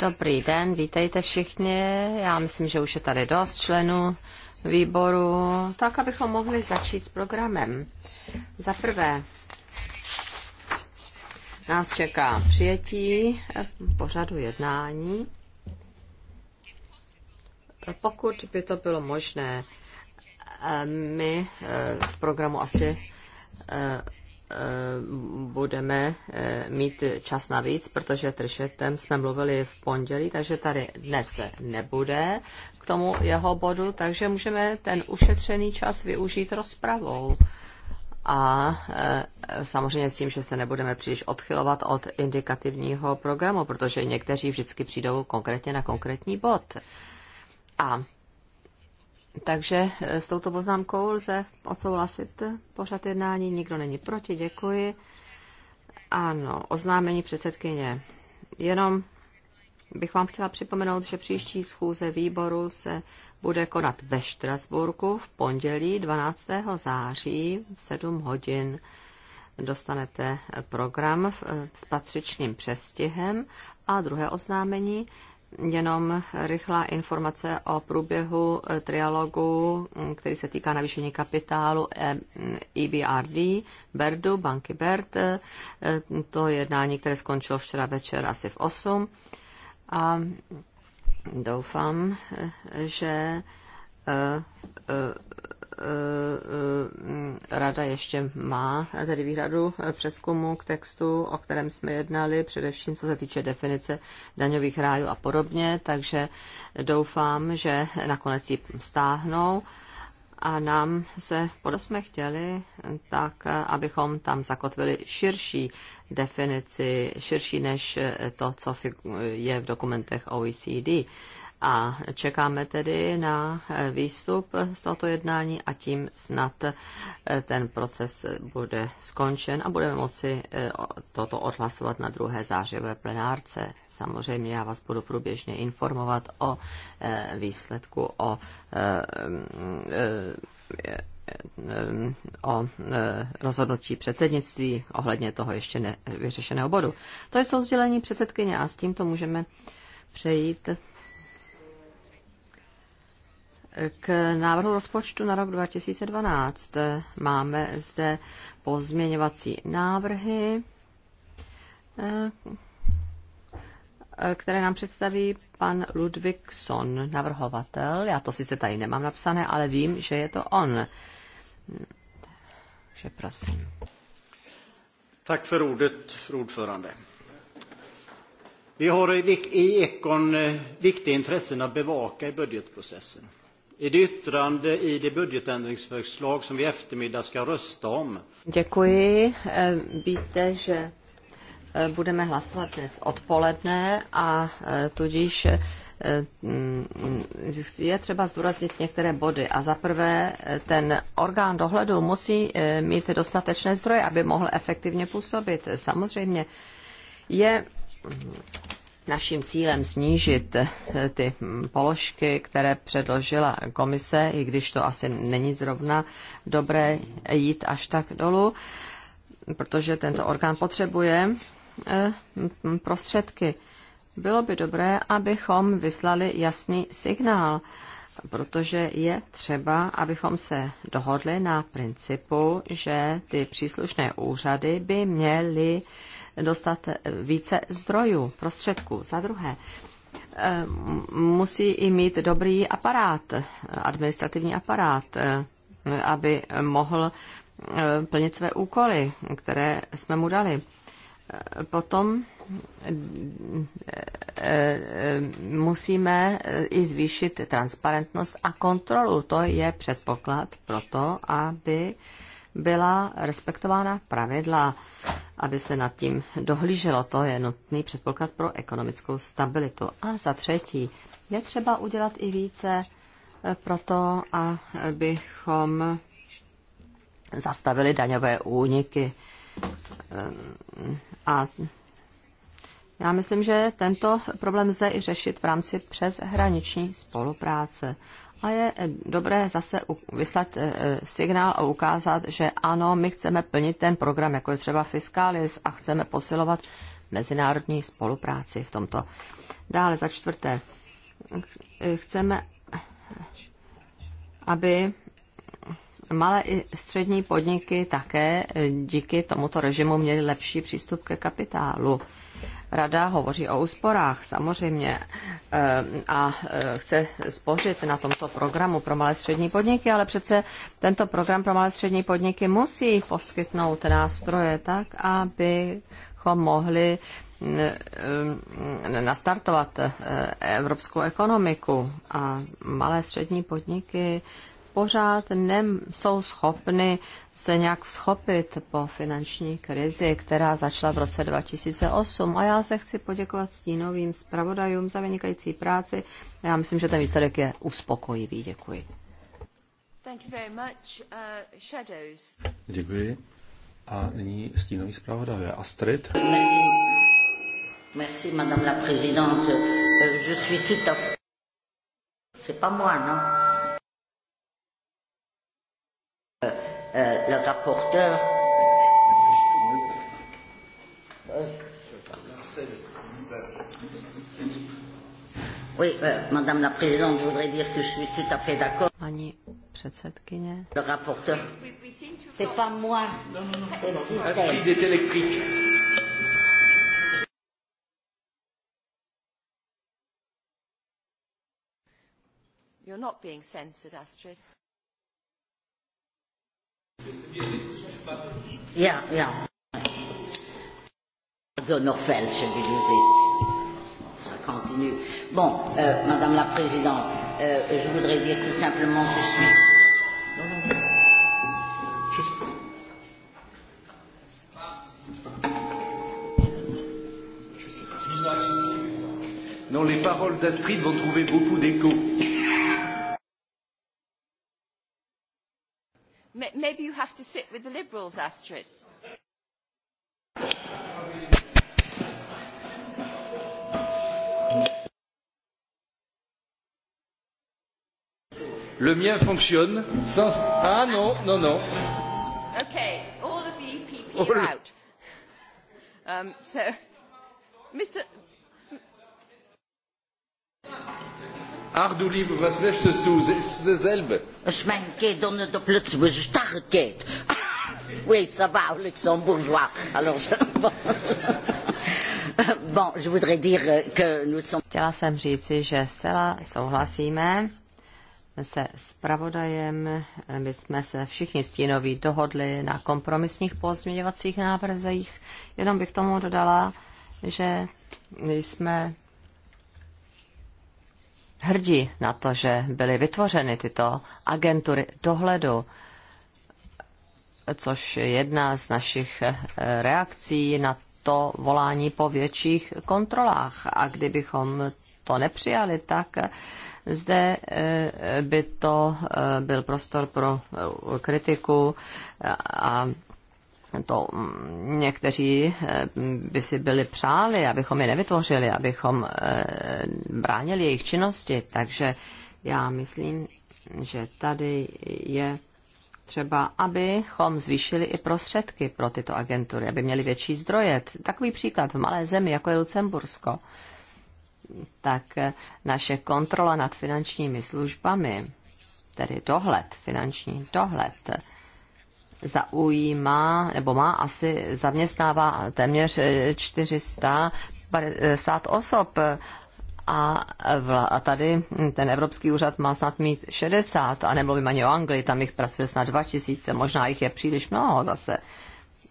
Dobrý den, vítejte všichni. Já myslím, že už je tady dost členů výboru, tak abychom mohli začít s programem. Za prvé, nás čeká přijetí pořadu jednání. Pokud by to bylo možné, eh, my eh, v programu asi eh, Eh, budeme eh, mít čas navíc, protože Tršetem jsme mluvili v pondělí, takže tady dnes nebude k tomu jeho bodu, takže můžeme ten ušetřený čas využít rozpravou. A eh, samozřejmě s tím, že se nebudeme příliš odchylovat od indikativního programu, protože někteří vždycky přijdou konkrétně na konkrétní bod. A takže e, s touto poznámkou lze odsouhlasit pořad jednání. Nikdo není proti, děkuji. Ano, oznámení předsedkyně. Jenom bych vám chtěla připomenout, že příští schůze výboru se bude konat ve Štrasburku v pondělí 12. září v 7 hodin. Dostanete program e, s patřičným přestihem a druhé oznámení jenom rychlá informace o průběhu eh, trialogu, mm, který se týká navýšení kapitálu EBRD, eh, e Berdu, banky Berd. Eh, to jednání, které skončilo včera večer asi v 8. A doufám, že Eh, eh, rada ještě má tedy výhradu eh, přeskumu k textu, o kterém jsme jednali, především co se týče definice daňových rájů a podobně, takže doufám, že nakonec ji stáhnou a nám se, podle jsme chtěli, tak abychom tam zakotvili širší definici, širší než to, co je v dokumentech OECD a čekáme tedy na eh, výstup z tohoto jednání a tím snad eh, ten proces bude skončen a budeme moci eh, toto odhlasovat na druhé zářivé plenárce. Samozřejmě já vás budu průběžně informovat o výsledku, o mm, mm, o rozhodnutí předsednictví ohledně toho ještě nevyřešeného bodu. To jsou sdělení předsedkyně a s tímto můžeme přejít k návrhu rozpočtu na rok 2012 máme zde pozměňovací návrhy, které nám představí pan Ludvigson, navrhovatel. Já to sice tady nemám napsané, ale vím, že je to on. Takže prosím. Tak för ordet, fru ordförande. Vi har i Ekon viktiga intressen att bevaka i budgetprocessen yttrande i det budgetändringsförslag som vi eftermiddag ska rösta om. Děkuji. Eh, víte, že eh, budeme hlasovat dnes odpoledne a eh, tudíž mm, je třeba zdůraznit některé body. A za prvé, ten orgán dohledu musí mít dostatečné zdroje, aby mohl efektivně působit. Samozřejmě je naším cílem snížit eh, ty hm, položky, které předložila komise, i když to asi není zrovna dobré jít až tak dolů, protože tento orgán potřebuje eh, hm, hm, prostředky. Bylo by dobré, abychom vyslali jasný signál protože je třeba, abychom se dohodli na principu, že ty příslušné úřady by měly dostat více zdrojů, prostředků. Za druhé, eh, musí i mít dobrý aparát, administrativní aparát, eh, aby mohl eh, plnit své úkoly, které jsme mu dali potom eh, eh, musíme eh, i zvýšit transparentnost a kontrolu. To je předpoklad pro to, aby byla respektována pravidla, aby se nad tím dohlíželo. To je nutný předpoklad pro ekonomickou stabilitu. A za třetí, je třeba udělat i více pro to, abychom zastavili daňové úniky a já myslím, že tento problém lze i řešit v rámci přeshraniční spolupráce. A je dobré zase vyslat eh, signál a ukázat, že ano, my chceme plnit ten program, jako je třeba fiskalis, a chceme posilovat mezinárodní spolupráci v tomto. Dále za čtvrté, chceme, aby malé i střední podniky také díky tomuto režimu měly lepší přístup ke kapitálu. Rada hovoří o úsporách, samozřejmě, eh, a eh, chce spořit na tomto programu pro malé střední podniky, ale přece tento program pro malé střední podniky musí poskytnout nástroje tak, abychom mohli eh, nastartovat evropskou ekonomiku a malé střední podniky pořád nejsou schopny se nějak schopit po finanční krizi, která začala v roce 2008. A já se chci poděkovat stínovým zpravodajům za vynikající práci. Já myslím, že ten výsledek je uspokojivý. Děkuji. Thank you very much. Uh, shadows. Děkuji. A nyní stínový zpravodaj Astrid. Merci. Merci, madame la présidente. Euh, je suis tout à fait... C'est pas moi, non? Euh, le rapporteur. Oui, euh, Madame la Présidente, je voudrais dire que je suis tout à fait d'accord. Paní předsedkyně. Le rapporteur. C'est pas moi. C'est le système. est électrique. You're not being censored, Astrid. Ja, ja. Also noch welche, wie du siehst. Ça continue. Bon, euh, Madame la Présidente, euh, je voudrais dire tout simplement que je suis. Non, Non, les paroles d'Astrid vont trouver beaucoup d'écho. have to sit with the Liberals, Astrid. Le mien fonctionne. Sans... Ah non, non, non. Okay, all of the EPP oh, are out. Um, so, Mr. Ach du Liebe, was möchtest du? Es ist dasselbe. Ich meine, geht ohne der wo plötzliche Starre geht. Oui, ça va, au luxembourgeois. Alors, je... bon, je voudrais dire euh, que nous sommes... Chtěla jsem říci, že zcela souhlasíme se zpravodajem. My jsme se všichni stínoví dohodli na kompromisních pozměňovacích návrzích. Jenom bych tomu dodala, že jsme hrdí na to, že byly vytvořeny tyto agentury dohledu, což je jedna z našich eh, reakcí na to volání po větších kontrolách. A kdybychom to nepřijali, tak eh, zde eh, by to byl prostor pro kritiku a to mm, někteří eh, by si byli přáli, abychom je nevytvořili, abychom eh, bránili jejich činnosti. Takže já myslím, že tady je třeba, abychom zvýšili i prostředky pro tyto agentury, aby měli větší zdroje. Takový příklad v malé zemi, jako je Lucembursko, tak eh, naše kontrola nad finančními službami, tedy dohled, finanční dohled, zaujímá, nebo má asi zaměstnává téměř 450 eh, osob a, vla, a tady ten Evropský úřad má snad mít 60, a nemluvím ani o Anglii, tam jich pracuje snad 2000, možná jich je příliš mnoho zase.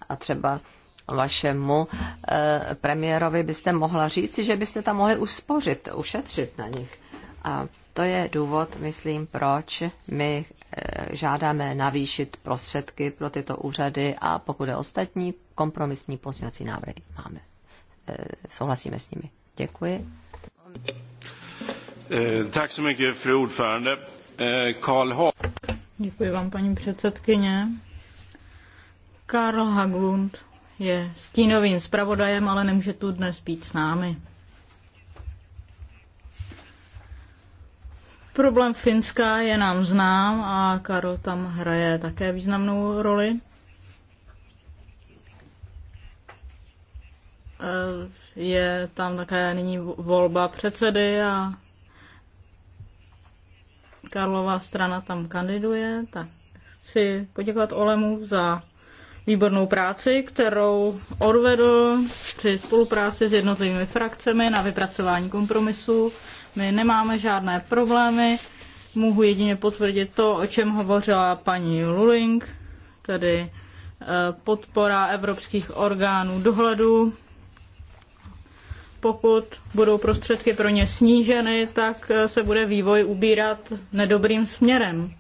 A třeba vašemu eh, premiérovi byste mohla říci, že byste tam mohli uspořit, ušetřit na nich. A to je důvod, myslím, proč my eh, žádáme navýšit prostředky pro tyto úřady a pokud je ostatní kompromisní pozměňovací návrhy máme. Eh, souhlasíme s nimi. Děkuji. Eh, tak Děkuji vám, paní předsedkyně. Karl Haglund je stínovým zpravodajem, ale nemůže tu dnes být s námi. Problém Finska je nám znám a Karol tam hraje také významnou roli. Eh, je tam také nyní volba předsedy a Karlová strana tam kandiduje, tak chci poděkovat Olemu za výbornou práci, kterou odvedl při spolupráci s jednotlivými frakcemi na vypracování kompromisu. My nemáme žádné problémy, mohu jedině potvrdit to, o čem hovořila paní Luling, tedy eh, podpora evropských orgánů dohledu. Pokud budou prostředky pro ně sníženy, tak eh, se bude vývoj ubírat nedobrým směrem.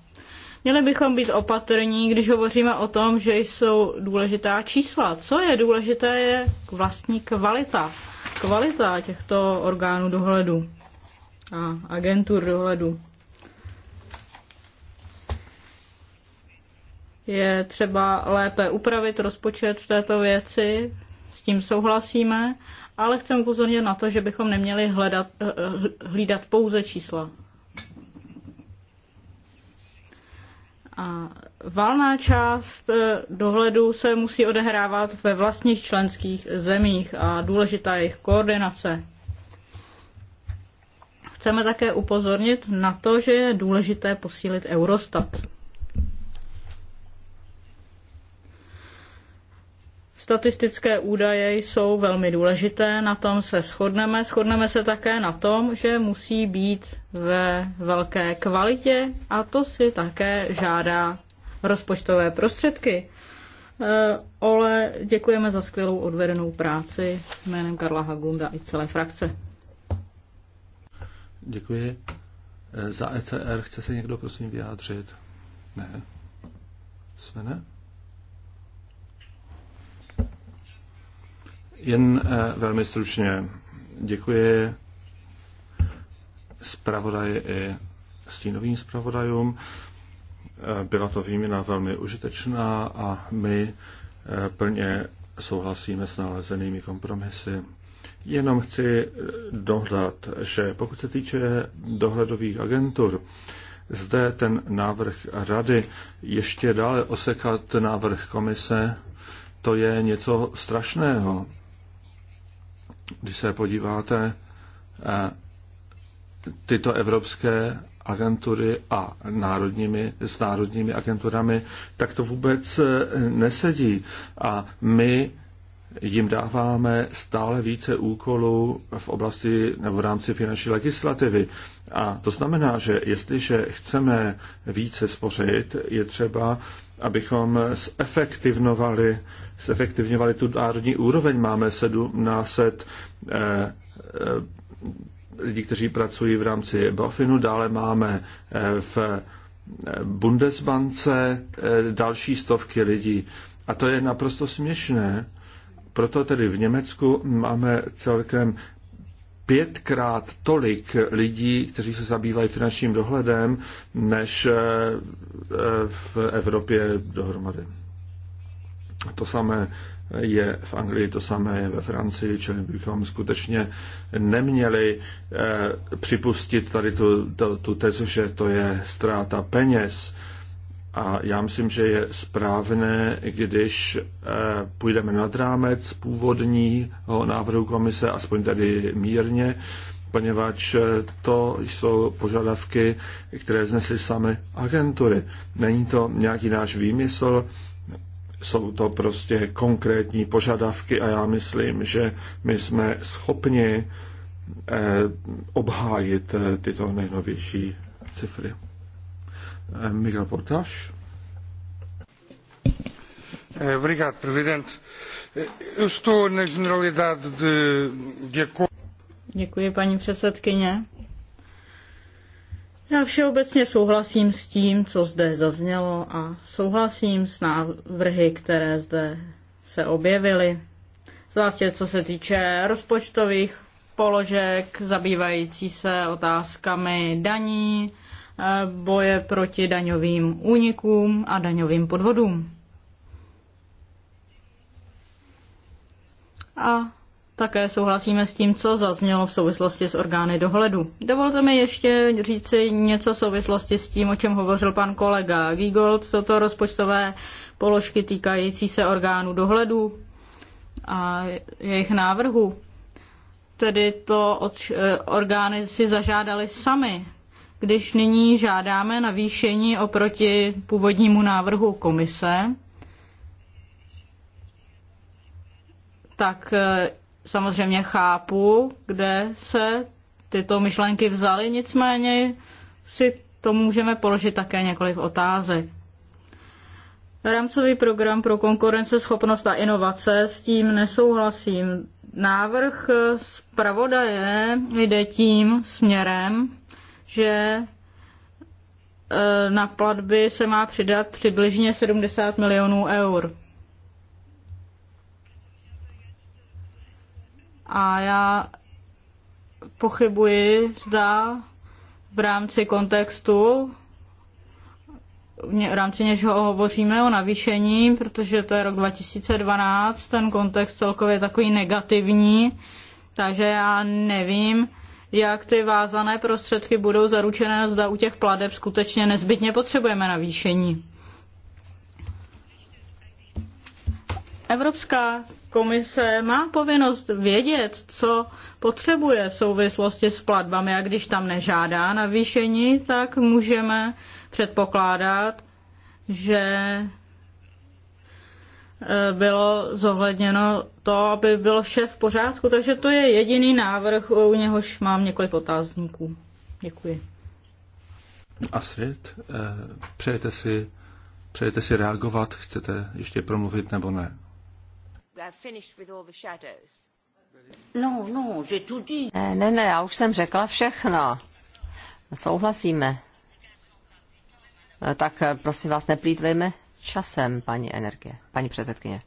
Měli bychom být opatrní, když hovoříme o tom, že jsou důležitá čísla. Co je důležité, je vlastní kvalita. Kvalita těchto orgánů dohledu a agentur dohledu. Je třeba lépe upravit rozpočet v této věci, s tím souhlasíme, ale chceme upozornit na to, že bychom neměli hledat, eh, hlídat pouze čísla, A valná část eh, dohledu se musí odehrávat ve vlastních členských zemích a důležitá je jejich koordinace. Chceme také upozornit na to, že je důležité posílit Eurostat. Statistické údaje jsou velmi důležité, na tom se shodneme. Shodneme se také na tom, že musí být ve velké kvalitě a to si také žádá rozpočtové prostředky. Eh, Ole, děkujeme za skvělou odvedenou práci jménem Karla Haglunda i celé frakce. Děkuji. Eh, za ECR chce se někdo prosím vyjádřit? Ne. Svene? Jen eh, velmi stručně děkuji zpravodaji i stínovým zpravodajům. Eh, byla to výměna velmi užitečná a my eh, plně souhlasíme s nalezenými kompromisy. Jenom chci dohledat, že pokud se týče dohledových agentur, zde ten návrh rady ještě dále osekat návrh komise, to je něco strašného. Když se podíváte, eh, tyto evropské agentury a národními, s národními agenturami, tak to vůbec eh, nesedí. A my jim dáváme stále více úkolů v oblasti nebo v rámci finanční legislativy. A to znamená, že jestliže chceme více spořit, je třeba, abychom zefektivnovali zefektivňovali tu národní úroveň. Máme 700 eh, eh, lidí, kteří pracují v rámci BOFINu, dále máme eh, v Bundesbance další stovky lidí. A to je naprosto směšné. Proto tedy v Německu máme celkem pětkrát tolik lidí, kteří se zabývají finančním dohledem, než v Evropě dohromady. To samé je v Anglii, to samé je ve Francii, čili bychom skutečně neměli eh, připustit tady tu, tu, tu tezu, že to je ztráta peněz. A já myslím, že je správné, když eh, půjdeme nad rámec původního návrhu komise, aspoň tady mírně, poněvadž eh, to jsou požadavky, které znesly samy agentury. Není to nějaký náš výmysl, jsou to prostě konkrétní požadavky a já myslím, že my jsme schopni eh, obhájit eh, tyto nejnovější cifry. Eh, Miguel Portáš. Obrigado, presidente. Eu estou na generalidade de, de acordo. Děkuji, paní předsedkyně. Já všeobecně souhlasím s tím, co zde zaznělo a souhlasím s návrhy, které zde se objevily. Zvláště co se týče rozpočtových položek zabývající se otázkami daní, eh, boje proti daňovým únikům a daňovým podvodům. A také souhlasíme s tím, co zaznělo v souvislosti s orgány dohledu. Dovolte mi ještě říci něco v souvislosti s tím, o čem hovořil pan kolega Gigold. Co to rozpočtové položky týkající se orgánů dohledu a jejich návrhu Tedy to od, eh, orgány si zažádali sami, když nyní žádáme navýšení oproti původnímu návrhu komise, tak eh, samozřejmě chápu, kde se tyto myšlenky vzaly, nicméně si to můžeme položit také několik otázek. Rámcový program pro konkurenceschopnost a inovace s tím nesouhlasím. Návrh zpravodaje jde tím směrem, že e, na platby se má přidat přibližně 70 milionů eur. a já pochybuji, zda v rámci kontextu, v rámci něž ho hovoříme o navýšení, protože to je rok 2012, ten kontext celkově je takový negativní, takže já nevím, jak ty vázané prostředky budou zaručené, zda u těch pladeb skutečně nezbytně potřebujeme navýšení. Evropská komise má povinnost vědět, co potřebuje v souvislosti s platbami a když tam nežádá navýšení, tak můžeme předpokládat, že e, bylo zohledněno to, aby bylo vše v pořádku. Takže to je jediný návrh, u něhož mám několik otázníků. Děkuji. Astrid, e, přejete si, přejete si reagovat? Chcete ještě promluvit nebo ne? Uh, no, no, že tu Ne, ne, ne, já už jsem řekla všechno. Souhlasíme. Eh, tak eh, prosím vás, neplýtvejme časem, paní energie, paní předsedkyně.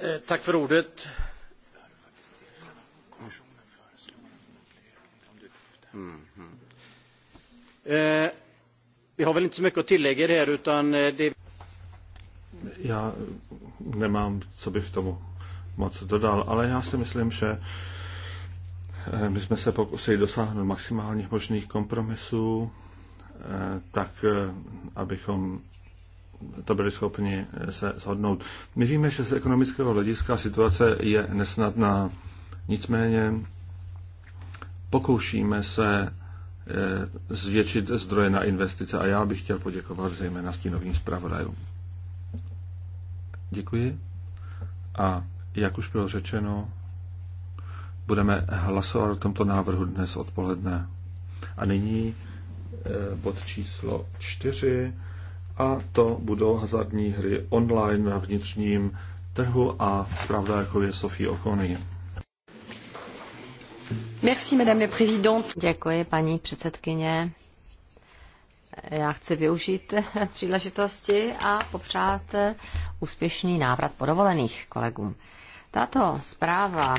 Eh, tak för ordet. Mm -hmm. eh, vi har väl inte så mycket att tillägga där utan det já nemám, co bych tomu moc dodal, ale já si myslím, že eh, my jsme se pokusili dosáhnout maximálních možných kompromisů, eh, tak eh, abychom to byli schopni se shodnout. My víme, že z ekonomického hlediska situace je nesnadná. Nicméně pokoušíme se zvětšit zdroje na investice a já bych chtěl poděkovat zejména stínovým zpravodajům. Děkuji. A jak už bylo řečeno, budeme hlasovat o tomto návrhu dnes odpoledne. A nyní e, bod číslo čtyři. a to budou hazardní hry online na vnitřním trhu a jako je Sofie Okony. Merci, madame la Děkuji, paní předsedkyně. Já chci využít příležitosti a popřát úspěšný návrat podovolených kolegům. Tato zpráva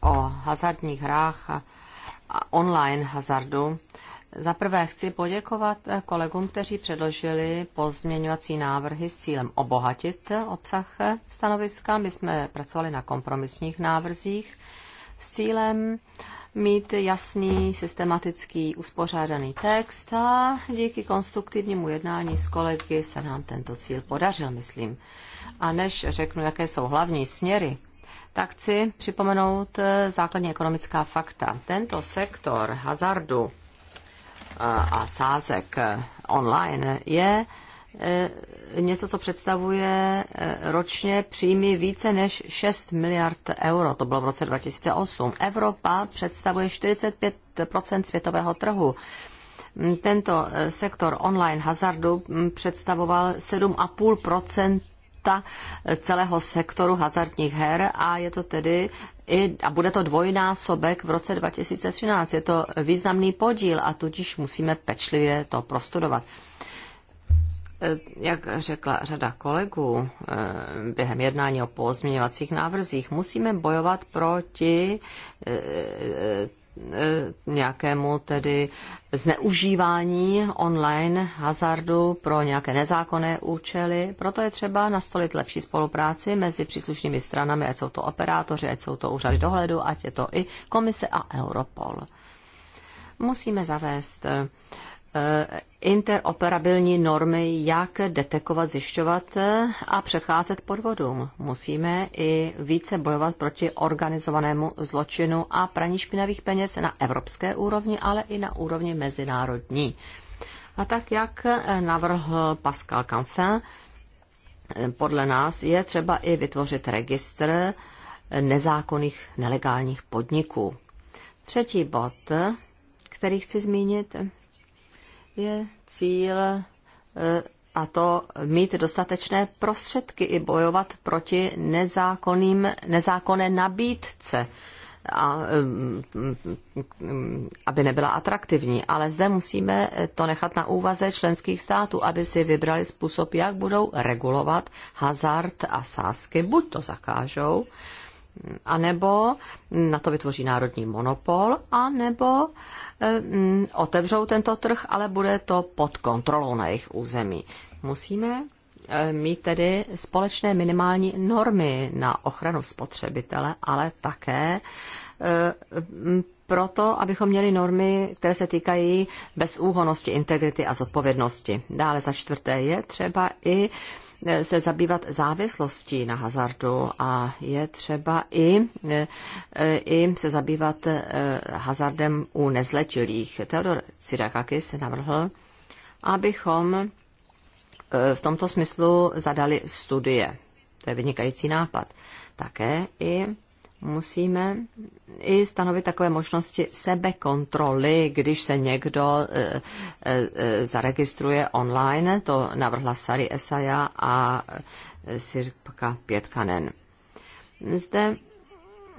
o hazardních hrách a online hazardu za prvé chci poděkovat kolegům, kteří předložili pozměňovací návrhy s cílem obohatit obsah stanoviska. My jsme pracovali na kompromisních návrzích s cílem mít jasný, systematický, uspořádaný text a díky konstruktivnímu jednání s kolegy se nám tento cíl podařil, myslím. A než řeknu, jaké jsou hlavní směry, tak chci připomenout eh, základní ekonomická fakta. Tento sektor hazardu eh, a sázek eh, online je Eh, něco, co představuje eh, ročně příjmy více než 6 miliard euro. To bylo v roce 2008. Evropa představuje 45 světového trhu. Mm, tento eh, sektor online hazardu mm, představoval 7,5 celého sektoru hazardních her a je to tedy i, a bude to dvojnásobek v roce 2013. Je to významný podíl a tudíž musíme pečlivě to prostudovat jak řekla řada kolegů eh, během jednání o pozměňovacích návrzích, musíme bojovat proti eh, eh, nějakému tedy zneužívání online hazardu pro nějaké nezákonné účely. Proto je třeba nastolit lepší spolupráci mezi příslušnými stranami, ať jsou to operátoři, ať jsou to úřady dohledu, ať je to i komise a Europol. Musíme zavést Eh, interoperabilní normy, jak detekovat, zjišťovat eh, a předcházet podvodům. Musíme i více bojovat proti organizovanému zločinu a praní špinavých peněz na evropské úrovni, ale i na úrovni mezinárodní. A tak, jak eh, navrhl Pascal Canfin, podle nás je třeba i vytvořit registr nezákonných nelegálních podniků. Třetí bod, který chci zmínit, je cíl e, a to mít dostatečné prostředky i bojovat proti nezákonným, nezákonné nabídce, a, e, aby nebyla atraktivní. Ale zde musíme to nechat na úvaze členských států, aby si vybrali způsob, jak budou regulovat hazard a sázky. Buď to zakážou, a nebo na to vytvoří národní monopol, a nebo eh, mm, otevřou tento trh, ale bude to pod kontrolou na jejich území. Musíme eh, mít tedy společné minimální normy na ochranu spotřebitele, ale také eh, mm, proto, abychom měli normy, které se týkají bezúhonosti, integrity a zodpovědnosti. Dále za čtvrté je třeba i uh, se zabývat závislostí na hazardu a je třeba i, e, i se zabývat e, hazardem u nezletilých. Teodor Cyrakakis navrhl, abychom e, v tomto smyslu zadali studie. To je vynikající nápad. Také i musíme i stanovit takové možnosti sebekontroly, když se někdo e, e, e zaregistruje online, to navrhla Sari Esaja a e, Sirka Pětkanen. Zde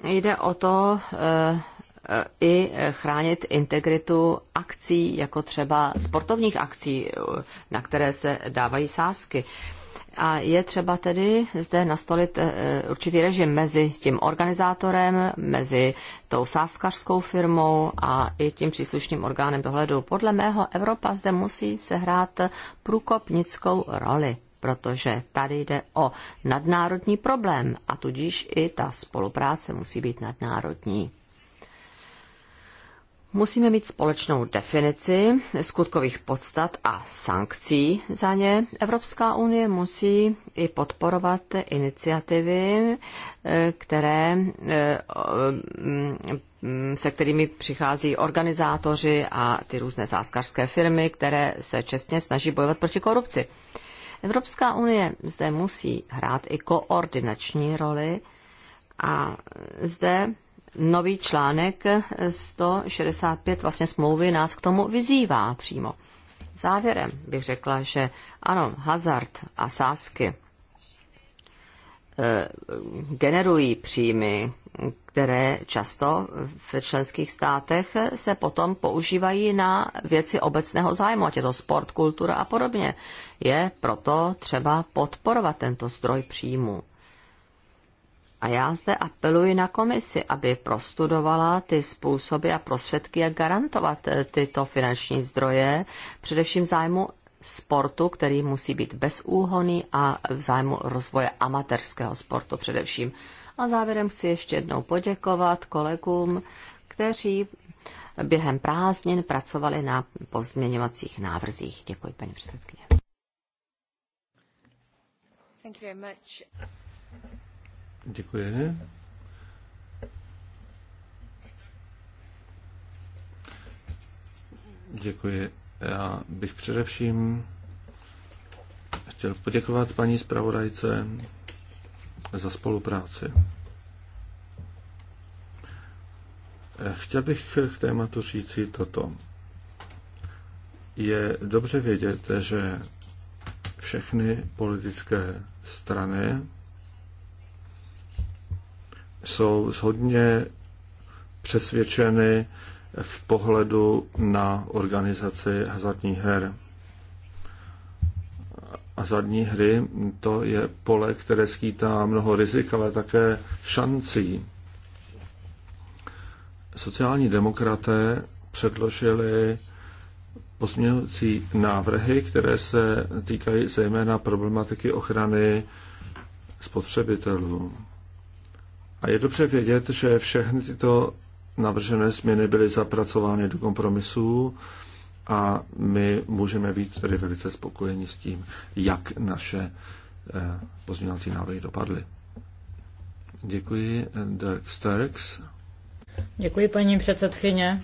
jde o to e, e, i chránit integritu akcí, jako třeba sportovních akcí, na které se dávají sázky. E, a je třeba tedy zde nastolit eh, určitý režim mezi tím organizátorem, mezi tou sáskařskou firmou a i tím příslušným orgánem dohledu. Podle mého Evropa zde musí sehrát průkopnickou roli protože tady jde o nadnárodní problém a tudíž i ta spolupráce musí být nadnárodní. Musíme mít společnou definici skutkových podstat a sankcí za ně. Evropská unie musí i podporovat iniciativy, eh, které, eh, se kterými přichází organizátoři a ty různé záskařské firmy, které se čestně snaží bojovat proti korupci. Evropská unie zde musí hrát i koordinační roli a zde nový článek 165 vlastně smlouvy nás k tomu vyzývá přímo. Závěrem bych řekla, že ano, hazard a sázky eh, generují příjmy, které často v členských státech se potom používají na věci obecného zájmu, ať je to sport, kultura a podobně. Je proto třeba podporovat tento zdroj příjmu. A já zde apeluji na komisi, aby prostudovala ty způsoby a prostředky, jak garantovat eh, tyto finanční zdroje, především zájmu sportu, který musí být bezúhonný a v zájmu rozvoje amatérského sportu především. A závěrem chci ještě jednou poděkovat kolegům, kteří během prázdnin pracovali na pozměňovacích návrzích. Děkuji, paní předsedkyně. Děkuji. Děkuji. Já bych především chtěl poděkovat paní zpravodajce za spolupráci. Chtěl bych k tématu říci toto. Je dobře vědět, že všechny politické strany jsou shodně přesvědčeny v pohledu na organizaci hazardních her. Hazardní hry to je pole, které skýtá mnoho rizik, ale také šancí. Sociální demokraté předložili pozměňující návrhy, které se týkají zejména problematiky ochrany spotřebitelů. A je dobře vědět, že všechny tyto navržené změny byly zapracovány do kompromisů a my můžeme být tedy velice spokojeni s tím, jak naše eh, pozměňovací návrhy dopadly. Děkuji, eh, Dirk Sterks. Děkuji, paní předsedkyně.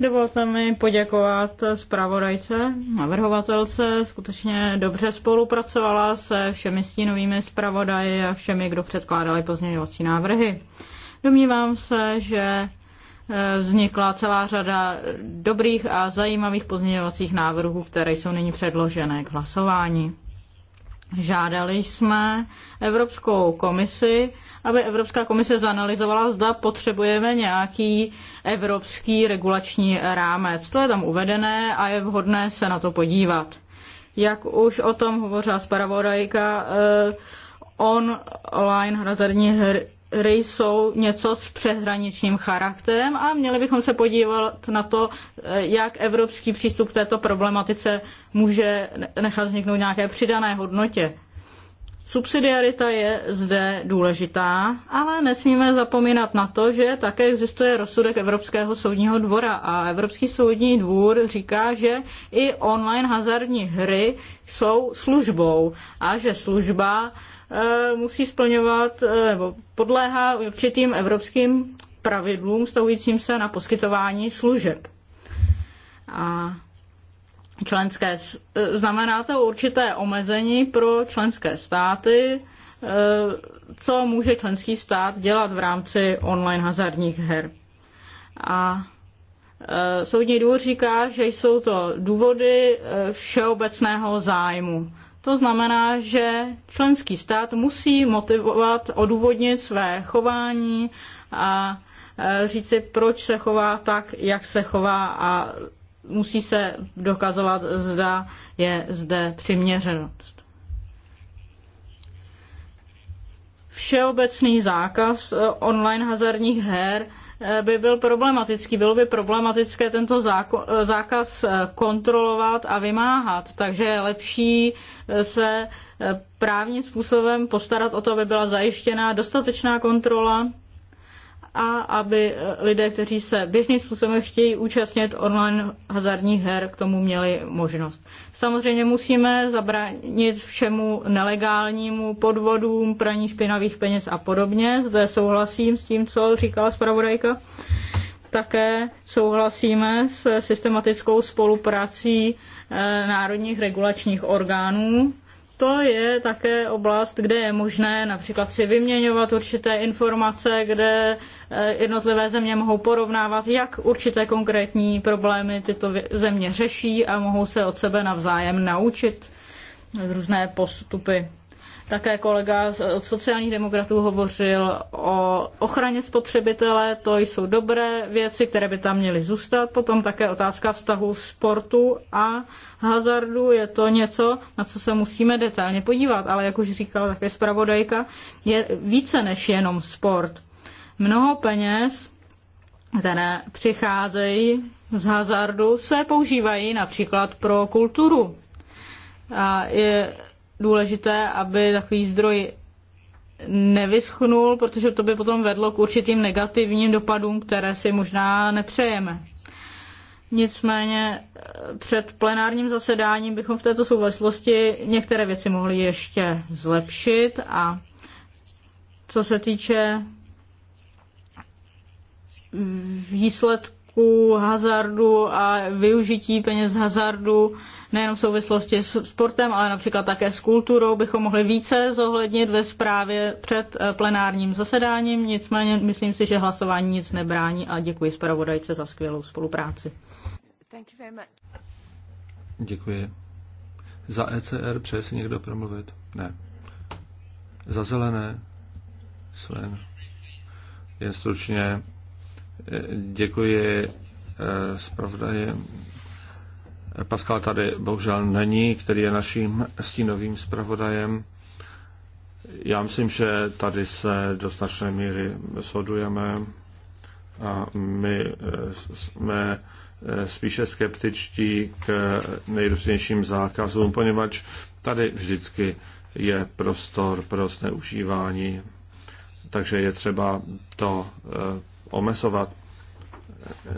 Dovolte mi poděkovat zpravodajce, navrhovatelce. Skutečně dobře spolupracovala se všemi stínovými zpravodaji a všemi, kdo předkládali pozměňovací návrhy. Domnívám se, že eh, vznikla celá řada dobrých a zajímavých pozměňovacích návrhů, které jsou nyní předložené k hlasování. Žádali jsme Evropskou komisi, aby Evropská komise zanalizovala, zda potřebujeme nějaký evropský regulační rámec. To je tam uvedené a je vhodné se na to podívat. Jak už o tom hovořila zpravodajka, eh, online hazardní hry hry jsou něco s přehraničním charakterem a měli bychom se podívat na to, eh, jak evropský přístup k této problematice může nechat vzniknout nějaké přidané hodnotě. Subsidiarita je zde důležitá, ale nesmíme zapomínat na to, že také existuje rozsudek Evropského soudního dvora a Evropský soudní dvůr říká, že i online hazardní hry jsou službou a že služba e, musí splňovat e, nebo podléhá určitým evropským pravidlům stavujícím se na poskytování služeb. A členské, e, znamená to určité omezení pro členské státy, e, co může členský stát dělat v rámci online hazardních her. A e, Soudní důvod říká, že jsou to důvody všeobecného zájmu. To znamená, že členský stát musí motivovat, odůvodnit své chování a říci, proč se chová tak, jak se chová a musí se dokazovat, zda je zde přiměřenost. Všeobecný zákaz eh, online hazardních her eh, by byl problematický. Bylo by problematické tento eh, zákaz kontrolovat a vymáhat, takže je lepší se právním způsobem postarat o to, aby byla zajištěna dostatečná kontrola a aby lidé, kteří se běžným způsobem chtějí účastnit online hazardních her, k tomu měli možnost. Samozřejmě musíme zabránit všemu nelegálnímu podvodům, praní špinavých peněz a podobně. Zde souhlasím s tím, co říkala zpravodajka. Také souhlasíme s systematickou spoluprací eh, národních regulačních orgánů to je také oblast, kde je možné například si vyměňovat určité informace, kde eh, jednotlivé země mohou porovnávat, jak určité konkrétní problémy tyto země řeší a mohou se od sebe navzájem naučit různé postupy. Také kolega od sociálních demokratů hovořil o ochraně spotřebitele, to jsou dobré věci, které by tam měly zůstat. Potom také otázka vztahu sportu a hazardu, je to něco, na co se musíme detailně podívat, ale jak už říkala také zpravodajka, je více než jenom sport. Mnoho peněz, které přicházejí z hazardu, se používají například pro kulturu. A je důležité, aby takový zdroj nevyschnul, protože to by potom vedlo k určitým negativním dopadům, které si možná nepřejeme. Nicméně eh, před plenárním zasedáním bychom v této souvislosti některé věci mohli ještě zlepšit a co se týče výsledku, u hazardu a využití peněz z hazardu nejen v souvislosti s sportem, ale například také s kulturou bychom mohli více zohlednit ve zprávě před eh, plenárním zasedáním. Nicméně myslím si, že hlasování nic nebrání a děkuji zpravodajce za skvělou spolupráci. Děkuji. Za ECR přeje si někdo promluvit? Ne. Za zelené? Sven. Jen stručně Děkuji eh, zpravodaji. Pascal tady bohužel není, který je naším stínovým zpravodajem. Já myslím, že tady se do značné míry shodujeme a my eh, jsme eh, spíše skeptičtí k nejrůznějším zákazům, poněvadž tady vždycky je prostor pro zneužívání, takže je třeba to omezovat.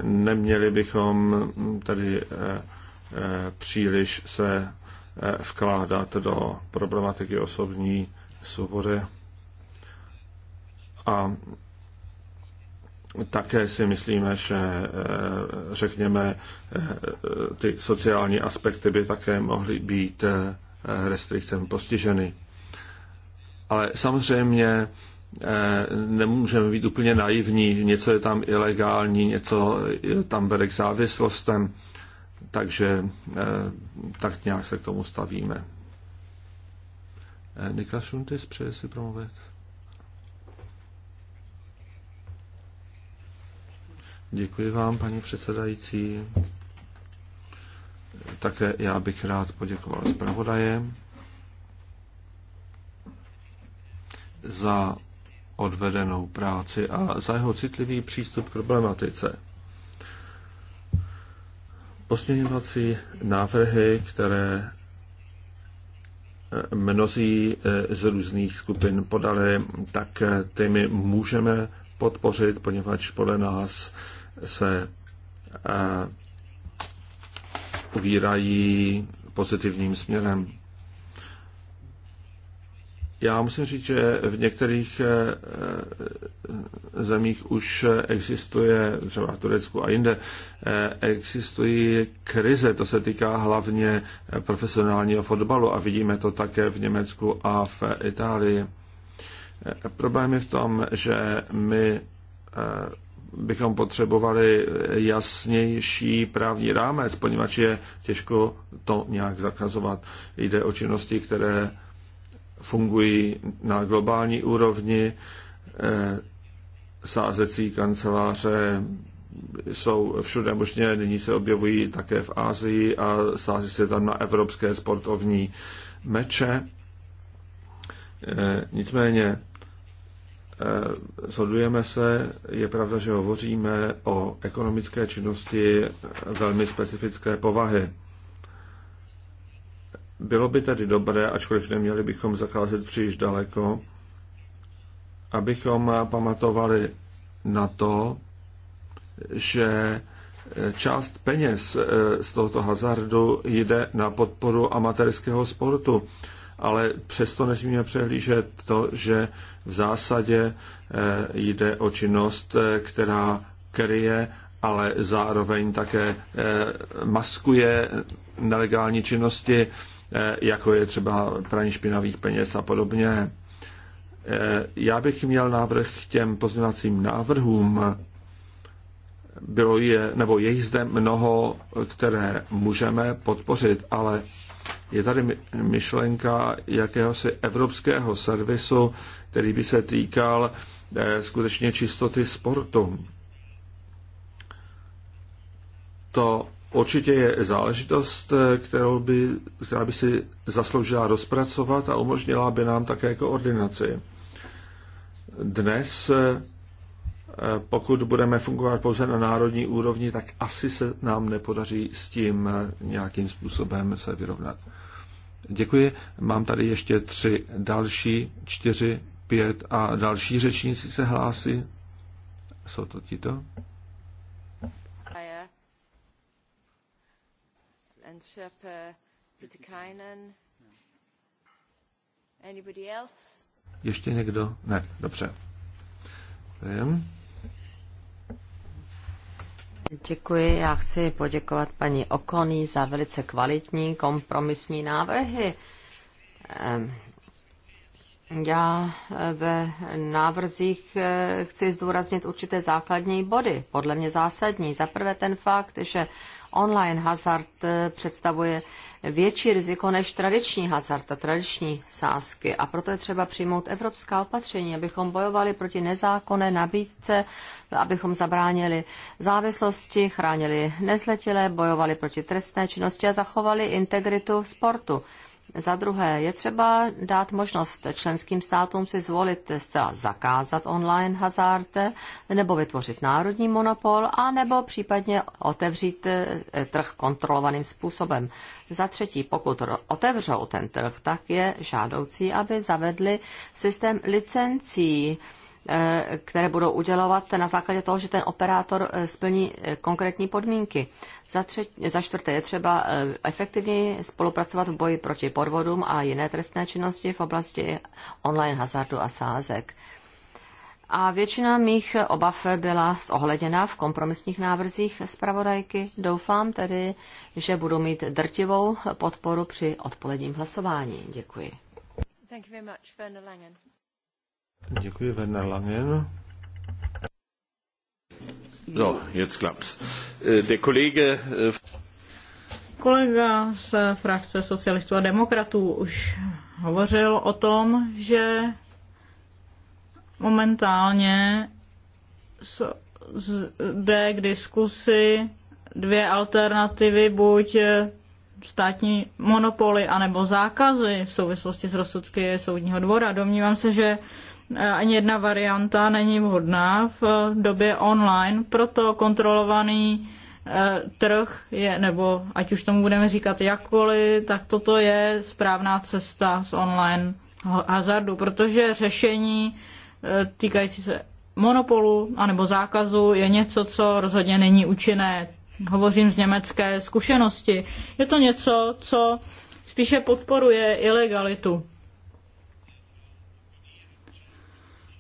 Neměli bychom tedy eh, eh, příliš se eh, vkládat do problematiky osobní svobody. A také si myslíme, že řekněme, ty sociální aspekty by také mohly být restrikcem postiženy. Ale samozřejmě Eh, nemůžeme být úplně naivní, něco je tam ilegální, něco tam vede k závislostem, takže eh, tak nějak se k tomu stavíme. Eh, Niklas Šuntis, přeje si promluvit? Děkuji vám, paní předsedající. Také já bych rád poděkoval zpravodajem za odvedenou práci a za jeho citlivý přístup k problematice. Posměňovací návrhy, které eh, mnozí eh, z různých skupin podali, tak eh, ty my můžeme podpořit, poněvadž podle nás se ubírají pozitivním směrem. Já musím říct, že v některých eh, eh, zemích už existuje, třeba v Turecku a jinde, eh, existují krize, to se týká hlavně profesionálního fotbalu a vidíme to také v Německu a v Itálii. Problém je v tom, že my bychom potřebovali jasnější právní rámec, poněvadž je těžko to nějak zakazovat. Jde o činnosti, které fungují na globální úrovni, eh, sázecí kanceláře jsou všude možně, nyní se objevují také v Ázii a sází se tam na evropské sportovní meče. Eh, nicméně eh, shodujeme se, je pravda, že hovoříme o ekonomické činnosti velmi specifické povahy. Bylo by tedy dobré, ačkoliv neměli bychom zacházet příliš daleko, abychom pamatovali na to, že část peněz eh, z tohoto hazardu jde na podporu amatérského sportu, ale přesto nesmíme přehlížet to, že v zásadě eh, jde o činnost, eh, která kryje, ale zároveň také maskuje nelegální činnosti Eh, jako je třeba praní špinavých peněz a podobně. Eh, já bych měl návrh k těm pozměňovacím návrhům. Bylo je, nebo je jich zde mnoho, které můžeme podpořit, ale je tady myšlenka jakéhosi evropského servisu, který by se týkal eh, skutečně čistoty sportu. To určitě je záležitost, eh, kterou by, která by si zasloužila rozpracovat a umožnila by nám také koordinaci. Dnes, eh, pokud budeme fungovat pouze na národní úrovni, tak asi se nám nepodaří s tím eh, nějakým způsobem se vyrovnat. Děkuji. Mám tady ještě tři další, čtyři, pět a další řečníci se hlásí. Jsou to tito? and Anybody else? Ještě někdo? Ne, dobře. Jem. Děkuji. Já chci poděkovat paní Okoní za velice kvalitní kompromisní návrhy. Já e, ve návrzích e, chci zdůraznit určité základní body, podle mě zásadní. Za prvé ten fakt, že online hazard eh, představuje větší riziko než tradiční hazard a tradiční sázky. A proto je třeba přijmout evropská opatření, abychom bojovali proti nezákonné nabídce, abychom zabránili závislosti, chránili nezletilé, bojovali proti trestné činnosti a zachovali integritu sportu. Za druhé, je třeba dát možnost členským státům si zvolit zcela zakázat online hazard, nebo vytvořit národní monopol, a nebo případně otevřít eh, trh kontrolovaným způsobem. Za třetí, pokud otevřou ten trh, tak je žádoucí, aby zavedli systém licencí, Eh, které budou udělovat na základě toho, že ten operátor eh, splní eh, konkrétní podmínky. Za, třetí, za čtvrté je třeba efektivněji spolupracovat v boji proti podvodům a jiné trestné činnosti v oblasti online hazardu a sázek. A většina mých obav byla zohleděna v kompromisních návrzích zpravodajky. Doufám tedy, že budu mít drtivou podporu při odpoledním hlasování. Děkuji. Thank you very much, Děkuji, Werner Langen. No, jetzt klaps. Äh, der Kollege... Äh, Kolega z frakce socialistů a demokratů už hovořil o tom, že momentálně jde k diskusi dvě alternativy, buď státní monopoly anebo zákazy v souvislosti s rozsudky soudního dvora. Domnívám se, že ani jedna varianta není vhodná v době online, proto kontrolovaný eh, trh je, nebo ať už tomu budeme říkat jakkoliv, tak toto je správná cesta z online hazardu, protože řešení eh, týkající se monopolu anebo zákazu je něco, co rozhodně není účinné. Hovořím z německé zkušenosti. Je to něco, co spíše podporuje ilegalitu.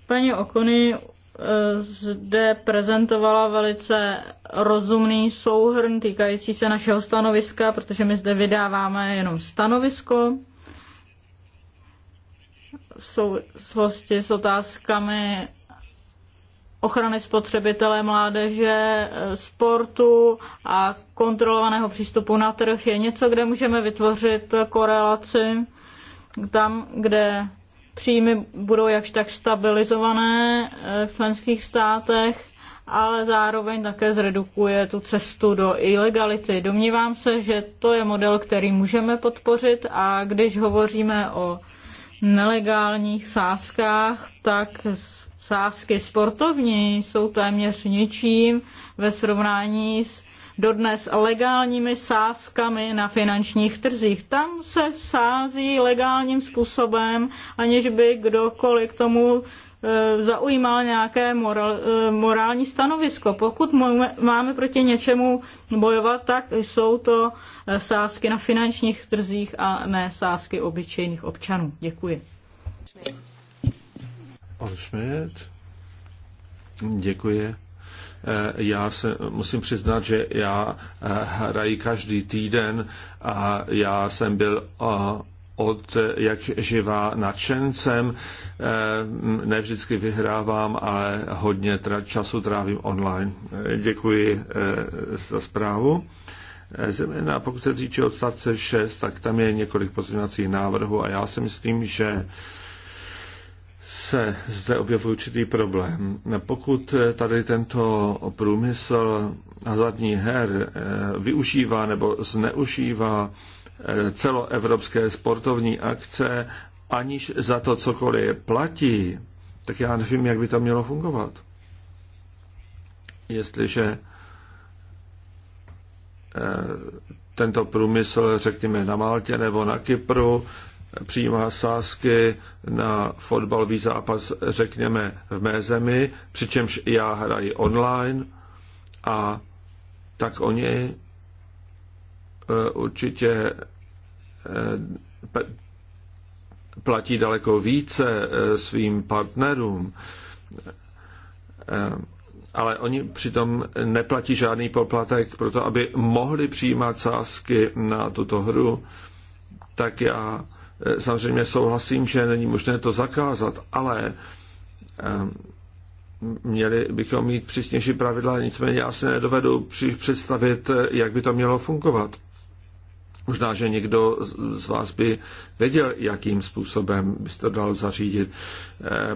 Paní Okony eh, zde prezentovala velice rozumný souhrn týkající se našeho stanoviska, protože my zde vydáváme jenom stanovisko v souvislosti s otázkami ochrany spotřebitele, mládeže, sportu a kontrolovaného přístupu na trh je něco, kde můžeme vytvořit korelaci tam, kde Příjmy budou jakž tak stabilizované eh, v členských státech, ale zároveň také zredukuje tu cestu do ilegality. Domnívám se, že to je model, který můžeme podpořit a když hovoříme o nelegálních sázkách, tak sázky sportovní jsou téměř ničím ve srovnání s dodnes legálními sázkami na finančních trzích. Tam se sází legálním způsobem, aniž by kdokoliv k tomu e, zaujímal nějaké moral, e, morální stanovisko. Pokud máme proti něčemu bojovat, tak jsou to e, sázky na finančních trzích a ne sázky obyčejných občanů. Děkuji. Pan Šmit. Děkuji. Eh, já se musím přiznat, že já eh, hraji každý týden a já jsem byl eh, od jak živá nadšencem. Ne vždycky vyhrávám, ale hodně času trávím online. Děkuji za zprávu. Zeměna, pokud se týče odstavce 6, tak tam je několik pozměňovacích návrhů a já si myslím, že se zde objevuje určitý problém. Pokud tady tento průmysl hazardní her eh, využívá nebo zneužívá eh, celoevropské sportovní akce, aniž za to cokoliv platí, tak já nevím, jak by to mělo fungovat. Jestliže eh, tento průmysl, řekněme, na Maltě nebo na Kypru, přijímá sázky na fotbalový zápas, řekněme, v mé zemi, přičemž já hraji online a tak oni eh, určitě eh, platí daleko více eh, svým partnerům, ale oni přitom neplatí žádný poplatek pro to, aby mohli přijímat sázky na tuto hru, tak já Eh, samozřejmě souhlasím, že není možné to zakázat, ale eh, měli bychom mít přísnější pravidla, nicméně já se nedovedu představit, eh, jak by to mělo fungovat. Možná, že někdo z vás by věděl, jakým způsobem by se to dalo zařídit,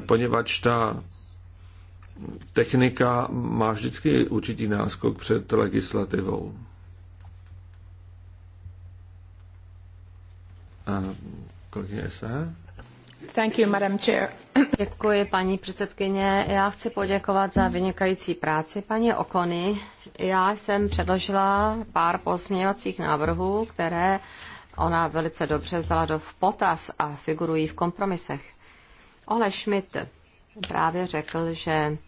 poněvadž ta technika má vždycky určitý náskok před legislativou. Thank you, Madam Chair. Děkuji, paní předsedkyně. Já chci poděkovat za vynikající práci paní Okony. Já jsem předložila pár pozměňovacích návrhů, které ona velice dobře vzala do v potaz a figurují v kompromisech. Ole Schmidt právě řekl, že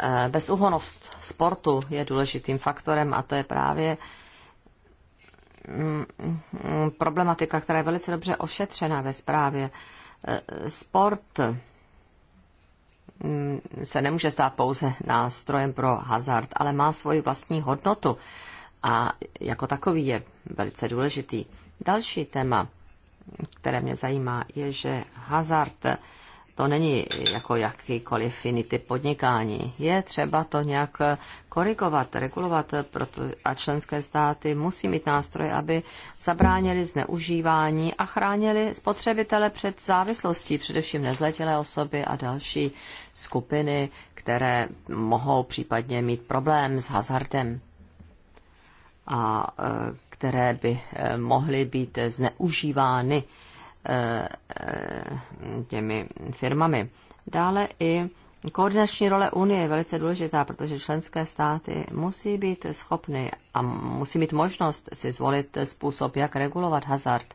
eh, bezúhonost sportu je důležitým faktorem a to je právě Mm, problematika, která je velice dobře ošetřena ve zprávě. Eh, sport mm, se nemůže stát pouze nástrojem pro hazard, ale má svoji vlastní hodnotu a jako takový je velice důležitý. Další téma, které mě zajímá, je, že hazard to není jako jakýkoliv jiný typ podnikání. Je třeba to nějak korigovat, regulovat proto, a členské státy musí mít nástroje, aby zabránili zneužívání a chránili spotřebitele před závislostí, především nezletilé osoby a další skupiny, které mohou případně mít problém s hazardem a e, které by e, mohly být zneužívány Eh, těmi firmami. Dále i koordinační role Unie je velice důležitá, protože členské státy musí být schopny a musí mít možnost si zvolit způsob, jak regulovat hazard.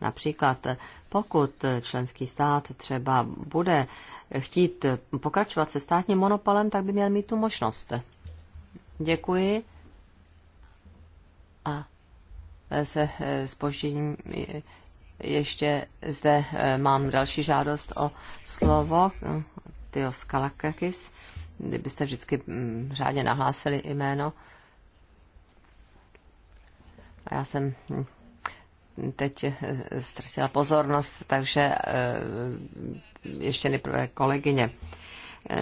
Například pokud členský stát třeba bude chtít pokračovat se státním monopolem, tak by měl mít tu možnost. Děkuji. A se spožděním eh, ještě zde eh, mám další žádost o slovo. Tios Kalakakis, kdybyste vždycky mm, řádně nahlásili jméno. A já jsem mm, teď eh, ztratila pozornost, takže eh, ještě nejprve kolegyně.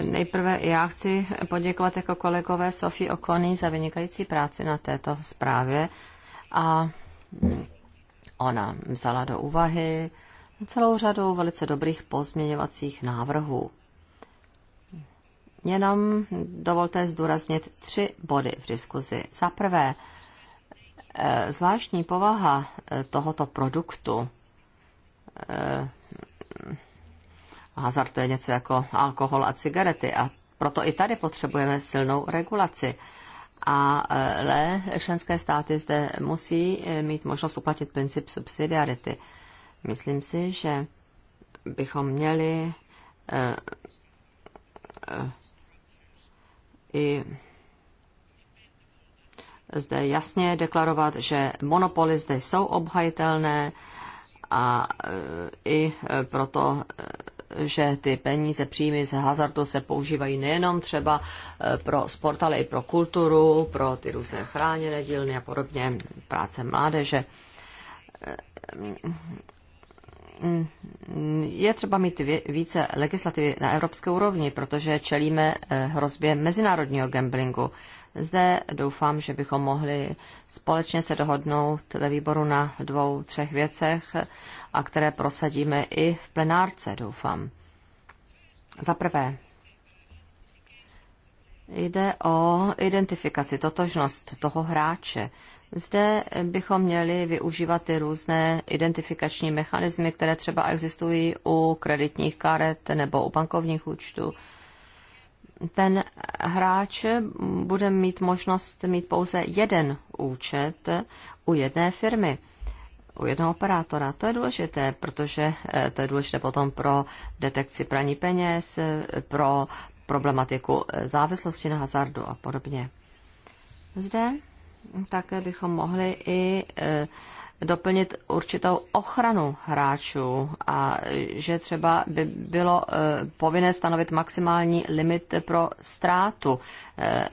Nejprve já chci poděkovat jako kolegové Sofii Okony za vynikající práci na této zprávě a mm, Ona vzala do úvahy celou řadu velice dobrých pozměňovacích návrhů. Jenom dovolte zdůraznit tři body v diskuzi. Za prvé, e, zvláštní povaha e, tohoto produktu. E, hazard to je něco jako alkohol a cigarety a proto i tady potřebujeme silnou regulaci ale eh, členské státy zde musí eh, mít možnost uplatit princip subsidiarity. Myslím si, že bychom měli eh, i zde jasně deklarovat, že monopoly zde jsou obhajitelné a i proto že ty peníze, příjmy z hazardu se používají nejenom třeba eh, pro sport, ale i pro kulturu, pro ty různé chráněné dílny a podobně, práce mládeže. Eh, je třeba mít více legislativy na evropské úrovni, protože čelíme eh, hrozbě mezinárodního gamblingu. Zde doufám, že bychom mohli společně se dohodnout ve výboru na dvou, třech věcech, a které prosadíme i v plenárce, doufám. Za prvé, jde o identifikaci, totožnost toho hráče. Zde bychom měli využívat ty různé identifikační mechanismy, které třeba existují u kreditních karet nebo u bankovních účtů ten hráč bude mít možnost mít pouze jeden účet u jedné firmy, u jednoho operátora. To je důležité, protože eh, to je důležité potom pro detekci praní peněz, eh, pro problematiku eh, závislosti na hazardu a podobně. Zde také bychom mohli i doplnit určitou ochranu hráčů a že třeba by bylo eh, povinné stanovit maximální limit pro ztrátu eh,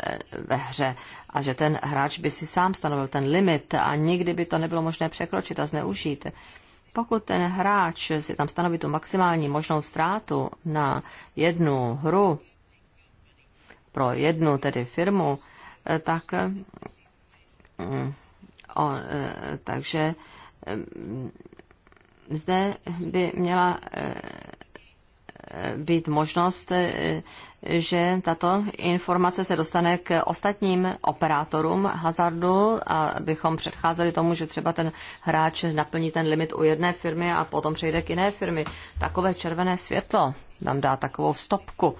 ve hře a že ten hráč by si sám stanovil ten limit a nikdy by to nebylo možné překročit a zneužít. Pokud ten hráč si tam stanoví tu maximální možnou ztrátu na jednu hru, pro jednu tedy firmu, eh, tak mm, O, e, takže e, zde by měla e, být možnost, že tato informace se dostane k ostatním operátorům hazardu, abychom předcházeli tomu, že třeba ten hráč naplní ten limit u jedné firmy a potom přejde k jiné firmy. Takové červené světlo nám dá takovou stopku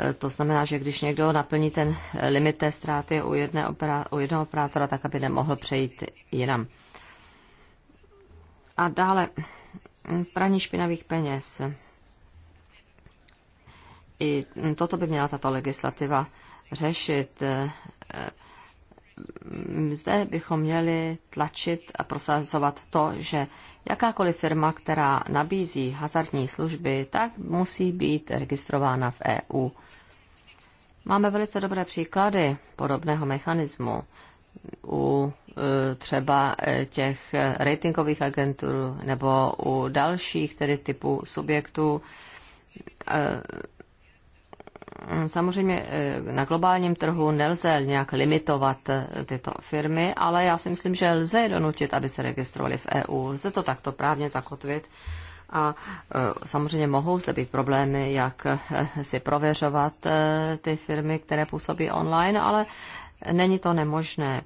Eh, to znamená, že když někdo naplní ten limit té ztráty u, jedné opera, u jednoho operátora, tak aby nemohl přejít jinam. A dále hm, praní špinavých peněz. I toto by měla tato legislativa řešit. Eh, zde bychom měli tlačit a prosazovat to, že jakákoliv firma, která nabízí hazardní služby, tak musí být registrována v EU. Máme velice dobré příklady podobného mechanismu u e, třeba e, těch e, ratingových agentur nebo u dalších tedy typů subjektů. Samozřejmě na globálním trhu nelze nějak limitovat tyto firmy, ale já si myslím, že lze je donutit, aby se registrovali v EU. Lze to takto právně zakotvit a e, samozřejmě mohou zde být problémy, jak e, si prověřovat e, ty firmy, které působí online, ale není to nemožné.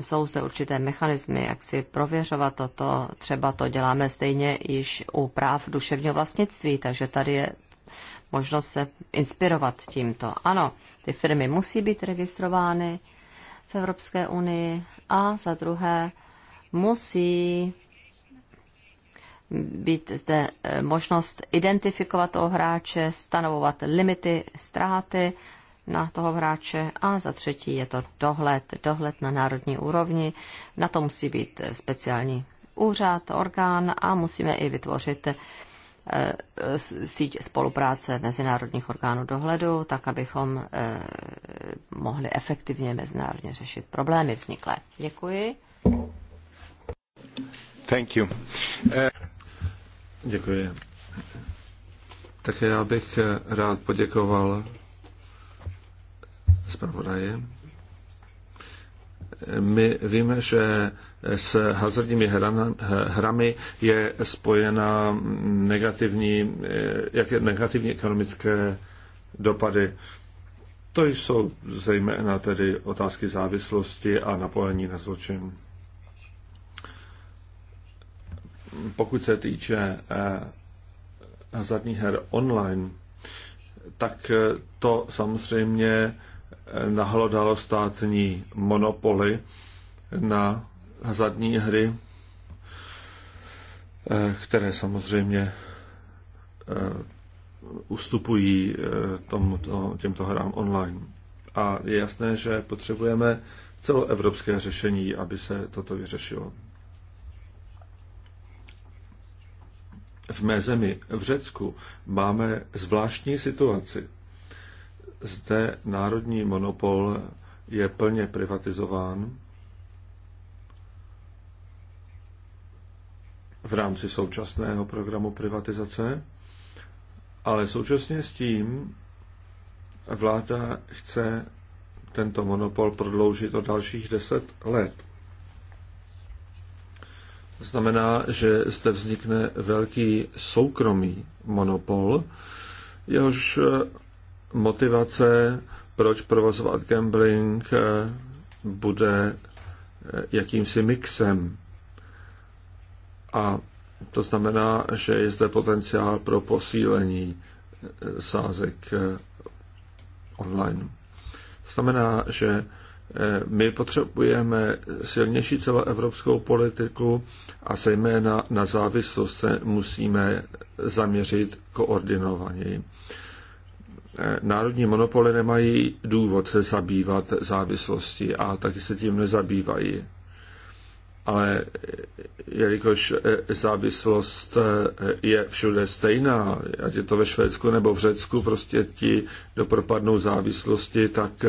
Jsou zde určité mechanismy, jak si prověřovat toto. Třeba to děláme stejně již u práv duševního vlastnictví, takže tady je možnost se inspirovat tímto. Ano, ty firmy musí být registrovány v Evropské unii a za druhé musí být zde e, možnost identifikovat toho hráče, stanovovat limity ztráty na toho hráče a za třetí je to dohled, dohled na národní úrovni. Na to musí být e, speciální úřad, orgán a musíme i vytvořit e, síť spolupráce mezinárodních orgánů dohledu, tak abychom mohli efektivně mezinárodně řešit problémy vzniklé. Děkuji. Thank you. Uh... Děkuji. Také já bych rád poděkoval zpravodaji. My víme, že s hazardními hrami je spojena negativní, jak je negativní ekonomické dopady. To jsou zejména tedy otázky závislosti a napojení na zločin pokud se týče eh, hazardních her online, tak eh, to samozřejmě eh, nahlodalo státní monopoly na hazardní hry, které samozřejmě ustupují tomuto, těmto hrám online. A je jasné, že potřebujeme celoevropské řešení, aby se toto vyřešilo. v mé zemi, v Řecku, máme zvláštní situaci. Zde národní monopol je plně privatizován v rámci současného programu privatizace, ale současně s tím vláda chce tento monopol prodloužit o dalších deset let znamená, že zde vznikne velký soukromý monopol, jehož eh, motivace, proč provozovat gambling, eh, bude eh, jakýmsi mixem. A to znamená, že je zde potenciál pro posílení sázek online. To znamená, že my potřebujeme silnější celoevropskou politiku a zejména na závislost se musíme zaměřit koordinovaněji. Národní monopoly nemají důvod se zabývat závislostí a taky se tím nezabývají. Ale jelikož závislost je všude stejná, ať je to ve Švédsku nebo v Řecku, prostě ti, kdo propadnou závislosti, tak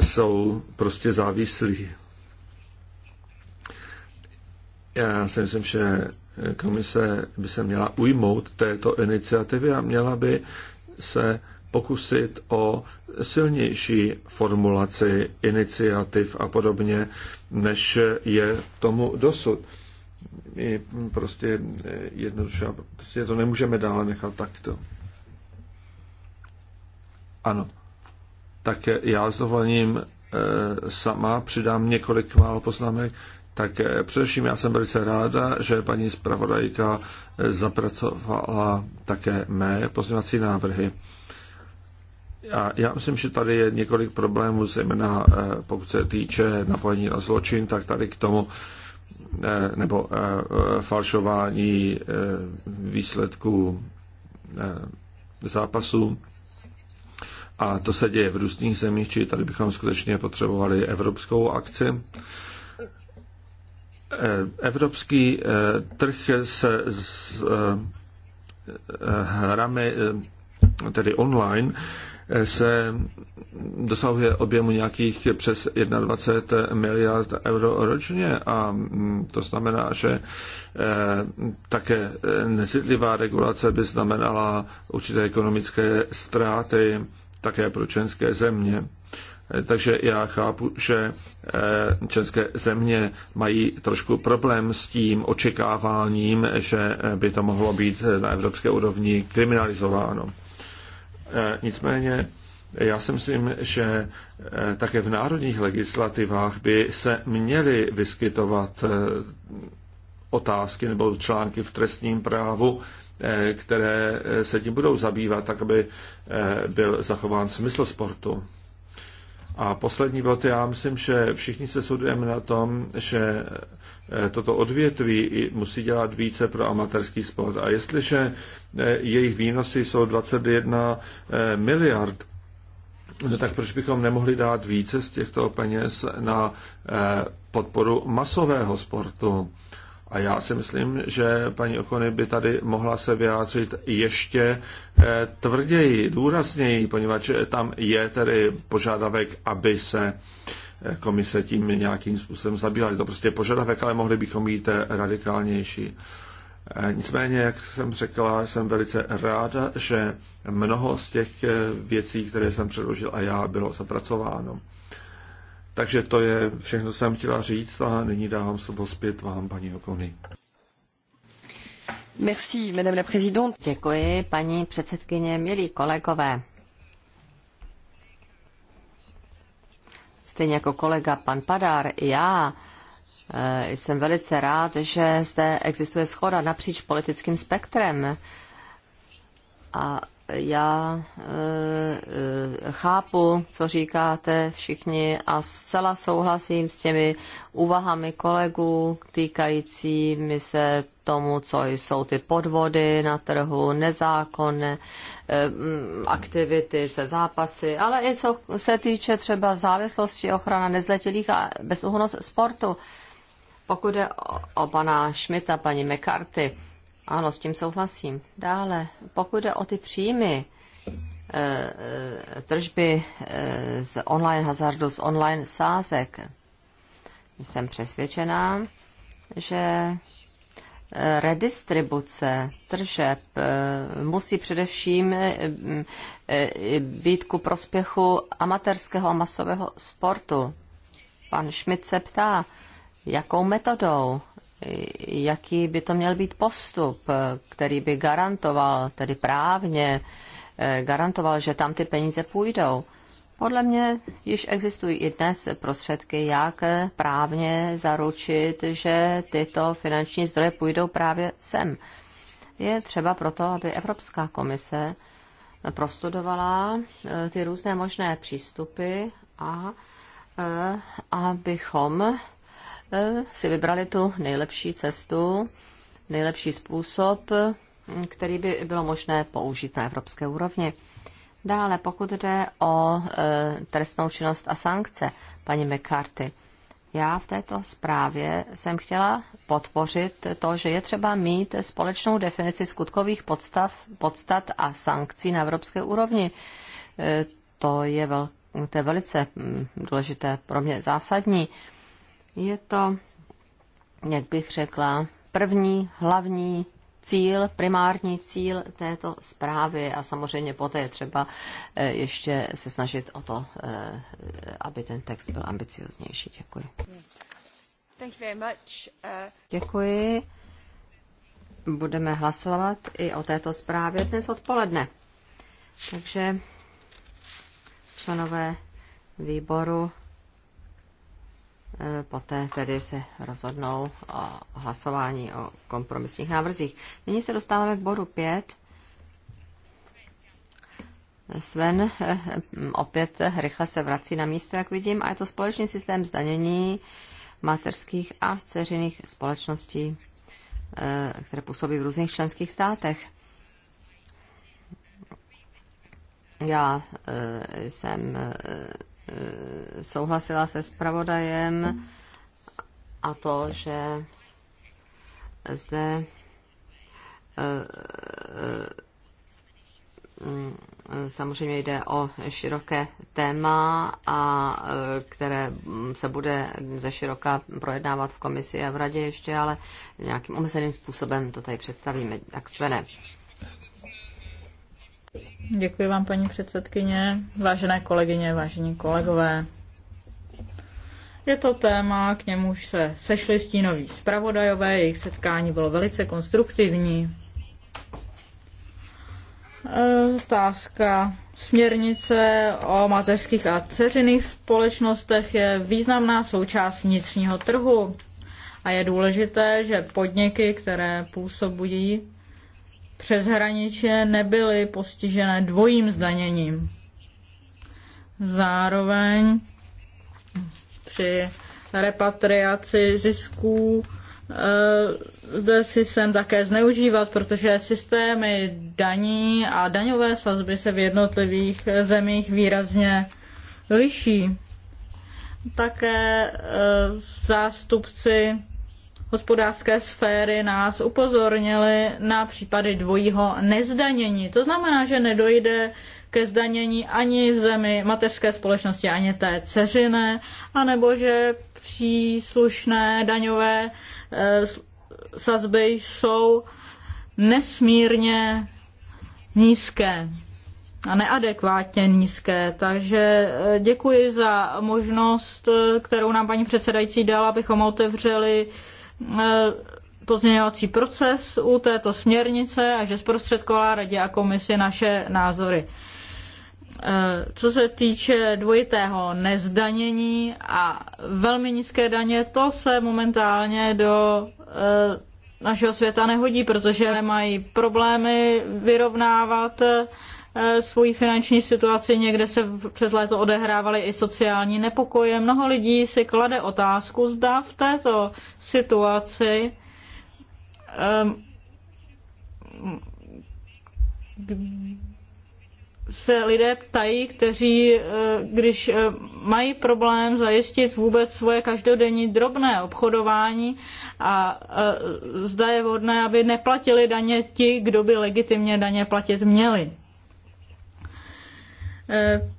jsou prostě závislí. Já si myslím, že komise by se měla ujmout této iniciativy a měla by se pokusit o silnější formulaci iniciativ a podobně, než je tomu dosud. My prostě jednoduše prostě to nemůžeme dále nechat takto. Ano, tak já s dovolením eh, sama přidám několik málo poznámek. Tak eh, především já jsem velice ráda, že paní zpravodajka eh, zapracovala také mé pozměňovací návrhy. A já myslím, že tady je několik problémů, zejména pokud se týče napojení na zločin, tak tady k tomu nebo falšování výsledků zápasů a to se děje v různých zemích, či tady bychom skutečně potřebovali evropskou akci. Eh, evropský eh, trh se s eh, hrami, tedy online, se dosahuje objemu nějakých přes 21 miliard euro ročně a mm, to znamená, že také necitlivá regulace by znamenala určité ekonomické ztráty také pro členské země. Eh, takže já chápu, že eh, české země mají trošku problém s tím očekáváním, že eh, by to mohlo být na evropské úrovni kriminalizováno. Nicméně já si myslím, že také v národních legislativách by se měly vyskytovat otázky nebo články v trestním právu, Eh, které eh, se tím budou zabývat, tak aby eh, byl zachován smysl sportu. A poslední bod, já myslím, že všichni se shodujeme na tom, že toto odvětví musí dělat více pro amatérský sport. A jestliže jejich výnosy jsou 21 miliard, no tak proč bychom nemohli dát více z těchto peněz na podporu masového sportu? A já si myslím, že paní Okony by tady mohla se vyjádřit ještě eh, tvrději, důrazněji, poněvadž tam je tedy požadavek, aby se eh, komise tím nějakým způsobem zabývala. Je to prostě požadavek, ale mohli bychom být eh, radikálnější. Nicméně, jak jsem řekla, jsem velice ráda, že mnoho z těch věcí, které jsem předložil a já, bylo zapracováno. Takže to je všechno, co jsem chtěla říct a nyní dávám slovo zpět vám, paní Okony. Merci, madame la présidente. Děkuji, paní předsedkyně, milí kolegové. Stejně jako kolega pan Padár, i já eh, jsem velice rád, že zde existuje schoda napříč politickým spektrem. A já e, chápu, co říkáte všichni a zcela souhlasím s těmi úvahami kolegů týkajícími se tomu, co jsou ty podvody na trhu, nezákonné e, aktivity se zápasy, ale i co se týče třeba závislosti ochrana nezletilých a bezúhonost sportu. Pokud je o, o pana Šmita, paní McCarthy, ano, s tím souhlasím. Dále, pokud jde o ty příjmy, eh, eh, tržby eh, z online hazardu, z online sázek, jsem přesvědčená, že redistribuce tržeb musí především být ku prospěchu amatérského a masového sportu. Pan Schmidt se ptá, jakou metodou jaký by to měl být postup, který by garantoval, tedy právně eh, garantoval, že tam ty peníze půjdou. Podle mě již existují i dnes prostředky, jak právně zaručit, že tyto finanční zdroje půjdou právě sem. Je třeba proto, aby Evropská komise prostudovala eh, ty různé možné přístupy a eh, abychom Eh, si vybrali tu nejlepší cestu, nejlepší způsob, hm, který by bylo možné použít na evropské úrovni. Dále, pokud jde o eh, trestnou činnost a sankce, paní McCarthy, já v této zprávě jsem chtěla podpořit to, že je třeba mít společnou definici skutkových podstav, podstat a sankcí na evropské úrovni. Eh, to je, vel, to je velice hm, důležité, pro mě zásadní. Je to, jak bych řekla, první hlavní cíl, primární cíl této zprávy a samozřejmě poté je třeba eh, ještě se snažit o to, eh, aby ten text byl ambicioznější. Děkuji. Thank you very much. Uh... Děkuji. Budeme hlasovat i o této zprávě dnes odpoledne. Takže členové výboru Eh, poté tedy se rozhodnou o hlasování o kompromisních návrzích. Nyní se dostáváme k bodu 5. Sven eh, eh, opět rychle se vrací na místo, jak vidím, a je to společný systém zdanění mateřských a dceřiných společností, které působí v různých členských státech. Já jsem Eh, souhlasila se zpravodajem a to, že zde eh, eh, mm, samozřejmě jde o široké téma, a které se bude ze široka projednávat v komisi a v radě ještě, ale nějakým omezeným způsobem to tady představíme. Tak Svene. Děkuji vám, paní předsedkyně, vážené kolegyně, vážení kolegové. Je to téma, k němuž se sešli stínoví zpravodajové, jejich setkání bylo velice konstruktivní. Eh, otázka směrnice o mateřských a dceřiných společnostech je významná součást vnitřního trhu a je důležité, že podniky, které působují přeshraničně nebyly postižené dvojím zdaněním. Zároveň při repatriaci zisků eh, zde systém také zneužívat, protože systémy daní a daňové sazby se v jednotlivých zemích výrazně liší. Také eh, zástupci hospodářské sféry nás upozornili na případy dvojího nezdanění. To znamená, že nedojde ke zdanění ani v zemi mateřské společnosti, ani té ceřiné, anebo že příslušné daňové eh, sazby jsou nesmírně nízké a neadekvátně nízké. Takže eh, děkuji za možnost, eh, kterou nám paní předsedající dala, abychom otevřeli Eh, pozměňovací proces u této směrnice a že zprostředkovala radě a komisi naše názory. Eh, co se týče dvojitého nezdanění a velmi nízké daně, to se momentálně do eh, našeho světa nehodí, protože nemají problémy vyrovnávat Eh, svoji finanční situaci, někde se přes léto odehrávaly i sociální nepokoje. Mnoho lidí si klade otázku, zda v této situaci ehm, se lidé ptají, kteří, eh, když eh, mají problém zajistit vůbec svoje každodenní drobné obchodování a zda je vhodné, aby neplatili daně ti, kdo by legitimně daně platit měli. Eh,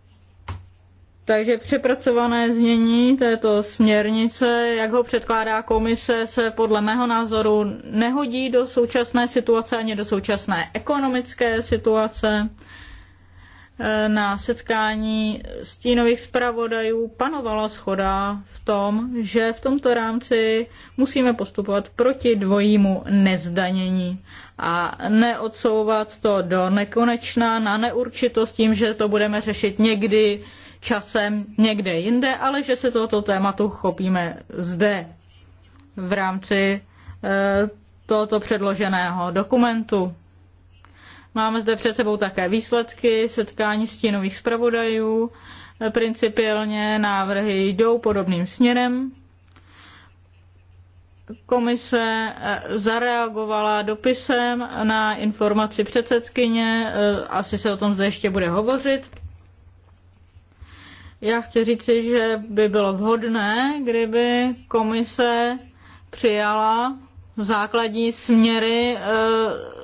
takže přepracované znění této směrnice, jak ho předkládá komise, se podle mého názoru nehodí do současné situace ani do současné ekonomické situace. Eh, na setkání stínových zpravodajů panovala schoda v tom, že v tomto rámci musíme postupovat proti dvojímu nezdanění a neodsouvat to do nekonečna na neurčitost tím, že to budeme řešit někdy časem někde jinde, ale že se tohoto tématu chopíme zde v rámci e, tohoto předloženého dokumentu. Máme zde před sebou také výsledky setkání stínových zpravodajů. Principiálně návrhy jdou podobným směrem. Komise eh, zareagovala dopisem na informaci předsedkyně, eh, asi se o tom zde ještě bude hovořit. Já chci říci, že by bylo vhodné, kdyby komise přijala základní směry eh,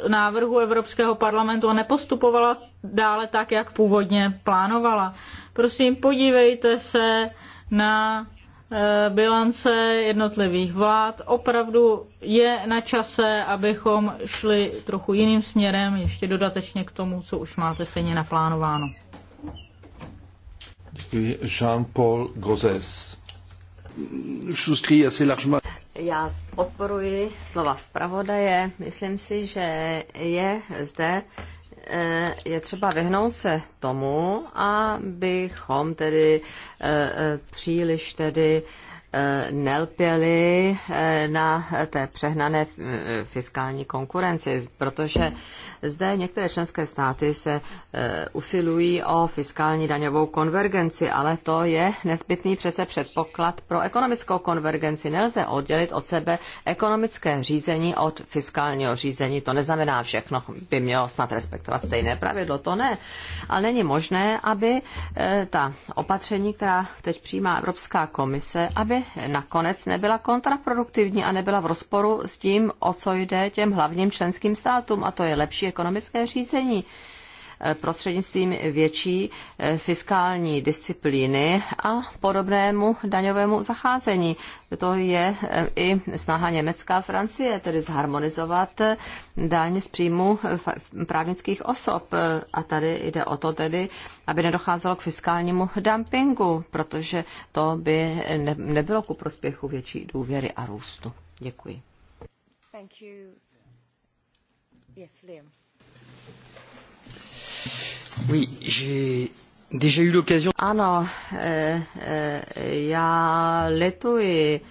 návrhu Evropského parlamentu a nepostupovala dále tak, jak původně plánovala. Prosím, podívejte se na eh, bilance jednotlivých vlád. Opravdu je na čase, abychom šli trochu jiným směrem, ještě dodatečně k tomu, co už máte stejně naplánováno. Jean-Paul Gozes. Já podporuji slova zpravodaje. Myslím si, že je zde eh, je třeba vyhnout se tomu, abychom tedy eh, eh, příliš tedy nelpěli na té přehnané fiskální konkurenci, protože zde některé členské státy se eh, usilují o fiskální daňovou konvergenci, ale to je nezbytný přece předpoklad pro ekonomickou konvergenci. Nelze oddělit od sebe ekonomické řízení od fiskálního řízení. To neznamená všechno, by mělo snad respektovat stejné pravidlo, to ne. Ale není možné, aby eh, ta opatření, která teď přijímá Evropská komise, aby nakonec nebyla kontraproduktivní a nebyla v rozporu s tím, o co jde těm hlavním členským státům, a to je lepší ekonomické řízení eh, prostřednictvím větší eh, fiskální disciplíny a podobnému daňovému zacházení. To je eh, i snaha Německa a Francie, tedy zharmonizovat daň z příjmu právnických osob. A tady jde o to tedy, aby nedocházelo k fiskálnímu dumpingu, protože to by nebylo ku prospěchu větší důvěry a růstu. Děkuji. Thank you. Yes, Liam. Oui, j'ai déjà eu l'occasion. Ano, eh, eh, já letuji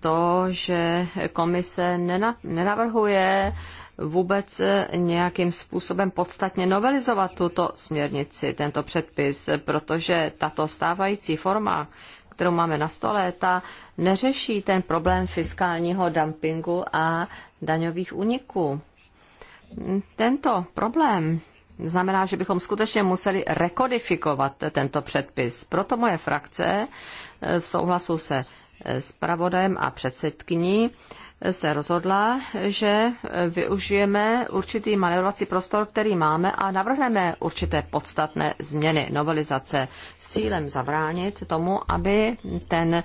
to, že komise nenavrhuje vůbec nějakým způsobem podstatně novelizovat tuto směrnici, tento předpis, protože tato stávající forma, kterou máme na stole, ta neřeší ten problém fiskálního dumpingu a daňových úniků. Tento problém znamená, že bychom skutečně museli rekodifikovat tento předpis. Proto moje frakce e, v souhlasu se e, zpravodajem a předsedkyní e, se rozhodla, že využijeme určitý manévrovací prostor, který máme a navrhneme určité podstatné změny novelizace s cílem zabránit tomu, aby ten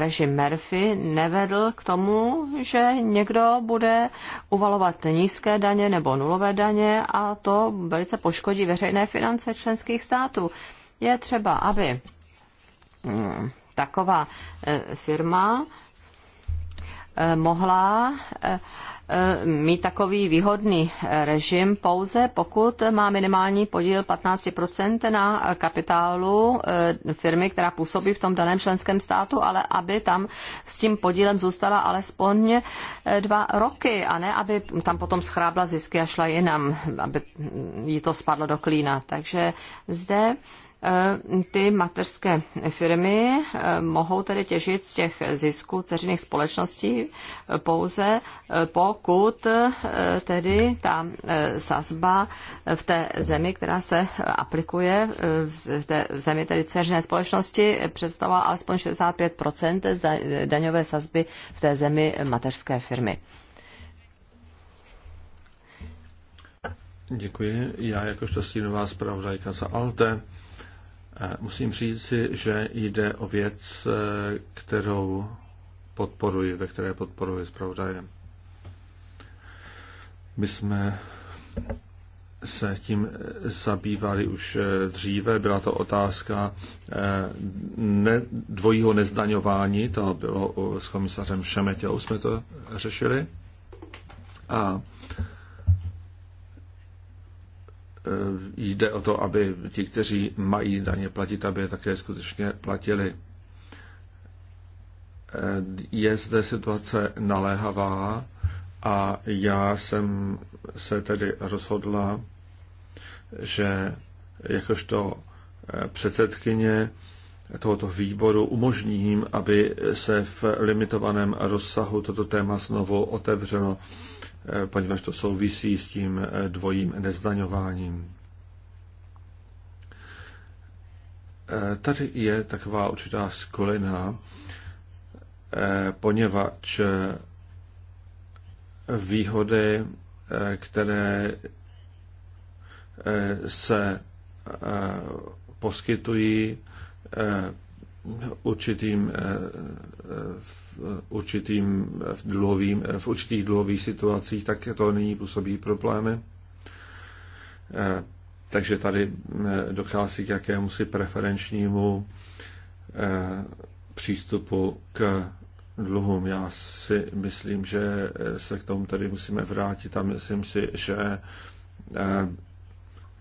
režim Murphy nevedl k tomu, že někdo bude uvalovat nízké daně nebo nulové daně a to velice poškodí veřejné finance členských států. Je třeba, aby mm, taková e, firma, Eh, mohla eh, eh, mít takový výhodný režim pouze, pokud má minimální podíl 15% na kapitálu firmy, která působí v tom daném členském státu, ale aby tam s tím podílem zůstala alespoň dva roky a ne, aby tam potom schrábla zisky a šla jinam, aby jí to spadlo do klína. Takže zde Eh, ty mateřské firmy eh, mohou tedy těžit z těch zisků ceřiných společností eh, pouze pokud tedy ta sazba v té zemi, která se aplikuje, v té zemi tedy ceřiné společnosti, představovala alespoň 65 daňové sazby v té zemi mateřské firmy. Děkuji. Já jakožto stínová zpravodajka za ALTE Musím si, že jde o věc, eh, kterou podporuji, ve které podporuji zpravodaje. My jsme se tím eh, zabývali už eh, dříve. Byla to otázka ne, dvojího nezdaňování, to bylo s komisařem Šemetěl, jsme to řešili. A Eh, jde o to, aby ti, kteří mají daně platit, aby je také skutečně platili. Eh, je zde situace naléhavá a já jsem se tedy rozhodla, že jakožto eh, předsedkyně tohoto výboru umožním, aby se v limitovaném rozsahu toto téma znovu otevřelo. Eh, poněvadž to souvisí s tím eh, dvojím nezdaňováním. Eh, tady je taková určitá skolina, poněvadž výhody, které se poskytují určitým, eh, eh, v, určitým v, dluhovým, eh, v určitých dluhových situacích, tak to nyní působí problémy. Takže tady dochází k jakému si preferenčnímu přístupu k dluhům. Já si myslím, že se k tomu tady musíme vrátit a myslím si, že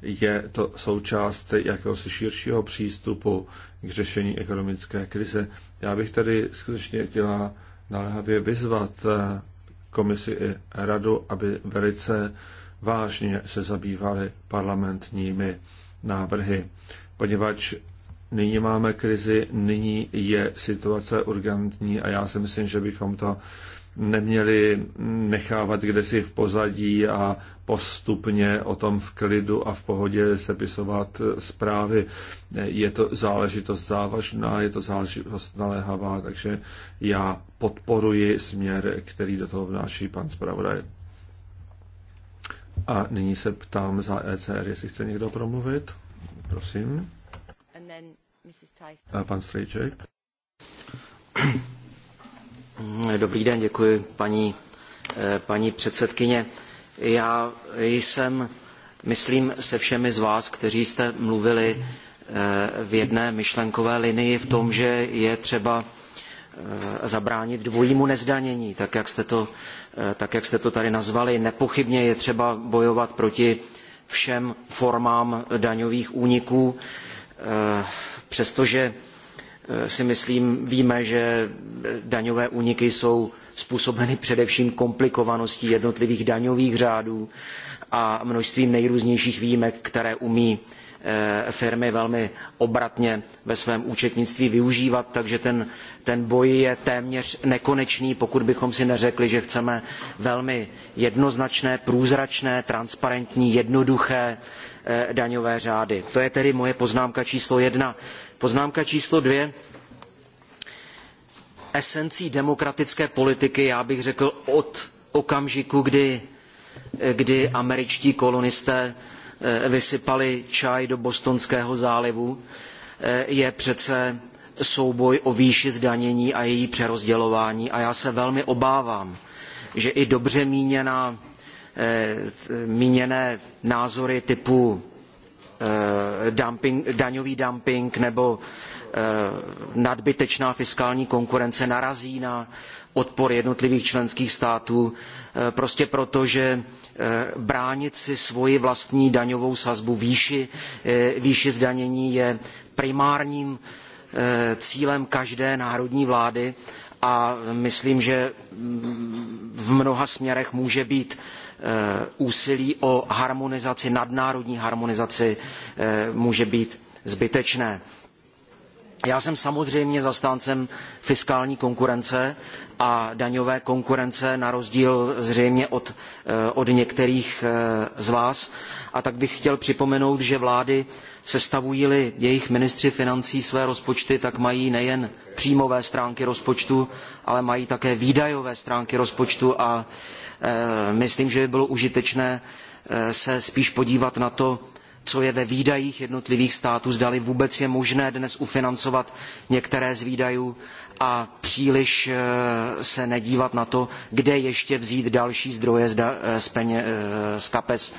je to součást jakéhosi širšího přístupu k řešení ekonomické krize. Já bych tady skutečně chtěla naléhavě vyzvat eh, komisi i radu, aby velice vážně se zabývali parlamentními návrhy, poněvadž nyní máme krizi, nyní je situace urgentní a já si myslím, že bychom to neměli nechávat kdesi si v pozadí a postupně o tom v klidu a v pohodě sepisovat zprávy. Je to záležitost závažná, je to záležitost naléhavá, takže já podporuji směr, který do toho vnáší pan zpravodaj. A nyní se ptám za ECR, jestli chce někdo promluvit. Prosím. A pan Strejček. Dobrý den, děkuji paní, eh, paní předsedkyně. Já jsem, myslím, se všemi z vás, kteří jste mluvili eh, v jedné myšlenkové linii v tom, že je třeba eh, zabránit dvojímu nezdanění, tak jak, jste to, eh, tak jak jste to tady nazvali. Nepochybně je třeba bojovat proti všem formám daňových úniků, přestože Eh, si myslím, víme, že eh, daňové úniky jsou způsobeny především komplikovaností jednotlivých daňových řádů a množstvím nejrůznějších výjimek, které umí eh, firmy velmi obratně ve svém účetnictví využívat, takže ten, ten boj je téměř nekonečný, pokud bychom si neřekli, že chceme velmi jednoznačné, průzračné, transparentní, jednoduché Eh, daňové řády. To je tedy moje poznámka číslo jedna. Poznámka číslo dvě. Esencí demokratické politiky, já bych řekl, od okamžiku, kdy, eh, kdy američtí kolonisté eh, vysypali čaj do bostonského zálivu, je přece souboj o výši zdanění a její přerozdělování. A já se velmi obávám, že i dobře míněná Eh, míněné názory typu eh, dumping, daňový dumping nebo eh, nadbytečná fiskální konkurence narazí na odpor jednotlivých členských států prostě proto, že bránit si svoji vlastní daňovou sazbu výši, výši zdanění je primárním cílem každé národní vlády a myslím, že mm, v mnoha směrech může být Eh, úsilí o harmonizaci, nadnárodní harmonizaci eh, může být zbytečné. Já jsem samozřejmě zastáncem fiskální konkurence a daňové konkurence na rozdíl zřejmě od, eh, od některých z vás. A tak bych chtěl připomenout, že vlády sestavují-li jejich ministři financí své rozpočty, tak mají nejen příjmové stránky rozpočtu, ale mají také výdajové stránky rozpočtu a Eh, myslím, že by bylo užitečné eh, se spíš podívat na to, co je ve výdajích jednotlivých států, zdali vůbec je možné dnes ufinancovat některé z výdajů a příliš eh, se nedívat na to, kde ještě vzít další zdroje z, peně, z kapes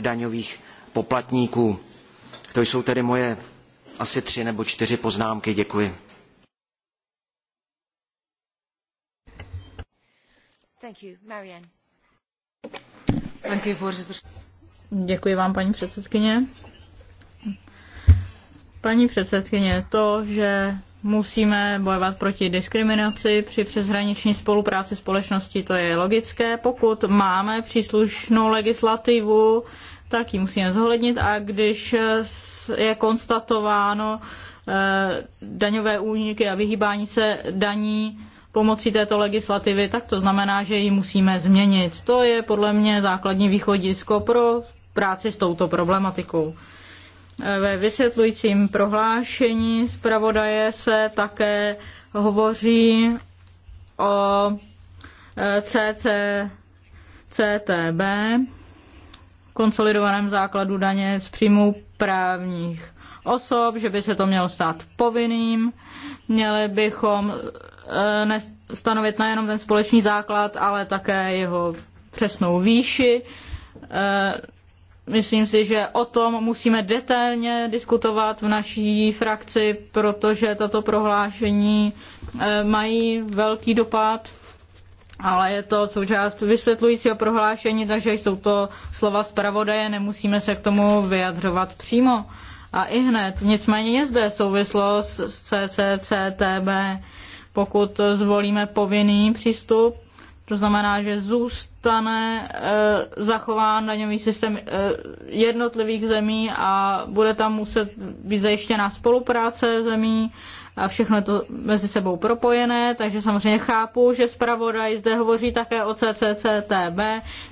daňových poplatníků. To jsou tedy moje asi tři nebo čtyři poznámky. Děkuji. Děkuji vám, paní předsedkyně. Paní předsedkyně, to, že musíme bojovat proti diskriminaci při přeshraniční spolupráci společnosti, to je logické. Pokud máme příslušnou legislativu, tak ji musíme zohlednit a když je konstatováno eh, daňové úniky a vyhýbání se daní, pomocí této legislativy, tak to znamená, že ji musíme změnit. To je podle mě základní východisko pro práci s touto problematikou. Ve vysvětlujícím prohlášení zpravodaje se také hovoří o CC, e, CTB, konsolidovaném základu daně z příjmu právních osob, že by se to mělo stát povinným. Měli bychom Eh, stanovit nejenom ten společný základ, ale také jeho přesnou výši. Eh, myslím si, že o tom musíme detailně diskutovat v naší frakci, protože tato prohlášení eh, mají velký dopad, ale je to součást vysvětlujícího prohlášení, takže jsou to slova zpravodaje, nemusíme se k tomu vyjadřovat přímo. A i hned. Nicméně je zde souvislost s CCCTB pokud zvolíme povinný přístup. To znamená, že zůstane e, zachován daňový systém e, jednotlivých zemí a bude tam muset být zajištěná spolupráce zemí a všechno je to mezi sebou propojené, takže samozřejmě chápu, že zpravodaj zde hovoří také o CCCTB,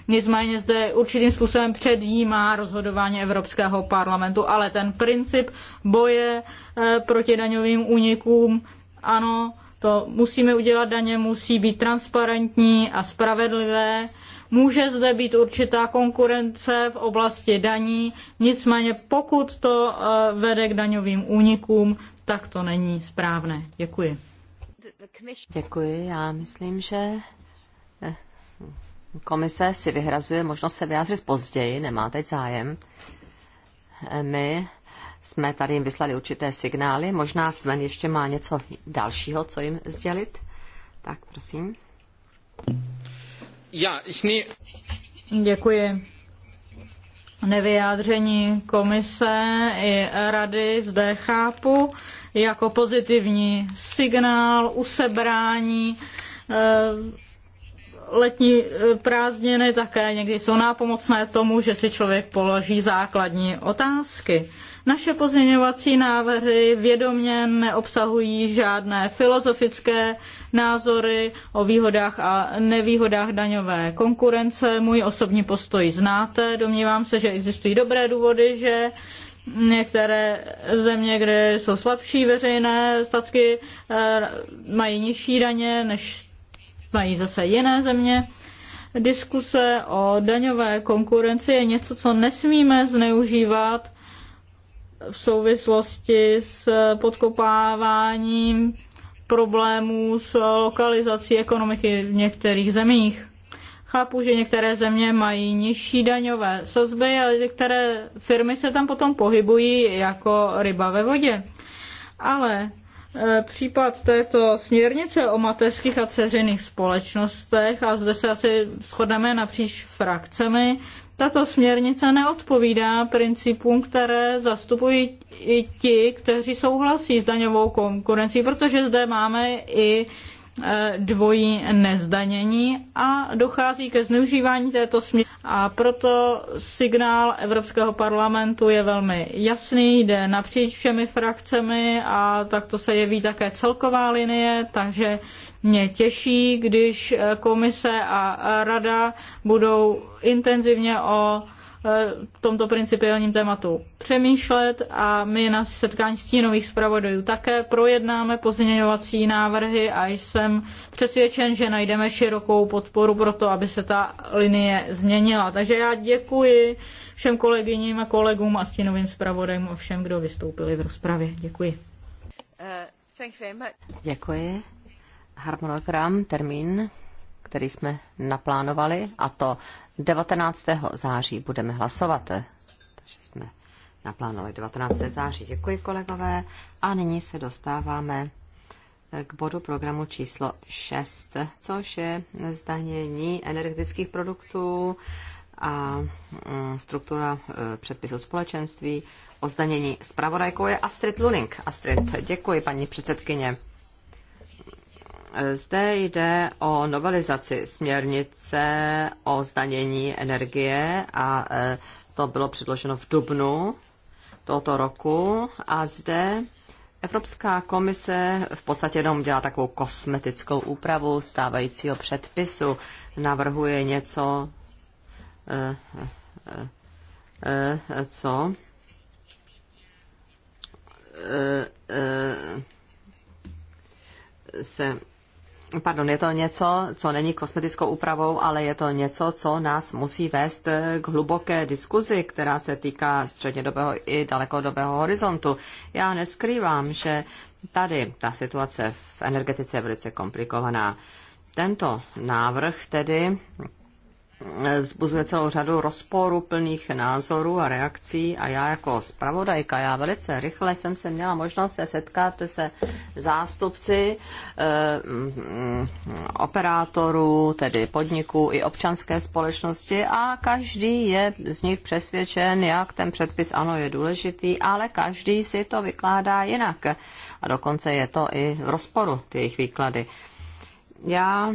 nicméně zde určitým způsobem předjímá rozhodování Evropského parlamentu, ale ten princip boje e, proti daňovým únikům, ano, to musíme udělat daně, musí být transparentní a spravedlivé. Může zde být určitá konkurence v oblasti daní, nicméně pokud to eh, vede k daňovým únikům, tak to není správné. Děkuji. Děkuji. Já myslím, že eh, komise si vyhrazuje možnost se vyjádřit později, nemá teď zájem. Eh, my jsme tady jim vyslali určité signály. Možná Sven ještě má něco dalšího, co jim sdělit. Tak prosím. Já, ich Děkuji. Nevyjádření komise i rady zde chápu jako pozitivní signál usebrání eh, letní eh, prázdniny také někdy jsou nápomocné tomu, že si člověk položí základní otázky. Naše pozměňovací návrhy vědomě neobsahují žádné filozofické názory o výhodách a nevýhodách daňové konkurence. Můj osobní postoj znáte. Domnívám se, že existují dobré důvody, že některé země, kde jsou slabší veřejné statky, eh, mají nižší daně, než mají zase jiné země. Diskuse o daňové konkurenci je něco, co nesmíme zneužívat v souvislosti s podkopáváním problémů s lokalizací ekonomiky v některých zemích. Chápu, že některé země mají nižší daňové sazby, ale některé firmy se tam potom pohybují jako ryba ve vodě. Ale e, případ této směrnice o mateřských a dceřiných společnostech, a zde se asi shodneme napříč frakcemi, tato směrnice neodpovídá principům, které zastupují i ti, kteří souhlasí s daňovou konkurencí, protože zde máme i e, dvojí nezdanění a dochází ke zneužívání této směry A proto signál Evropského parlamentu je velmi jasný, jde napříč všemi frakcemi a takto se jeví také celková linie, takže mě těší, když eh, komise a eh, rada budou intenzivně o eh, tomto principiálním tématu přemýšlet a my na setkání stínových zpravodajů také projednáme pozměňovací návrhy a jsem přesvědčen, že najdeme širokou podporu pro to, aby se ta linie změnila. Takže já děkuji všem kolegyním a kolegům a stínovým zpravodajům a všem, kdo vystoupili v rozpravě. Děkuji. Uh, Děkuji harmonogram, termín, který jsme naplánovali, a to 19. září budeme hlasovat. Takže jsme naplánovali 19. září. Děkuji, kolegové. A nyní se dostáváme k bodu programu číslo 6, což je zdanění energetických produktů a mm, struktura e, předpisů společenství. O zdanění zpravodajkou je Astrid Luning. Astrid, děkuji, paní předsedkyně. Zde jde o novelizaci směrnice o zdanění energie a e, to bylo předloženo v dubnu tohoto roku a zde Evropská komise v podstatě jenom dělá takovou kosmetickou úpravu stávajícího předpisu, navrhuje něco, e, e, co se Pardon, je to něco, co není kosmetickou úpravou, ale je to něco, co nás musí vést k hluboké diskuzi, která se týká střednědobého i dalekodobého horizontu. Já neskrývám, že tady ta situace v energetice je velice komplikovaná. Tento návrh tedy vzbuzuje celou řadu rozporů, plných názorů a reakcí a já jako zpravodajka, já velice rychle jsem se měla možnost se setkat se zástupci eh, mm, operátorů, tedy podniků i občanské společnosti a každý je z nich přesvědčen, jak ten předpis ano je důležitý, ale každý si to vykládá jinak a dokonce je to i v rozporu, ty jejich výklady. Já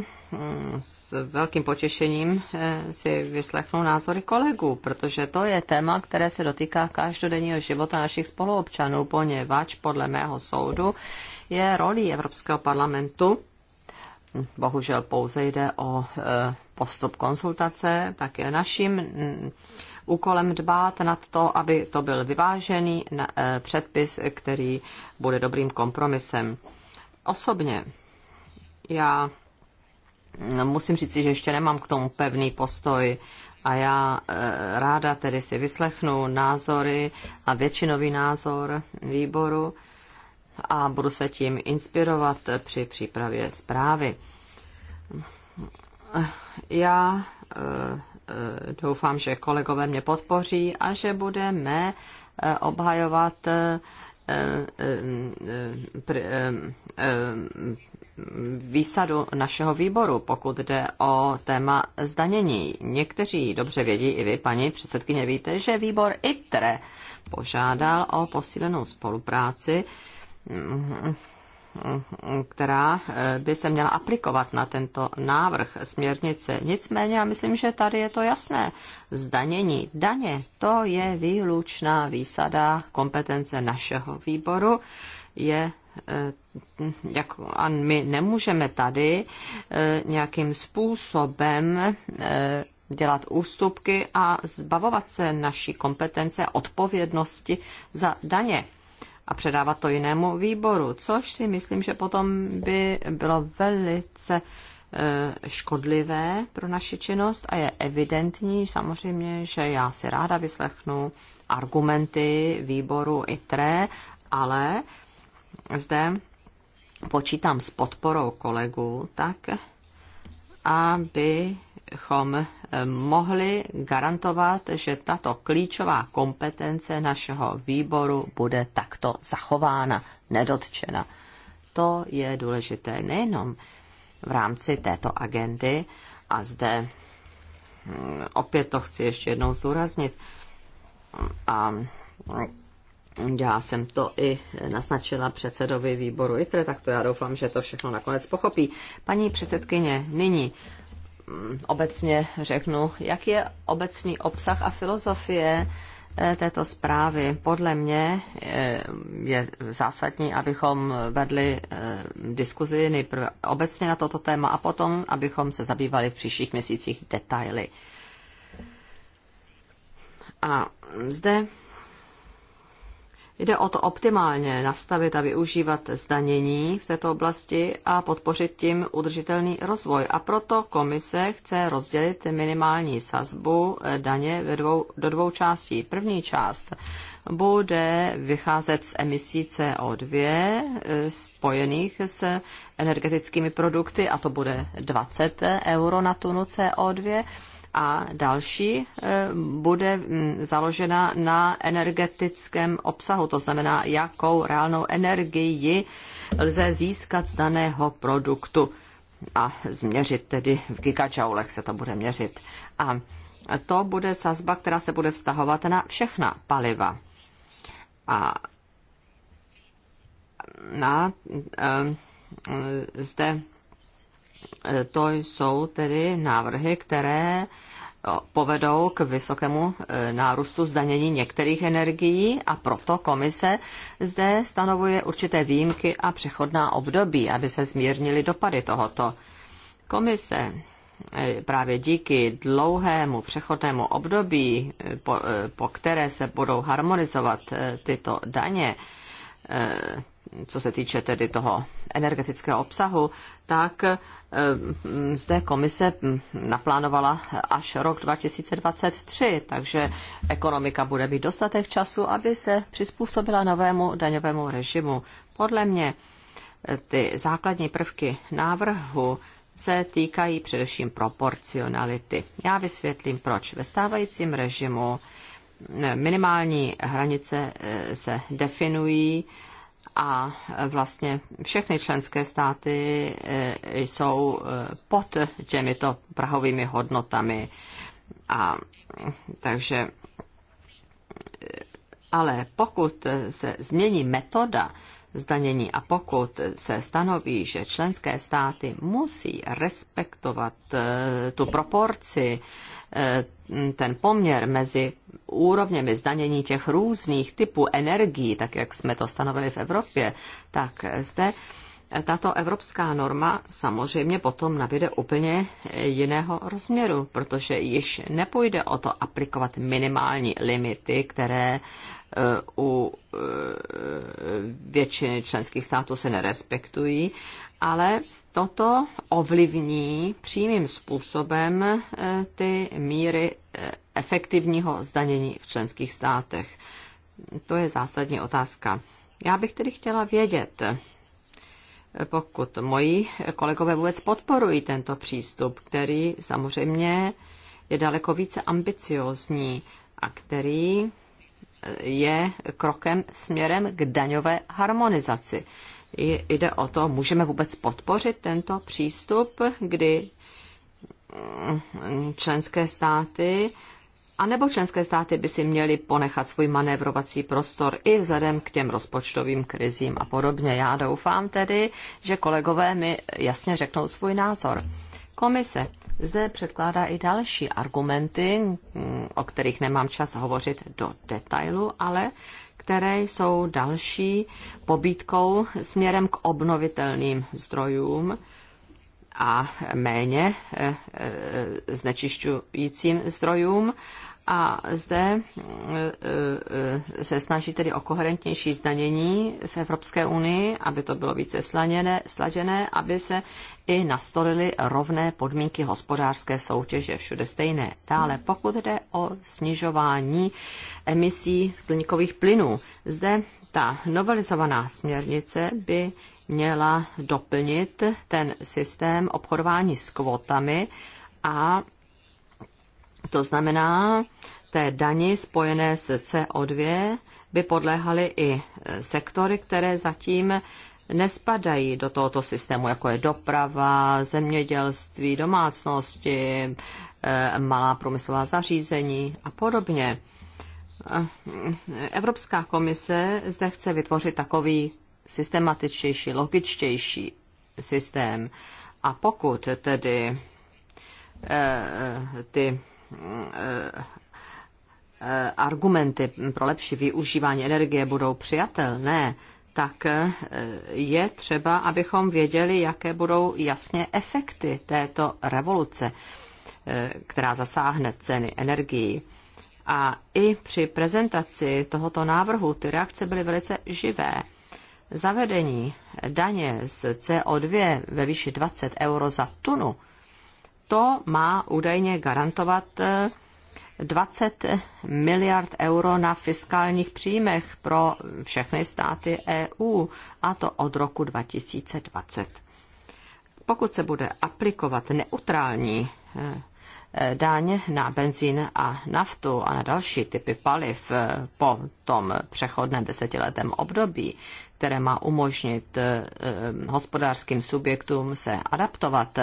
s velkým potěšením eh, si vyslechnu názory kolegů, protože to je téma, které se dotýká každodenního života našich spoluobčanů, poněvadž podle mého soudu je roli Evropského parlamentu. Bohužel pouze jde o eh, postup konsultace, tak je naším mm, úkolem dbát nad to, aby to byl vyvážený eh, předpis, který bude dobrým kompromisem. Osobně já musím říct, že ještě nemám k tomu pevný postoj a já eh, ráda tedy si vyslechnu názory a většinový názor výboru a budu se tím inspirovat při přípravě zprávy. Já eh, eh, doufám, že kolegové mě podpoří a že budeme obhajovat výsadu našeho výboru, pokud jde o téma zdanění. Někteří dobře vědí, i vy, paní předsedkyně, víte, že výbor ITRE požádal o posílenou spolupráci, mm, která eh, by se měla aplikovat na tento návrh směrnice. Nicméně já myslím, že tady je to jasné. Zdanění daně, to je výlučná výsada kompetence našeho výboru. Je eh, jak, a my nemůžeme tady e, nějakým způsobem e, dělat ústupky a zbavovat se naší kompetence a odpovědnosti za daně a předávat to jinému výboru, což si myslím, že potom by bylo velice e, škodlivé pro naši činnost a je evidentní samozřejmě, že já si ráda vyslechnu argumenty výboru ITRE, ale zde počítám s podporou kolegů, tak abychom eh, mohli garantovat, že tato klíčová kompetence našeho výboru bude takto zachována, nedotčena. To je důležité nejenom v rámci této agendy a zde hm, opět to chci ještě jednou zdůraznit a já jsem to i naznačila předsedovi výboru ITRE, tak to já doufám, že to všechno nakonec pochopí. Paní předsedkyně, nyní mm, obecně řeknu, jak je obecný obsah a filozofie eh, této zprávy. Podle mě eh, je zásadní, abychom vedli eh, diskuzi nejprve obecně na toto téma a potom, abychom se zabývali v příštích měsících detaily. A zde Jde o to optimálně nastavit a využívat zdanění v této oblasti a podpořit tím udržitelný rozvoj. A proto komise chce rozdělit minimální sazbu eh, daně ve dvou, do dvou částí. První část bude vycházet z emisí CO2 eh, spojených s energetickými produkty, a to bude 20 euro na tunu CO2 a další eh, bude mm, založena na energetickém obsahu, to znamená, jakou reálnou energii lze získat z daného produktu a změřit tedy v gigajoulech se to bude měřit. A to bude sazba, která se bude vztahovat na všechna paliva. A na, eh, zde eh, to jsou tedy návrhy, které Eh, povedou k vysokému eh, nárůstu zdanění některých energií a proto komise zde stanovuje určité výjimky a přechodná období, aby se zmírnily dopady tohoto. Komise eh, právě díky dlouhému přechodnému období, po, po které se budou harmonizovat tyto daně, co se týče tedy toho energetického obsahu, tak Eh, zde komise hm, naplánovala až rok 2023, takže ekonomika bude mít dostatek času, aby se přizpůsobila novému daňovému režimu. Podle mě eh, ty základní prvky návrhu se týkají především proporcionality. Já vysvětlím, proč. Ve stávajícím režimu hm, minimální hranice eh, se definují a e, vlastně všechny členské státy e, jsou e, pod těmito prahovými hodnotami. A takže ale pokud se změní metoda, zdanění. A pokud se stanoví, že členské státy musí respektovat eh, tu proporci, eh, ten poměr mezi úrovněmi zdanění těch různých typů energií, tak jak jsme to stanovili v Evropě, tak zde tato evropská norma samozřejmě potom nabíde úplně jiného rozměru, protože již nepůjde o to aplikovat minimální limity, které e, u e, většiny členských států se nerespektují, ale toto ovlivní přímým způsobem e, ty míry efektivního zdanění v členských státech. To je zásadní otázka. Já bych tedy chtěla vědět, pokud moji kolegové vůbec podporují tento přístup, který samozřejmě je daleko více ambiciózní a který eh, je krokem směrem k daňové harmonizaci. Jde o to, můžeme vůbec podpořit tento přístup, kdy mm, členské státy a nebo členské státy by si měly ponechat svůj manévrovací prostor i vzhledem k těm rozpočtovým krizím a podobně. Já doufám tedy, že kolegové mi jasně řeknou svůj názor. Komise zde předkládá i další argumenty, o kterých nemám čas hovořit do detailu, ale které jsou další pobídkou směrem k obnovitelným zdrojům a méně eh, eh, znečišťujícím zdrojům a zde mm, e, e, se snaží tedy o koherentnější zdanění v Evropské unii, aby to bylo více slaněné, sladěné, aby se i nastolily rovné podmínky hospodářské soutěže, všude stejné. Dále, pokud jde o snižování emisí skleníkových plynů, zde ta novelizovaná směrnice by měla doplnit ten systém obchodování s kvotami a to znamená, té dani spojené s CO2 by podléhaly i e, sektory, které zatím nespadají do tohoto systému, jako je doprava, zemědělství, domácnosti, e, malá průmyslová zařízení a podobně. E, Evropská komise zde chce vytvořit takový systematičtější, logičtější systém. A pokud tedy ty Eh, argumenty pro lepší využívání energie budou přijatelné, tak eh, je třeba, abychom věděli, jaké budou jasně efekty této revoluce, eh, která zasáhne ceny energií. A i při prezentaci tohoto návrhu ty reakce byly velice živé. Zavedení daně z CO2 ve výši 20 euro za tunu to má údajně garantovat 20 eh, miliard euro na fiskálních příjmech pro všechny státy EU, a to od roku 2020. Pokud se bude aplikovat neutrální eh, eh, daň na benzín a naftu a na další typy paliv po tom přechodném desetiletém období, které má umožnit hospodářským subjektům se adaptovat,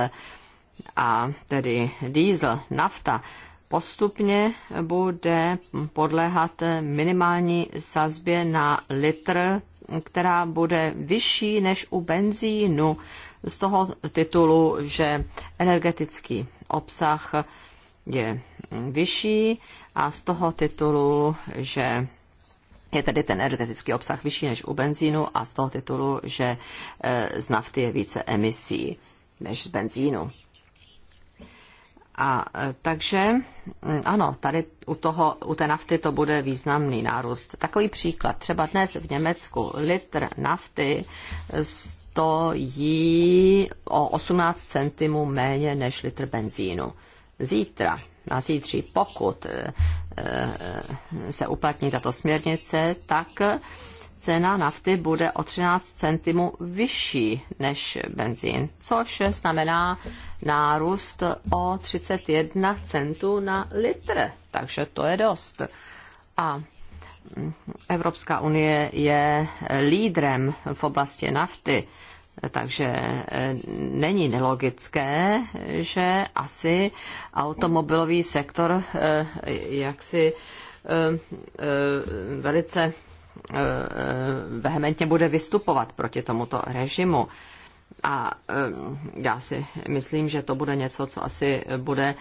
a tedy diesel, nafta, postupně bude podléhat minimální sazbě na litr, která bude vyšší než u benzínu z toho titulu, že energetický obsah je vyšší a z toho titulu, že je tedy ten energetický obsah vyšší než u benzínu a z toho titulu, že eh, z nafty je více emisí než z benzínu. A e, takže mm, ano, tady u, toho, u té nafty to bude významný nárůst. Takový příklad, třeba dnes v Německu litr nafty stojí o 18 centimů méně než litr benzínu. Zítra, na zítří, pokud e, e, se uplatní tato směrnice, tak cena nafty bude o 13 centimů vyšší než benzín, což znamená nárůst o 31 centů na litr. Takže to je dost. A Evropská unie je lídrem v oblasti nafty. Takže eh, není nelogické, že asi automobilový sektor eh, jaksi eh, velice Eh, eh, vehementně bude vystupovat proti tomuto režimu. A eh, já si myslím, že to bude něco, co asi bude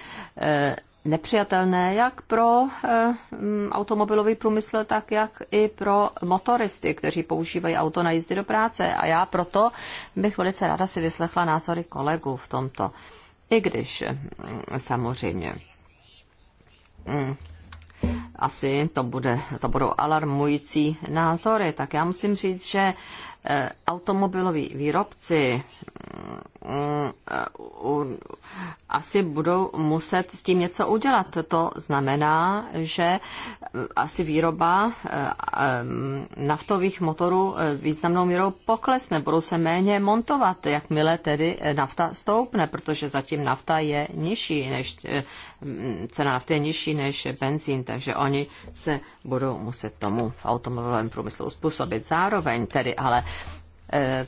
nepřijatelné jak pro mm, automobilový průmysl, tak jak i pro motoristy, kteří používají auto na jízdy do práce. A já proto bych velice ráda si vyslechla názory kolegů v tomto. I když mm, samozřejmě mm, asi to, bude, to budou alarmující názory, tak já musím říct, že Eh, automobiloví výrobci mm, eh, asi budou muset s tím něco udělat. To znamená, že eh, asi výroba naftových motorů významnou mírou poklesne, budou se méně montovat, jakmile tedy nafta stoupne, protože zatím nafta je nižší než mm, cena nafty je nižší než benzín, takže oni se budou muset tomu v automobilovém průmyslu způsobit. Zároveň tedy ale Eh,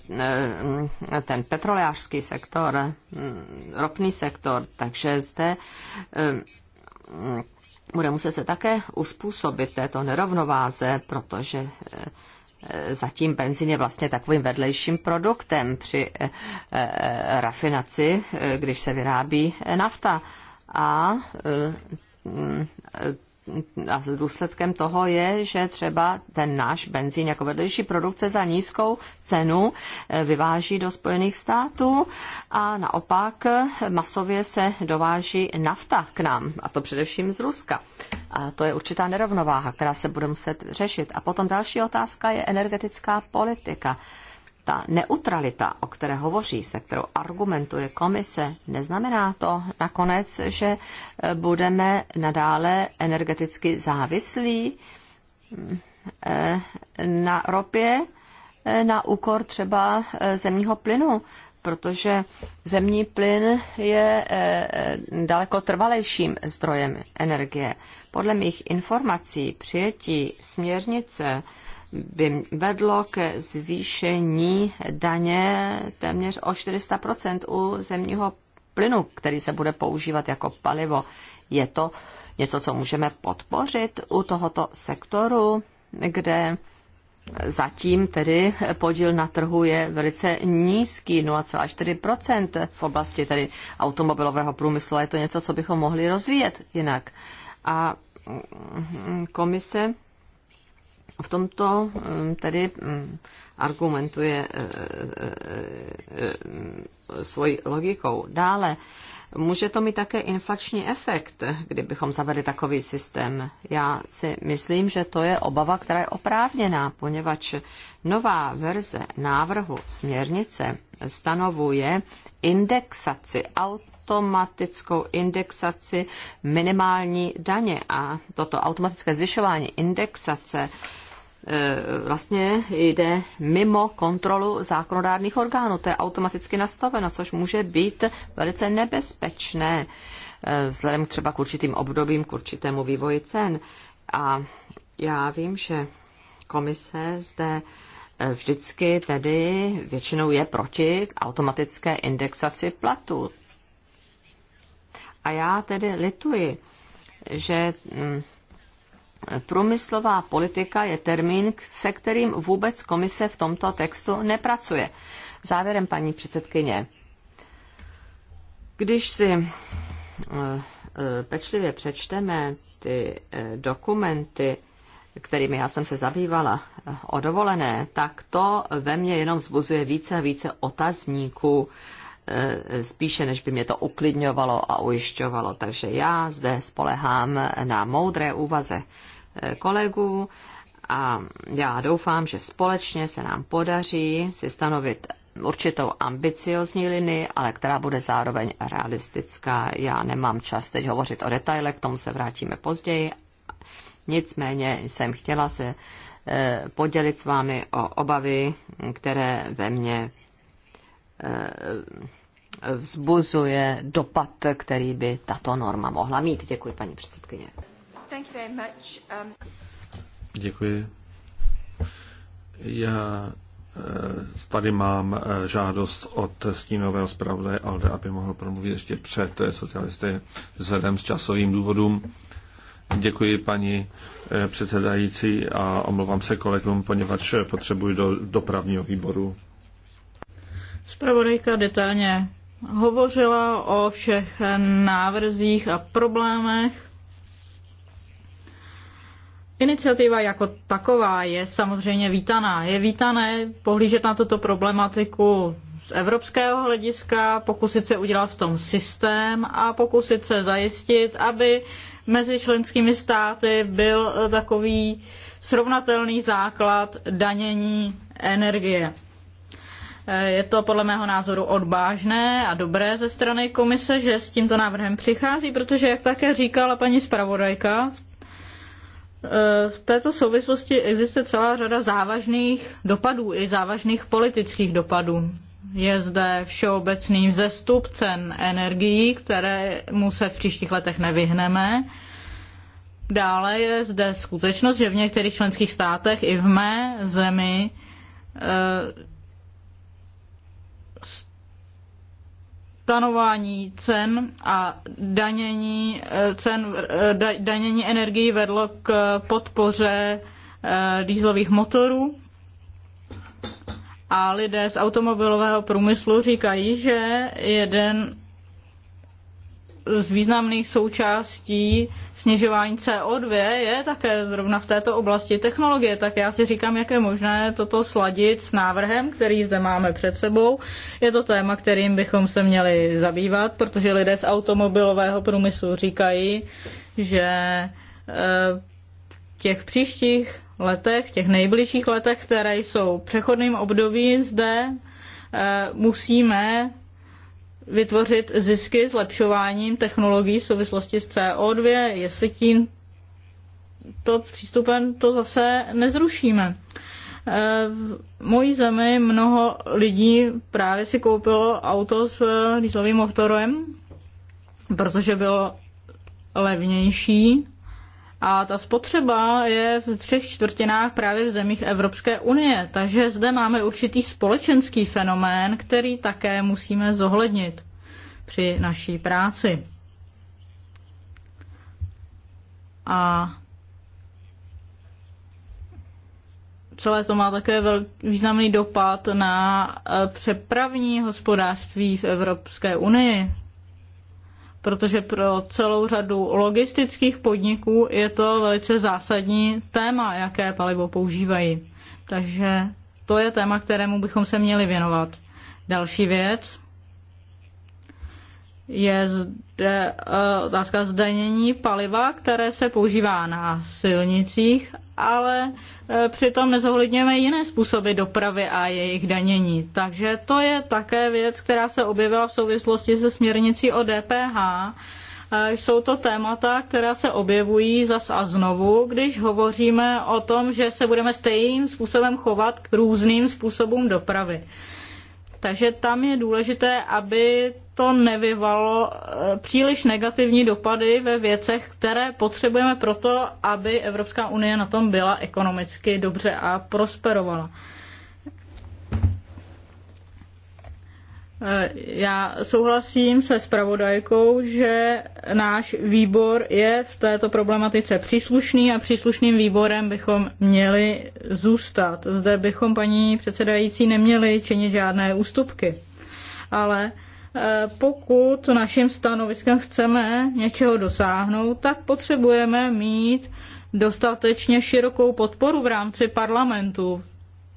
ten petrolejářský sektor, mm, ropný sektor, takže zde eh, bude muset se také uspůsobit této nerovnováze, protože eh, zatím benzín je vlastně takovým vedlejším produktem při rafinaci, když se vyrábí nafta. A mm, a důsledkem toho je, že třeba ten náš benzín jako vedlejší produkce za nízkou cenu eh, vyváží do Spojených států a naopak eh, masově se dováží nafta k nám, a to především z Ruska. A to je určitá nerovnováha, která se bude muset řešit. A potom další otázka je energetická politika ta neutralita, o které hovoří, se kterou argumentuje komise, neznamená to nakonec, že eh, budeme nadále energeticky závislí eh, na ropě eh, na úkor třeba zemního plynu, protože zemní plyn je daleko trvalejším zdrojem energie. Podle mých informací přijetí směrnice by vedlo ke zvýšení daně téměř o 400% u zemního plynu, který se bude používat jako palivo. Je to něco, co můžeme podpořit u tohoto sektoru, kde zatím tedy podíl na trhu je velice nízký, 0,4% v oblasti tedy automobilového průmyslu. A je to něco, co bychom mohli rozvíjet jinak. A komise v tomto hm, tedy hm, argumentuje eh, eh, eh, hm, svojí logikou. Dále, může to mít také inflační efekt, kdybychom zavedli takový systém. Já si myslím, že to je obava, která je oprávněná, poněvadž nová verze návrhu směrnice stanovuje indexaci, automatickou indexaci minimální daně a toto automatické zvyšování indexace E, vlastně jde mimo kontrolu zákonodárných orgánů. To je automaticky nastaveno, což může být velice nebezpečné e, vzhledem třeba k určitým obdobím, k určitému vývoji cen. A já vím, že komise zde e, vždycky tedy většinou je proti automatické indexaci platů. A já tedy lituji, že mm, Průmyslová politika je termín, se kterým vůbec komise v tomto textu nepracuje. Závěrem, paní předsedkyně, když si eh, eh, pečlivě přečteme ty eh, dokumenty, kterými já jsem se zabývala o dovolené, tak to ve mně jenom vzbuzuje více a více otazníků Eh, spíše, než by mě to uklidňovalo a ujišťovalo. Takže já zde spolehám na moudré úvaze eh, kolegů a já doufám, že společně se nám podaří si stanovit určitou ambiciozní linii, ale která bude zároveň realistická. Já nemám čas teď hovořit o detailech, k tomu se vrátíme později. Nicméně jsem chtěla se eh, podělit s vámi o obavy, které ve mně Eh, vzbuzuje dopad, který by tato norma mohla mít. Děkuji, paní předsedkyně. Um, Děkuji. Já eh, tady mám eh, žádost od stínového zpravodaje Alde, aby mohl promluvit ještě před socialisty vzhledem s časovým důvodům. Děkuji paní předsedající a omlouvám se kolegům, poněvadž potřebuji do dopravního výboru. Spravodajka detailně hovořila o všech návrzích a problémech. Iniciativa jako taková je samozřejmě vítaná. Je vítané pohlížet na tuto problematiku z evropského hlediska, pokusit se udělat v tom systém a pokusit se zajistit, aby mezi členskými státy byl takový srovnatelný základ danění energie. Eh, je to podle mého názoru odvážné a dobré ze strany komise, že s tímto návrhem přichází, protože, jak také říkala paní zpravodajka, eh, v této souvislosti existuje celá řada závažných dopadů i závažných politických dopadů. Je zde všeobecný vzestup cen energií, mu se v příštích letech nevyhneme. Dále je zde skutečnost, že v některých členských státech i v mé zemi eh, stanování cen a danění, eh, cen, eh, danění energii vedlo k podpoře eh, dýzlových motorů. A lidé z automobilového průmyslu říkají, že jeden z významných součástí snižování CO2 je také zrovna v této oblasti technologie, tak já si říkám, jak je možné toto sladit s návrhem, který zde máme před sebou. Je to téma, kterým bychom se měli zabývat, protože lidé z automobilového průmyslu říkají, že eh, v těch příštích letech, těch nejbližších letech, které jsou přechodným obdobím zde, eh, musíme vytvořit zisky zlepšováním technologií v souvislosti s CO2, jestli tím to přístupem to zase nezrušíme. Eh, v mojí zemi mnoho lidí právě si koupilo auto s eh, dieselovým motorem, protože bylo levnější a ta spotřeba je v třech čtvrtinách právě v zemích Evropské unie, takže zde máme určitý společenský fenomén, který také musíme zohlednit při naší práci. A celé to má také významný dopad na eh, přepravní hospodářství v Evropské unii protože pro celou řadu logistických podniků je to velice zásadní téma, jaké palivo používají. Takže to je téma, kterému bychom se měli věnovat. Další věc, je zde uh, otázka zdanění paliva, které se používá na silnicích, ale uh, přitom nezohledňujeme jiné způsoby dopravy a jejich danění. Takže to je také věc, která se objevila v souvislosti se směrnicí o DPH. Uh, eh, jsou to témata, která se objevují zas a znovu, když hovoříme o tom, že se budeme stejným způsobem chovat k různým způsobům dopravy. Takže tam je důležité, aby to nevyvalo eh, příliš negativní dopady ve věcech, které potřebujeme proto, aby Evropská unie na tom byla ekonomicky dobře a prosperovala. Eh, já souhlasím se spravodajkou, že náš výbor je v této problematice příslušný a příslušným výborem bychom měli zůstat. Zde bychom, paní předsedající, neměli činit žádné ústupky. Ale Eh, pokud naším stanoviskem chceme něčeho dosáhnout, tak potřebujeme mít dostatečně širokou podporu v rámci parlamentu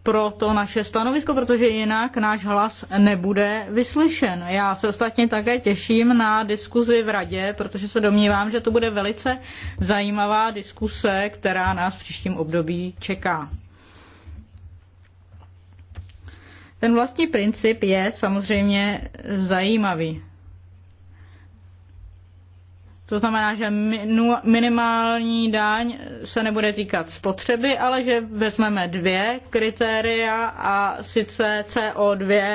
pro to naše stanovisko, protože jinak náš hlas nebude vyslyšen. Já se ostatně také těším na diskuzi v radě, protože se domnívám, že to bude velice zajímavá diskuse, která nás v příštím období čeká. Ten vlastní princip je samozřejmě zajímavý. To znamená, že minimální daň se nebude týkat spotřeby, ale že vezmeme dvě kritéria a sice CO2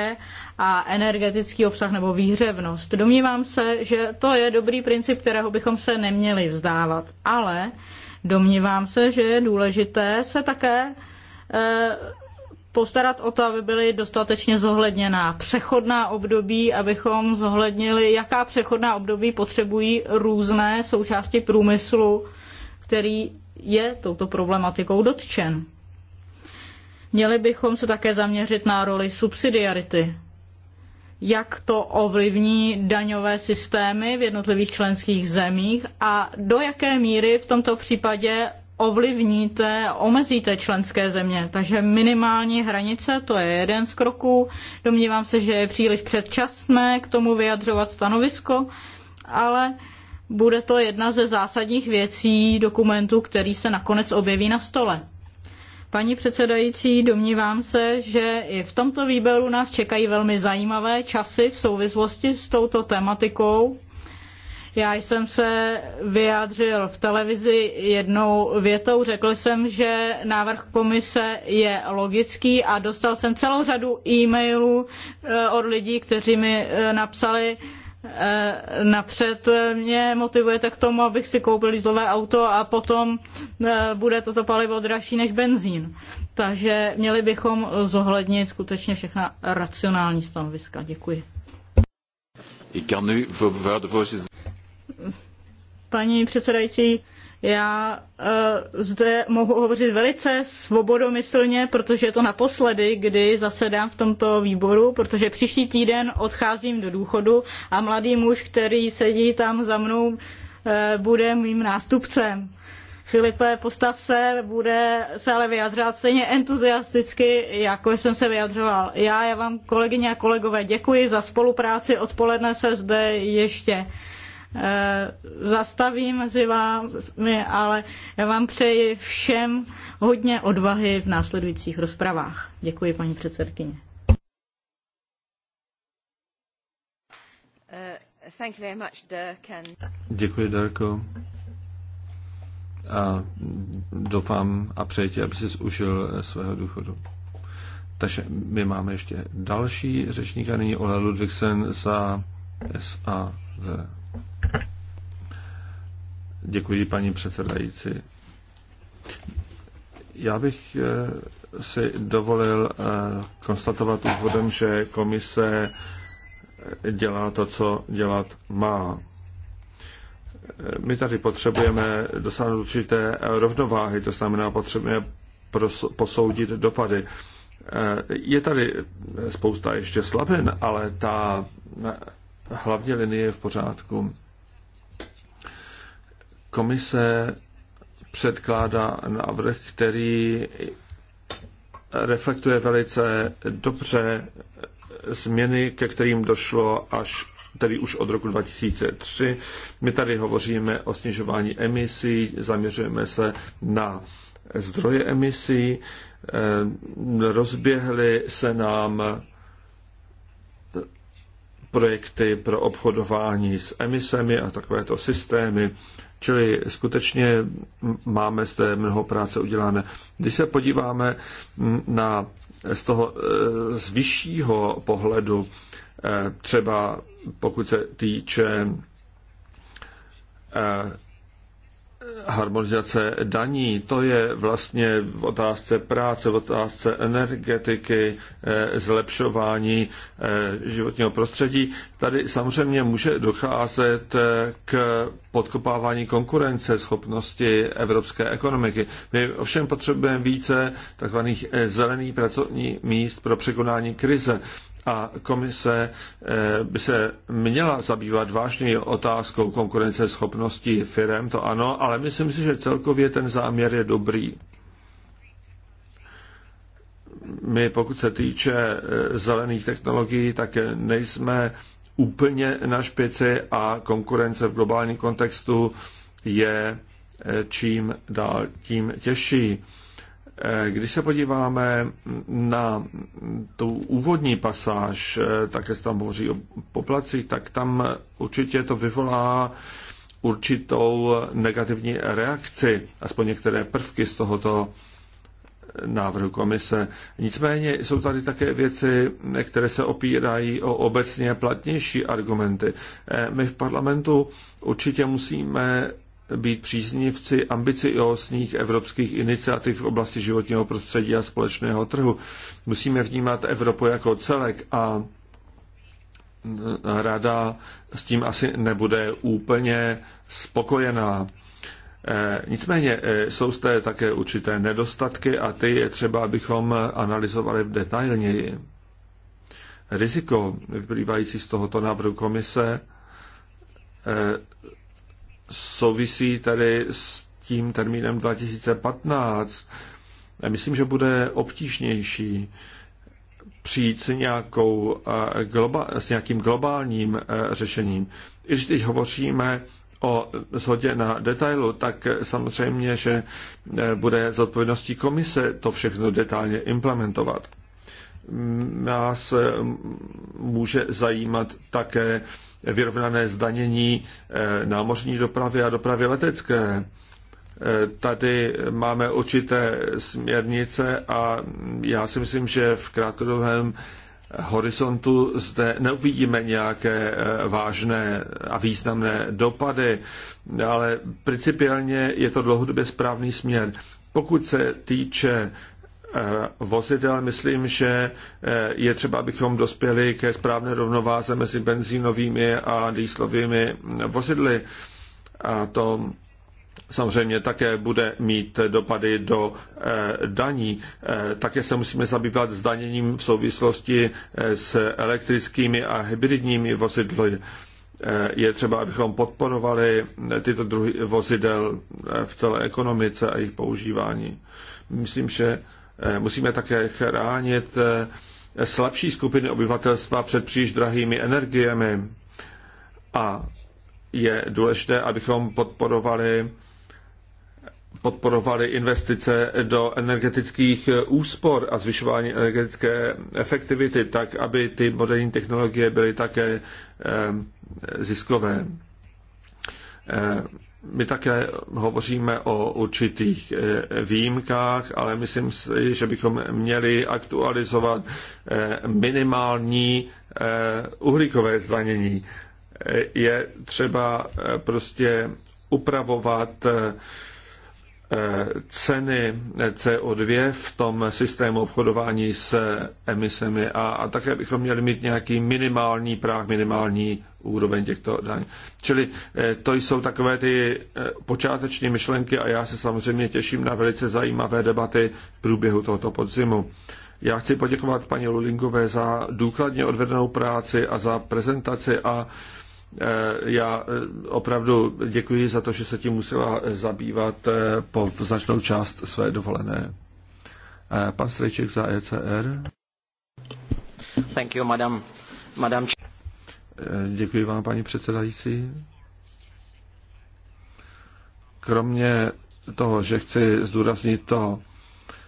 a energetický obsah nebo výhřevnost. Domnívám se, že to je dobrý princip, kterého bychom se neměli vzdávat, ale domnívám se, že je důležité se také eh, postarat o to, aby byly dostatečně zohledněná přechodná období, abychom zohlednili, jaká přechodná období potřebují různé součásti průmyslu, který je touto problematikou dotčen. Měli bychom se také zaměřit na roli subsidiarity. Jak to ovlivní daňové systémy v jednotlivých členských zemích a do jaké míry v tomto případě ovlivníte, omezíte členské země. Takže minimální hranice, to je jeden z kroků. Domnívám se, že je příliš předčasné k tomu vyjadřovat stanovisko, ale bude to jedna ze zásadních věcí dokumentu, který se nakonec objeví na stole. Paní předsedající, domnívám se, že i v tomto výběru nás čekají velmi zajímavé časy v souvislosti s touto tematikou já jsem se vyjádřil v televizi jednou větou, řekl jsem, že návrh komise je logický a dostal jsem celou řadu e-mailů eh, od lidí, kteří mi eh, napsali, eh, napřed mě motivujete k tomu, abych si koupil dýzlové auto a potom bude toto palivo dražší než benzín. Takže měli bychom zohlednit skutečně všechna racionální stanoviska. Děkuji paní předsedající, já uh, zde mohu hovořit velice svobodomyslně, protože je to naposledy, kdy zasedám v tomto výboru, protože příští týden odcházím do důchodu a mladý muž, který sedí tam za mnou, uh, bude mým nástupcem. Filipe, postav se, bude se ale vyjadřovat stejně entuziasticky, jako jsem se vyjadřoval. Já, já vám kolegyně a kolegové děkuji za spolupráci, odpoledne se zde ještě Eh, zastaví mezi vámi, ale já vám přeji všem hodně odvahy v následujících rozpravách. Děkuji, paní předsedkyně. Eh, thank you very much, Dirk. Děkuji, Darko. A doufám a přeji ti, aby jsi užil eh, svého důchodu. Takže my máme ještě další řečníka, nyní Ole Ludvigsen za SAV. Děkuji, paní předsedající. Já bych eh, si dovolil eh, konstatovat úvodem, že komise eh, dělá to, co dělat má. My tady potřebujeme dosáhnout určité rovnováhy, to znamená, potřebujeme posoudit dopady. Je tady spousta ještě slabin, ale ta hlavní linie je v pořádku. Komise předkládá návrh, který reflektuje velice dobře změny, ke kterým došlo až tedy už od roku 2003. My tady hovoříme o snižování emisí, zaměřujeme se na zdroje emisí, rozběhly se nám projekty pro obchodování s emisemi a takovéto systémy. Čili skutečně máme té mnoho práce udělané. Když se podíváme na z toho eh, z vyššího pohledu, eh, třeba pokud se týče eh, harmonizace daní, to je vlastně v otázce práce, v otázce energetiky, eh, zlepšování eh, životního prostředí. Tady samozřejmě může docházet eh, k podkopávání konkurence schopnosti evropské ekonomiky. My ovšem potřebujeme více takzvaných zelených pracovních míst pro překonání krize a komise eh, by se měla zabývat vážně otázkou konkurenceschopnosti firm, to ano, ale myslím si, že celkově ten záměr je dobrý. My, pokud se týče eh, zelených technologií, tak nejsme úplně na špici a konkurence v globálním kontextu je eh, čím dál tím těžší Eh, když se podíváme na tu úvodní pasáž, eh, také se tam hovoří o poplacích, tak tam určitě to vyvolá určitou negativní reakci, aspoň některé prvky z tohoto eh, návrhu komise. Nicméně jsou tady také věci, které se opírají o obecně platnější argumenty. My v parlamentu určitě musíme být příznivci osních evropských iniciativ v oblasti životního prostředí a společného trhu. Musíme vnímat Evropu jako celek a rada s tím asi nebude úplně spokojená. Eh, nicméně eh, jsou zde také určité nedostatky a ty je třeba, abychom analyzovali detailněji. Riziko vyplývající z tohoto návrhu komise eh, souvisí tady s tím termínem 2015. Myslím, že bude obtížnější přijít s, nějakou, eh, s nějakým globálním eh, řešením. I když teď hovoříme o zhodě na detailu, tak samozřejmě, že eh, bude z odpovědností komise to všechno detailně implementovat nás eh, může zajímat také vyrovnané zdanění eh, námořní dopravy a dopravy letecké. Eh, tady máme určité směrnice a já si myslím, že v krátkodobém horizontu zde neuvidíme nějaké vážné a významné dopady, ale principiálně je to dlouhodobě správný směr. Pokud se týče Eh, vozidel. Myslím, že eh, je třeba, abychom dospěli ke správné rovnováze mezi benzínovými a dýslovými vozidly. A to samozřejmě také bude mít dopady do eh, daní. Také se musíme zabývat zdaněním v souvislosti s elektrickými a hybridními vozidly. Je třeba, abychom podporovali tyto druhy vozidel v celé ekonomice a jejich používání. Myslím, že Eh, musíme také chránit eh, slabší skupiny obyvatelstva před příliš drahými energiemi. A je důležité, abychom podporovali podporovali investice do energetických úspor a zvyšování energetické efektivity, tak aby ty moderní technologie byly také eh, ziskové. My také hovoříme o určitých eh, výjimkách, ale myslím si, že bychom měli aktualizovat eh, minimální eh, uhlíkové zdanění. Je třeba prostě upravovat ceny CO2 v tom systému obchodování s emisemi a, a také bychom měli mít nějaký minimální práh, minimální úroveň těchto daň. Čili eh, to jsou takové ty eh, počáteční myšlenky a já se samozřejmě těším na velice zajímavé debaty v průběhu tohoto podzimu. Já chci poděkovat paní Lulingové za důkladně odvedenou práci a za prezentaci a eh, já opravdu děkuji za to, že se tím musela zabývat po značnou část své dovolené. Pan Strejček za ECR. Thank you, madam. madam. Děkuji vám, paní předsedající. Kromě toho, že chci zdůraznit to,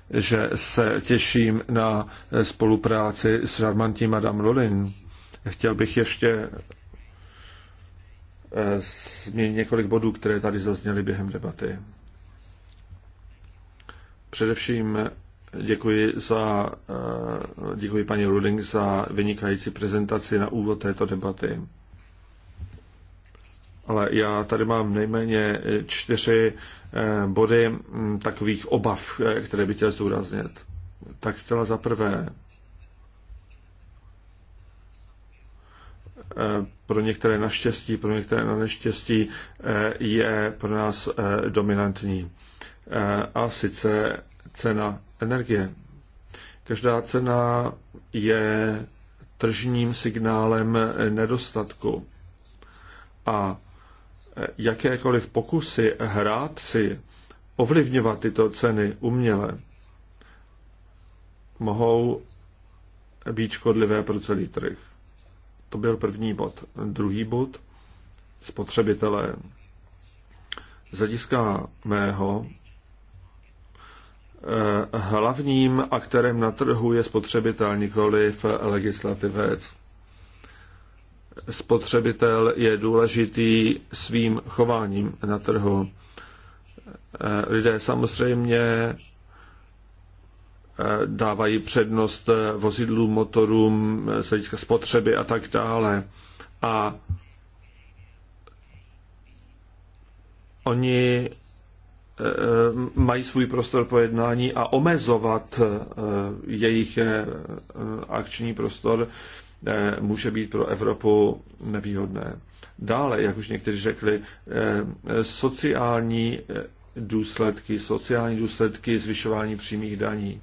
že se těším na spolupráci s Radmantí Madame Lulin, chtěl bych ještě eh, změnit několik bodů, které tady zazněly během debaty. Především Děkuji, za, eh, děkuji paní Ruding za vynikající prezentaci na úvod této debaty. Ale já tady mám nejméně čtyři eh, body hm, takových obav, eh, které bych chtěl zdůraznit. Tak zcela za prvé, pro některé naštěstí, pro některé na neštěstí je pro nás dominantní. A sice cena energie. Každá cena je tržním signálem nedostatku. A jakékoliv pokusy hrát si, ovlivňovat tyto ceny uměle, mohou být škodlivé pro celý trh. To byl první bod. Druhý bod, spotřebitelé. Z hlediska mého Eh, hlavním aktérem na trhu je spotřebitel, v legislativec. Spotřebitel je důležitý svým chováním na trhu. Eh, lidé samozřejmě eh, dávají přednost vozidlům, motorům, z hlediska spotřeby a tak dále. A oni Eh, mají svůj prostor pro jednání a omezovat eh, jejich eh, akční prostor může být pro Evropu nevýhodné. Dále, jak už někteří řekli, sociální důsledky, sociální důsledky zvyšování přímých daní.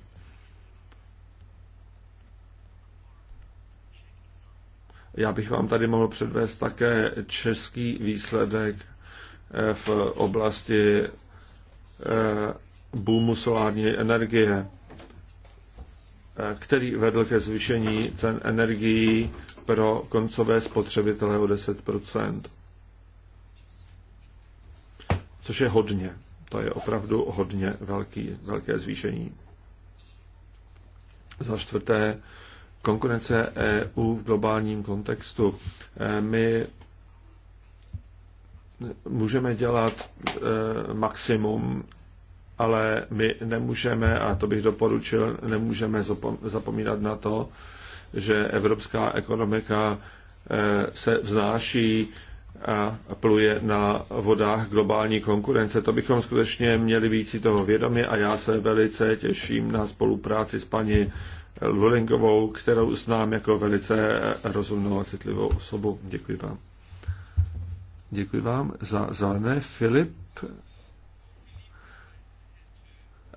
Já bych vám tady mohl předvést také český výsledek v oblasti Eh, boomu solární energie, eh, který vedl ke zvýšení cen energií pro koncové spotřebitele o 10 což je hodně. To je opravdu hodně velký, velké zvýšení. Za čtvrté, konkurence EU v globálním kontextu. Eh, my můžeme dělat eh, maximum, ale my nemůžeme, a to bych doporučil, nemůžeme zapomínat na to, že evropská ekonomika eh, se vznáší a pluje na vodách globální konkurence. To bychom skutečně měli být si toho vědomi a já se velice těším na spolupráci s paní Lulingovou, kterou znám jako velice eh, rozumnou a citlivou osobu. Děkuji vám. Děkuji vám za zelené. Filip.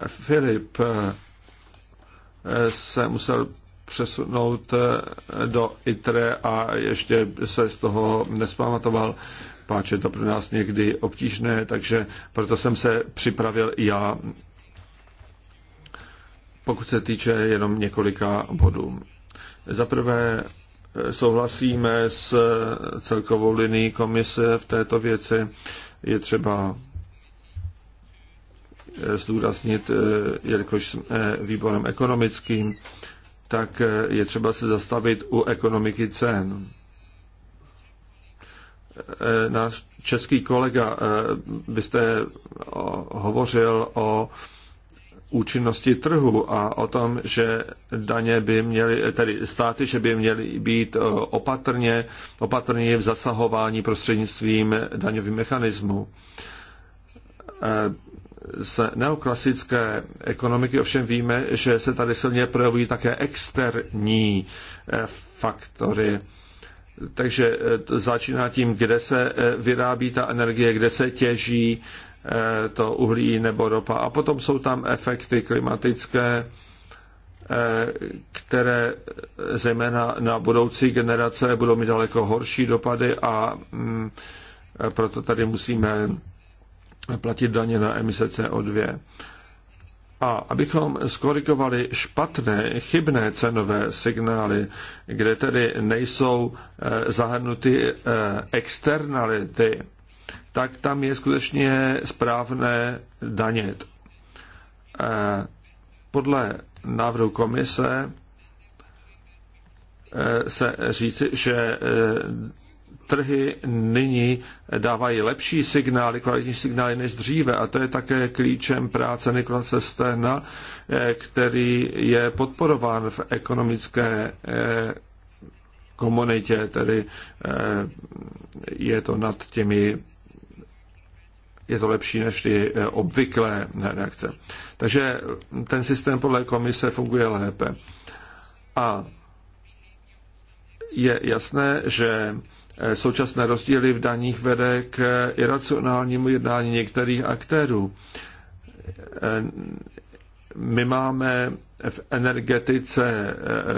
Filip eh, se musel přesunout eh, do ITRE a ještě se z toho nespamatoval. Páč je to pro nás někdy obtížné, takže proto jsem se připravil i já, pokud se týče jenom několika bodů. Za prvé souhlasíme s celkovou linií komise v této věci. Je třeba eh, zdůraznit, eh, jelikož jsme výborem ekonomickým, tak eh, je třeba se zastavit u ekonomiky cen. Náš český kolega, byste hovořil o účinnosti trhu a o tom, že daně by měly, tedy státy, že by měly být eh, opatrně, opatrně v zasahování prostřednictvím daňových mechanismů. Eh, z neoklasické ekonomiky ovšem víme, že se tady silně projevují také externí eh, faktory. Takže začíná tím, kde se vyrábí ta energie, kde se těží, Eh, to uhlí nebo ropa. A potom jsou tam efekty klimatické, eh, které zejména na budoucí generace budou mít daleko horší dopady a mm, proto tady musíme platit daně na emise CO2. A abychom skorigovali špatné, chybné cenové signály, kde tedy nejsou eh, zahrnuty externality, tak tam je skutečně správné danět. Eh, podle návrhu komise eh, se říci, že eh, trhy nyní dávají lepší signály, kvalitní signály než dříve a to je také klíčem práce Nikolase Stehna, který je podporován v ekonomické komunitě, tedy je to nad těmi je to lepší než ty eh, obvyklé reakce. Takže ten systém podle komise funguje lépe. A je jasné, že eh, současné rozdíly v daních vede k eh, iracionálnímu jednání některých aktérů. My máme v energetice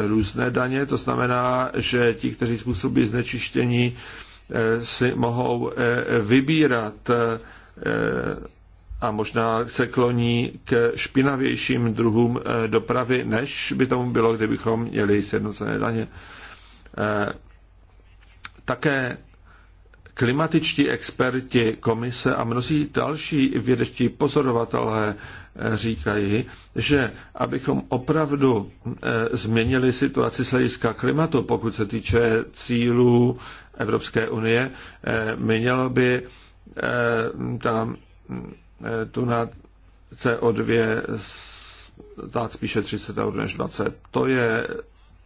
různé daně, to znamená, že ti, kteří způsobí znečištění, si mohou vybírat Eh, a možná se kloní k špinavějším druhům eh, dopravy, než by tomu bylo, kdybychom měli sjednocené daně. Eh, také klimatičtí experti komise a mnozí další vědečtí pozorovatelé říkají, že abychom opravdu změnili situaci z hlediska klimatu, pokud se týče cílů Evropské unie, mělo by Eh, Tam eh, tu na CO2 stát spíše 30 eur než 20. To je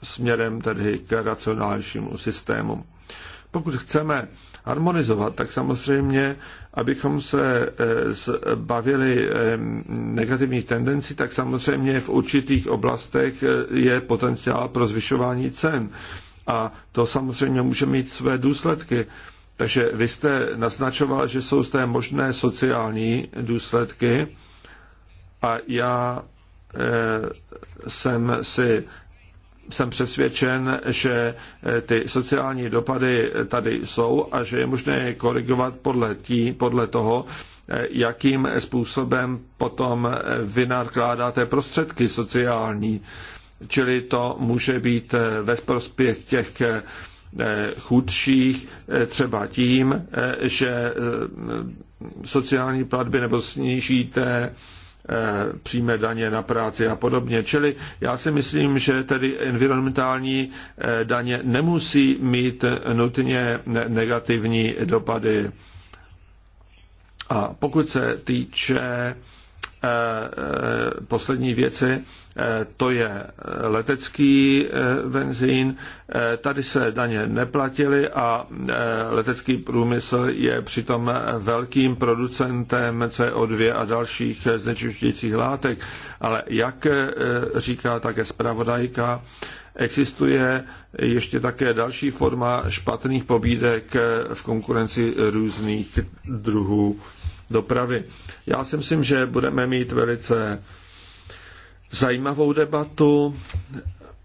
směrem tedy k racionálnějšímu systému. Pokud chceme harmonizovat, tak samozřejmě, abychom se eh, zbavili negativních tendencí, tak samozřejmě v určitých oblastech je potenciál pro zvyšování cen. A to samozřejmě může mít své důsledky. Takže vy jste naznačoval, že jsou zde možné sociální důsledky a já eh, jsem si jsem přesvědčen, že eh, ty sociální dopady tady jsou a že je možné je korigovat podle, tí, podle toho, eh, jakým způsobem potom vynakládáte prostředky sociální. Čili to může být ve prospěch těch Eh, chudších eh, třeba tím, eh, že sociální platby nebo snížíte přímé daně na práci a podobně. Čili já si myslím, že tedy environmentální daně nemusí mít nutně negativní dopady. A pokud se týče poslední věci, Eh, to je eh, letecký eh, benzín. Tady se daně neplatily a letecký průmysl je přitom velkým producentem CO2 a dalších znečišťujících látek. Ale jak říká také zpravodajka, existuje ještě také další forma špatných pobídek v konkurenci různých druhů dopravy. Já si myslím, že budeme mít velice zajímavou debatu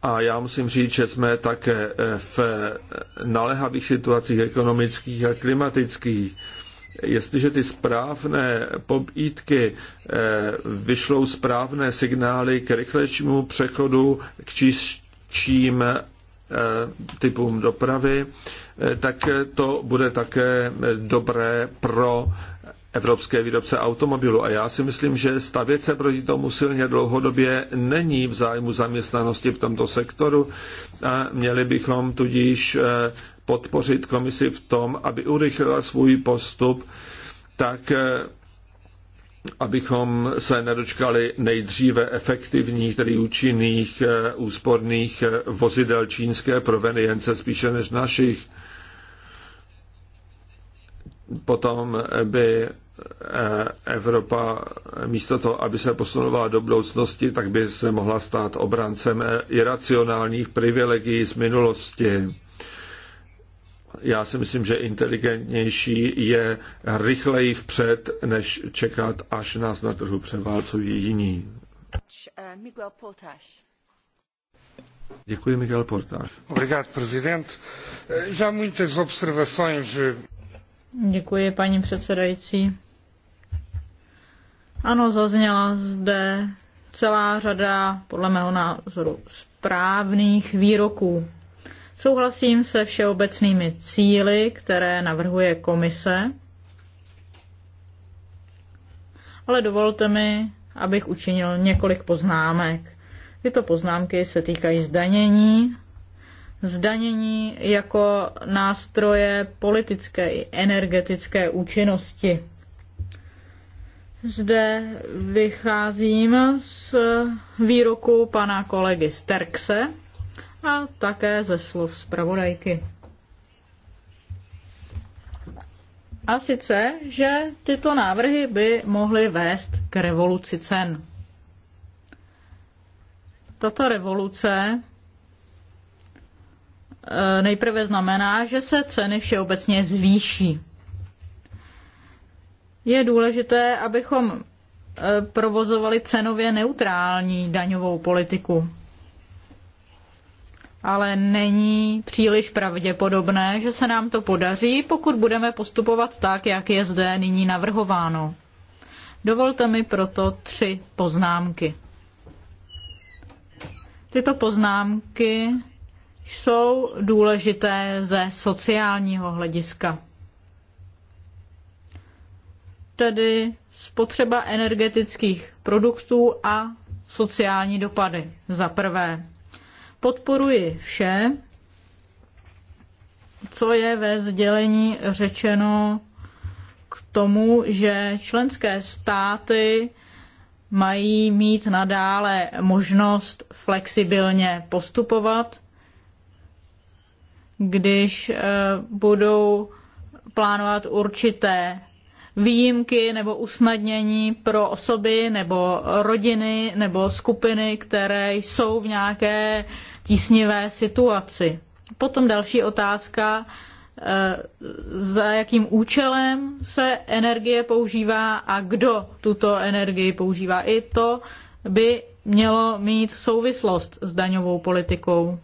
a já musím říct, že jsme také eh, v eh, naléhavých situacích ekonomických a klimatických. Jestliže ty správné pobídky eh, vyšlou správné signály k rychlejšímu přechodu k čistším typům dopravy, tak to bude také dobré pro evropské výrobce automobilů. A já si myslím, že stavět se proti tomu silně dlouhodobě není v zájmu zaměstnanosti v tomto sektoru a měli bychom tudíž eh, podpořit komisi v tom, aby urychlila svůj postup tak, eh, abychom se nedočkali nejdříve efektivních, tedy účinných, eh, úsporných vozidel čínské provenience spíše než našich potom by eh, Evropa místo toho, aby se posunovala do budoucnosti, tak by se mohla stát obrancem iracionálních privilegií z minulosti. Já si myslím, že inteligentnější je rychleji vpřed, než čekat, až nás na trhu převálcují jiní. Miguel Portáš. Děkuji, Miguel Portáš. Obrigado, prezident. Já muitas observações eh, Děkuji, paní předsedající. Ano, zazněla zde celá řada, podle mého názoru, správných výroků. Souhlasím se všeobecnými cíly, které navrhuje komise, ale dovolte mi, abych učinil několik poznámek. Tyto poznámky se týkají zdanění zdanění jako nástroje politické i energetické účinnosti. Zde vycházím z výroku pana kolegy Sterkse a také ze slov zpravodajky. A sice, že tyto návrhy by mohly vést k revoluci cen. Tato revoluce Eh, nejprve znamená, že se ceny všeobecně zvýší. Je důležité, abychom eh, provozovali cenově neutrální daňovou politiku. Ale není příliš pravděpodobné, že se nám to podaří, pokud budeme postupovat tak, jak je zde nyní navrhováno. Dovolte mi proto tři poznámky. Tyto poznámky jsou důležité ze sociálního hlediska. Tedy spotřeba energetických produktů a sociální dopady. Za prvé, podporuji vše, co je ve sdělení řečeno k tomu, že členské státy mají mít nadále možnost flexibilně postupovat když eh, budou plánovat určité výjimky nebo usnadnění pro osoby nebo rodiny nebo skupiny, které jsou v nějaké tísnivé situaci. Potom další otázka, eh, za jakým účelem se energie používá a kdo tuto energii používá. I to by mělo mít souvislost s daňovou politikou.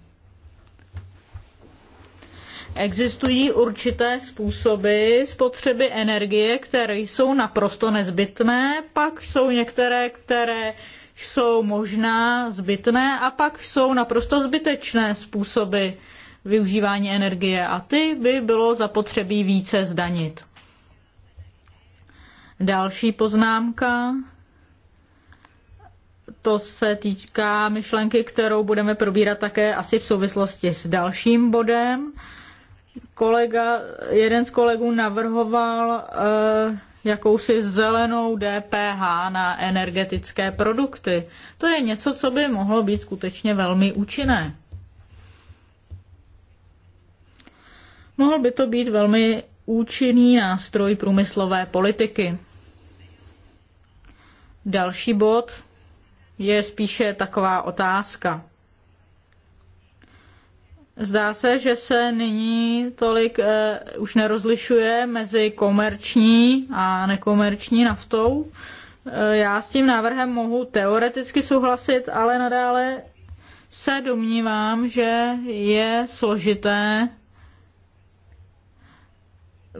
Existují určité způsoby spotřeby energie, které jsou naprosto nezbytné, pak jsou některé, které jsou možná zbytné a pak jsou naprosto zbytečné způsoby využívání energie a ty by bylo zapotřebí více zdanit. Další poznámka. To se týká myšlenky, kterou budeme probírat také asi v souvislosti s dalším bodem kolega, jeden z kolegů navrhoval uh, jakousi zelenou DPH na energetické produkty. To je něco, co by mohlo být skutečně velmi účinné. Mohl by to být velmi účinný nástroj průmyslové politiky. Další bod je spíše taková otázka. Zdá se, že se nyní tolik eh, už nerozlišuje mezi komerční a nekomerční naftou. Eh, já s tím návrhem mohu teoreticky souhlasit, ale nadále se domnívám, že je složité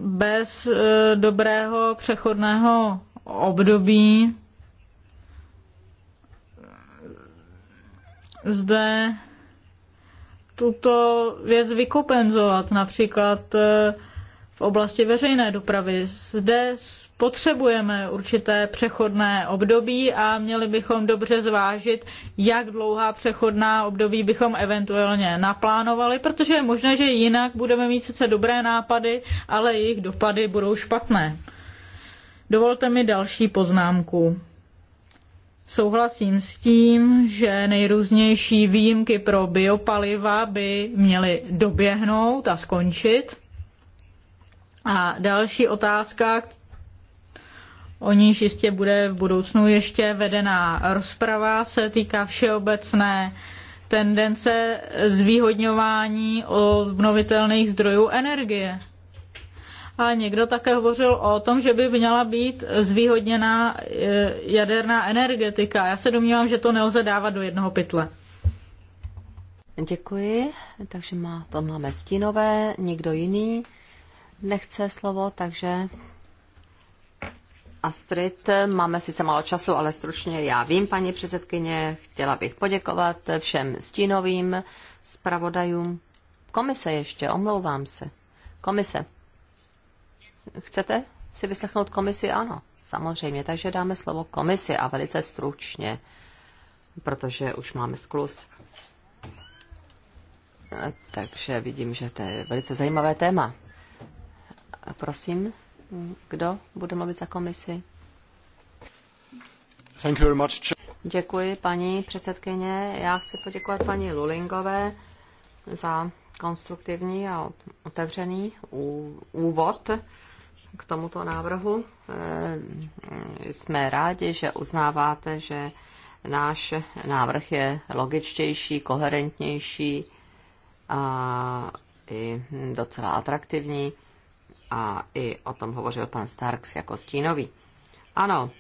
bez eh, dobrého přechodného období zde tuto věc vykompenzovat, například eh, v oblasti veřejné dopravy. Zde potřebujeme určité přechodné období a měli bychom dobře zvážit, jak dlouhá přechodná období bychom eventuálně naplánovali, protože je možné, že jinak budeme mít sice dobré nápady, ale jejich dopady budou špatné. Dovolte mi další poznámku. Souhlasím s tím, že nejrůznější výjimky pro biopaliva by měly doběhnout a skončit. A další otázka, o níž jistě bude v budoucnu ještě vedená rozprava, se týká všeobecné tendence zvýhodňování obnovitelných zdrojů energie. A někdo také hovořil o tom, že by měla být zvýhodněná e, jaderná energetika. Já se domnívám, že to nelze dávat do jednoho pytle. Děkuji. Takže má, to máme stínové, někdo jiný nechce slovo, takže Astrid, máme sice málo času, ale stručně já vím, paní předsedkyně, chtěla bych poděkovat všem stínovým zpravodajům. Komise ještě, omlouvám se. Komise, Chcete si vyslechnout komisi? Ano, samozřejmě. Takže dáme slovo komisi a velice stručně, protože už máme sklus. Takže vidím, že to je velice zajímavé téma. Prosím, kdo bude mluvit za komisi? Thank you very much. Děkuji, paní předsedkyně. Já chci poděkovat paní Lulingové za konstruktivní a otevřený úvod k tomuto návrhu. Eh, jsme rádi, že uznáváte, že náš návrh je logičtější, koherentnější a i docela atraktivní. A i o tom hovořil pan Starks jako stínový. Ano,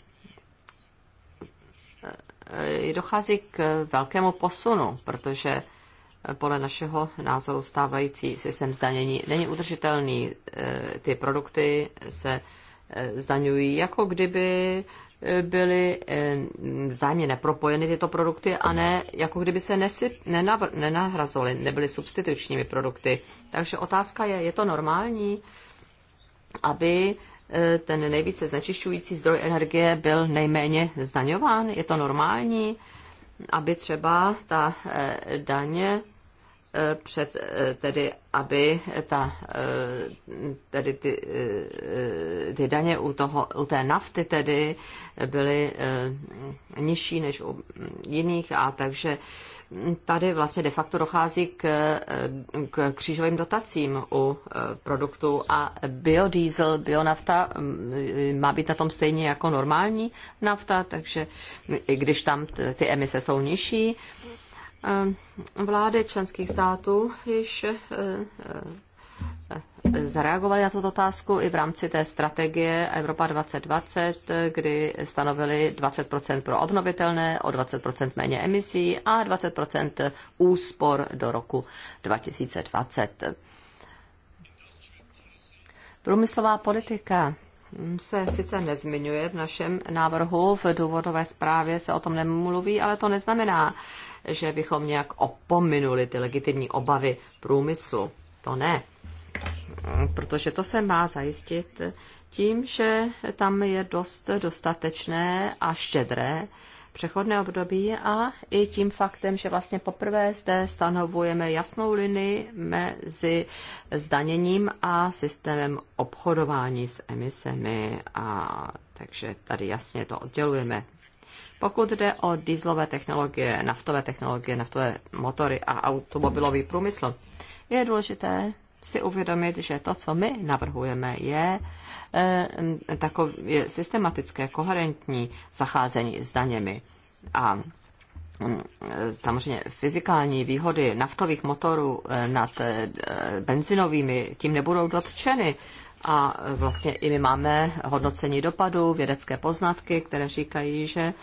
eh, dochází k velkému posunu, protože podle našeho názoru stávající systém zdanění není udržitelný. E, ty produkty se e, zdaňují jako kdyby e, byly vzájemně nepropojeny tyto produkty a ne, jako kdyby se nenahrazovaly, nebyly substitučními produkty. Takže otázka je, je to normální, aby ten nejvíce znečišťující zdroj energie byl nejméně zdaňován? Je to normální, aby třeba ta daně před, tedy aby ta, tedy ty, ty daně u, toho, u té nafty tedy byly eh, nižší než u jiných a takže tady vlastně de facto dochází k, k křížovým dotacím u eh, produktů a biodiesel, bionafta mm, má být na tom stejně jako normální nafta, takže i když tam ty emise jsou nižší, Eh, vlády členských států již eh, eh, zareagovali na tuto otázku i v rámci té strategie Evropa 2020, kdy stanovili 20 pro obnovitelné, o 20 méně emisí a 20 úspor do roku 2020. Průmyslová politika se sice nezmiňuje v našem návrhu, v důvodové zprávě se o tom nemluví, ale to neznamená, že bychom nějak opominuli ty legitimní obavy průmyslu. To ne. Protože to se má zajistit tím, že tam je dost dostatečné a štědré přechodné období a i tím faktem, že vlastně poprvé zde stanovujeme jasnou linii mezi zdaněním a systémem obchodování s emisemi a takže tady jasně to oddělujeme. Pokud jde o dýzlové technologie, naftové technologie, naftové motory a automobilový průmysl, je důležité si uvědomit, že to, co my navrhujeme, je, eh, takové, systematické, koherentní zacházení s daněmi. A mm, samozřejmě fyzikální výhody naftových motorů eh, nad eh, benzinovými tím nebudou dotčeny. A vlastně i my máme hodnocení dopadu, vědecké poznatky, které říkají, že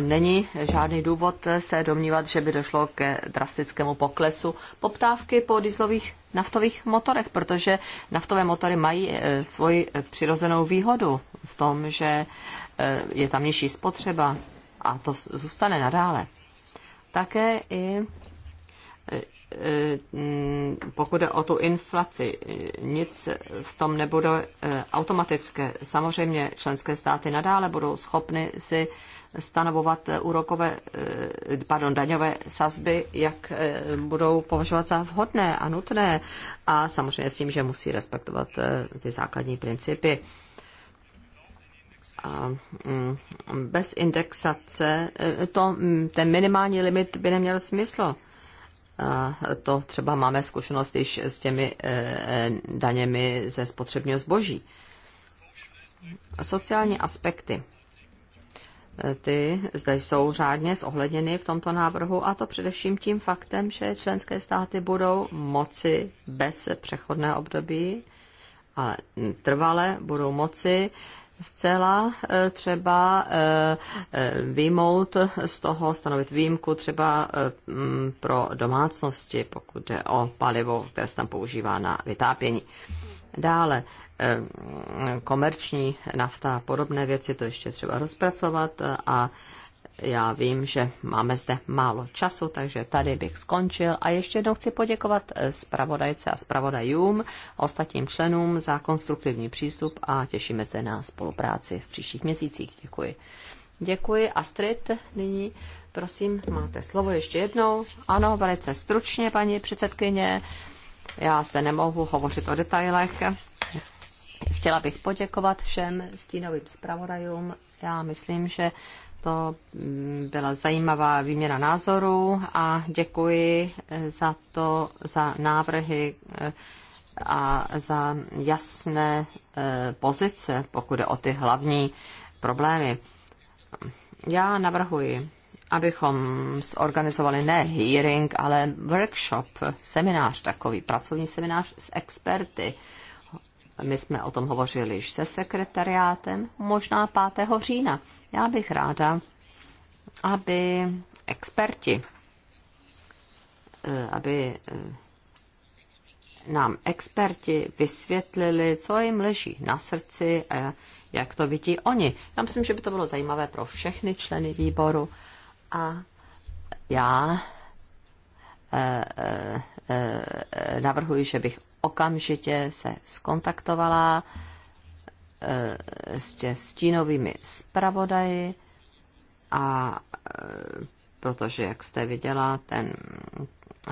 není žádný důvod se domnívat, že by došlo ke drastickému poklesu poptávky po dieselových naftových motorech, protože naftové motory mají e, svoji e, přirozenou výhodu v tom, že e, je tam nižší spotřeba a to zůstane nadále. Také i pokud jde o tu inflaci, nic v tom nebude automatické. Samozřejmě členské státy nadále budou schopny si stanovovat eh, úrokové, eh, pardon, daňové sazby, jak eh, budou považovat za vhodné a nutné a samozřejmě s tím, že musí respektovat ty základní principy. A mm, bez indexace to, mm, ten minimální limit by neměl smysl. A to třeba máme zkušenost již s těmi daněmi ze spotřebního zboží. Sociální aspekty ty zde jsou řádně zohledněny v tomto návrhu a to především tím faktem, že členské státy budou moci bez přechodné období, ale trvale budou moci zcela eh, třeba eh, eh, výmout z toho, stanovit výjimku třeba mm, pro domácnosti, pokud jde o palivo, které se tam používá na vytápění. Dále eh, komerční nafta a podobné věci, to ještě třeba rozpracovat eh, a já vím, že máme zde málo času, takže tady bych skončil. A ještě jednou chci poděkovat eh, zpravodajce a zpravodajům, ostatním členům za konstruktivní přístup a těšíme se na spolupráci v příštích měsících. Děkuji. Děkuji. Astrid, nyní prosím, máte slovo ještě jednou. Ano, velice stručně, paní předsedkyně. Já zde nemohu hovořit o detailech. Chtěla bych poděkovat všem stínovým zpravodajům. Já myslím, že to mm, byla zajímavá výměna názorů a děkuji eh, za to, za návrhy eh, a za jasné eh, pozice, pokud jde o ty hlavní problémy. Já navrhuji abychom zorganizovali ne hearing, ale workshop, seminář takový, pracovní seminář s experty. My jsme o tom hovořili již se sekretariátem, možná 5. října. Já bych ráda, aby experti, eh, aby eh, nám experti vysvětlili, co jim leží na srdci a jak to vidí oni. Já myslím, že by to bylo zajímavé pro všechny členy výboru a já eh, eh, eh, navrhuji, že bych okamžitě se skontaktovala s tě stínovými zpravodaji a protože, jak jste viděla, ten,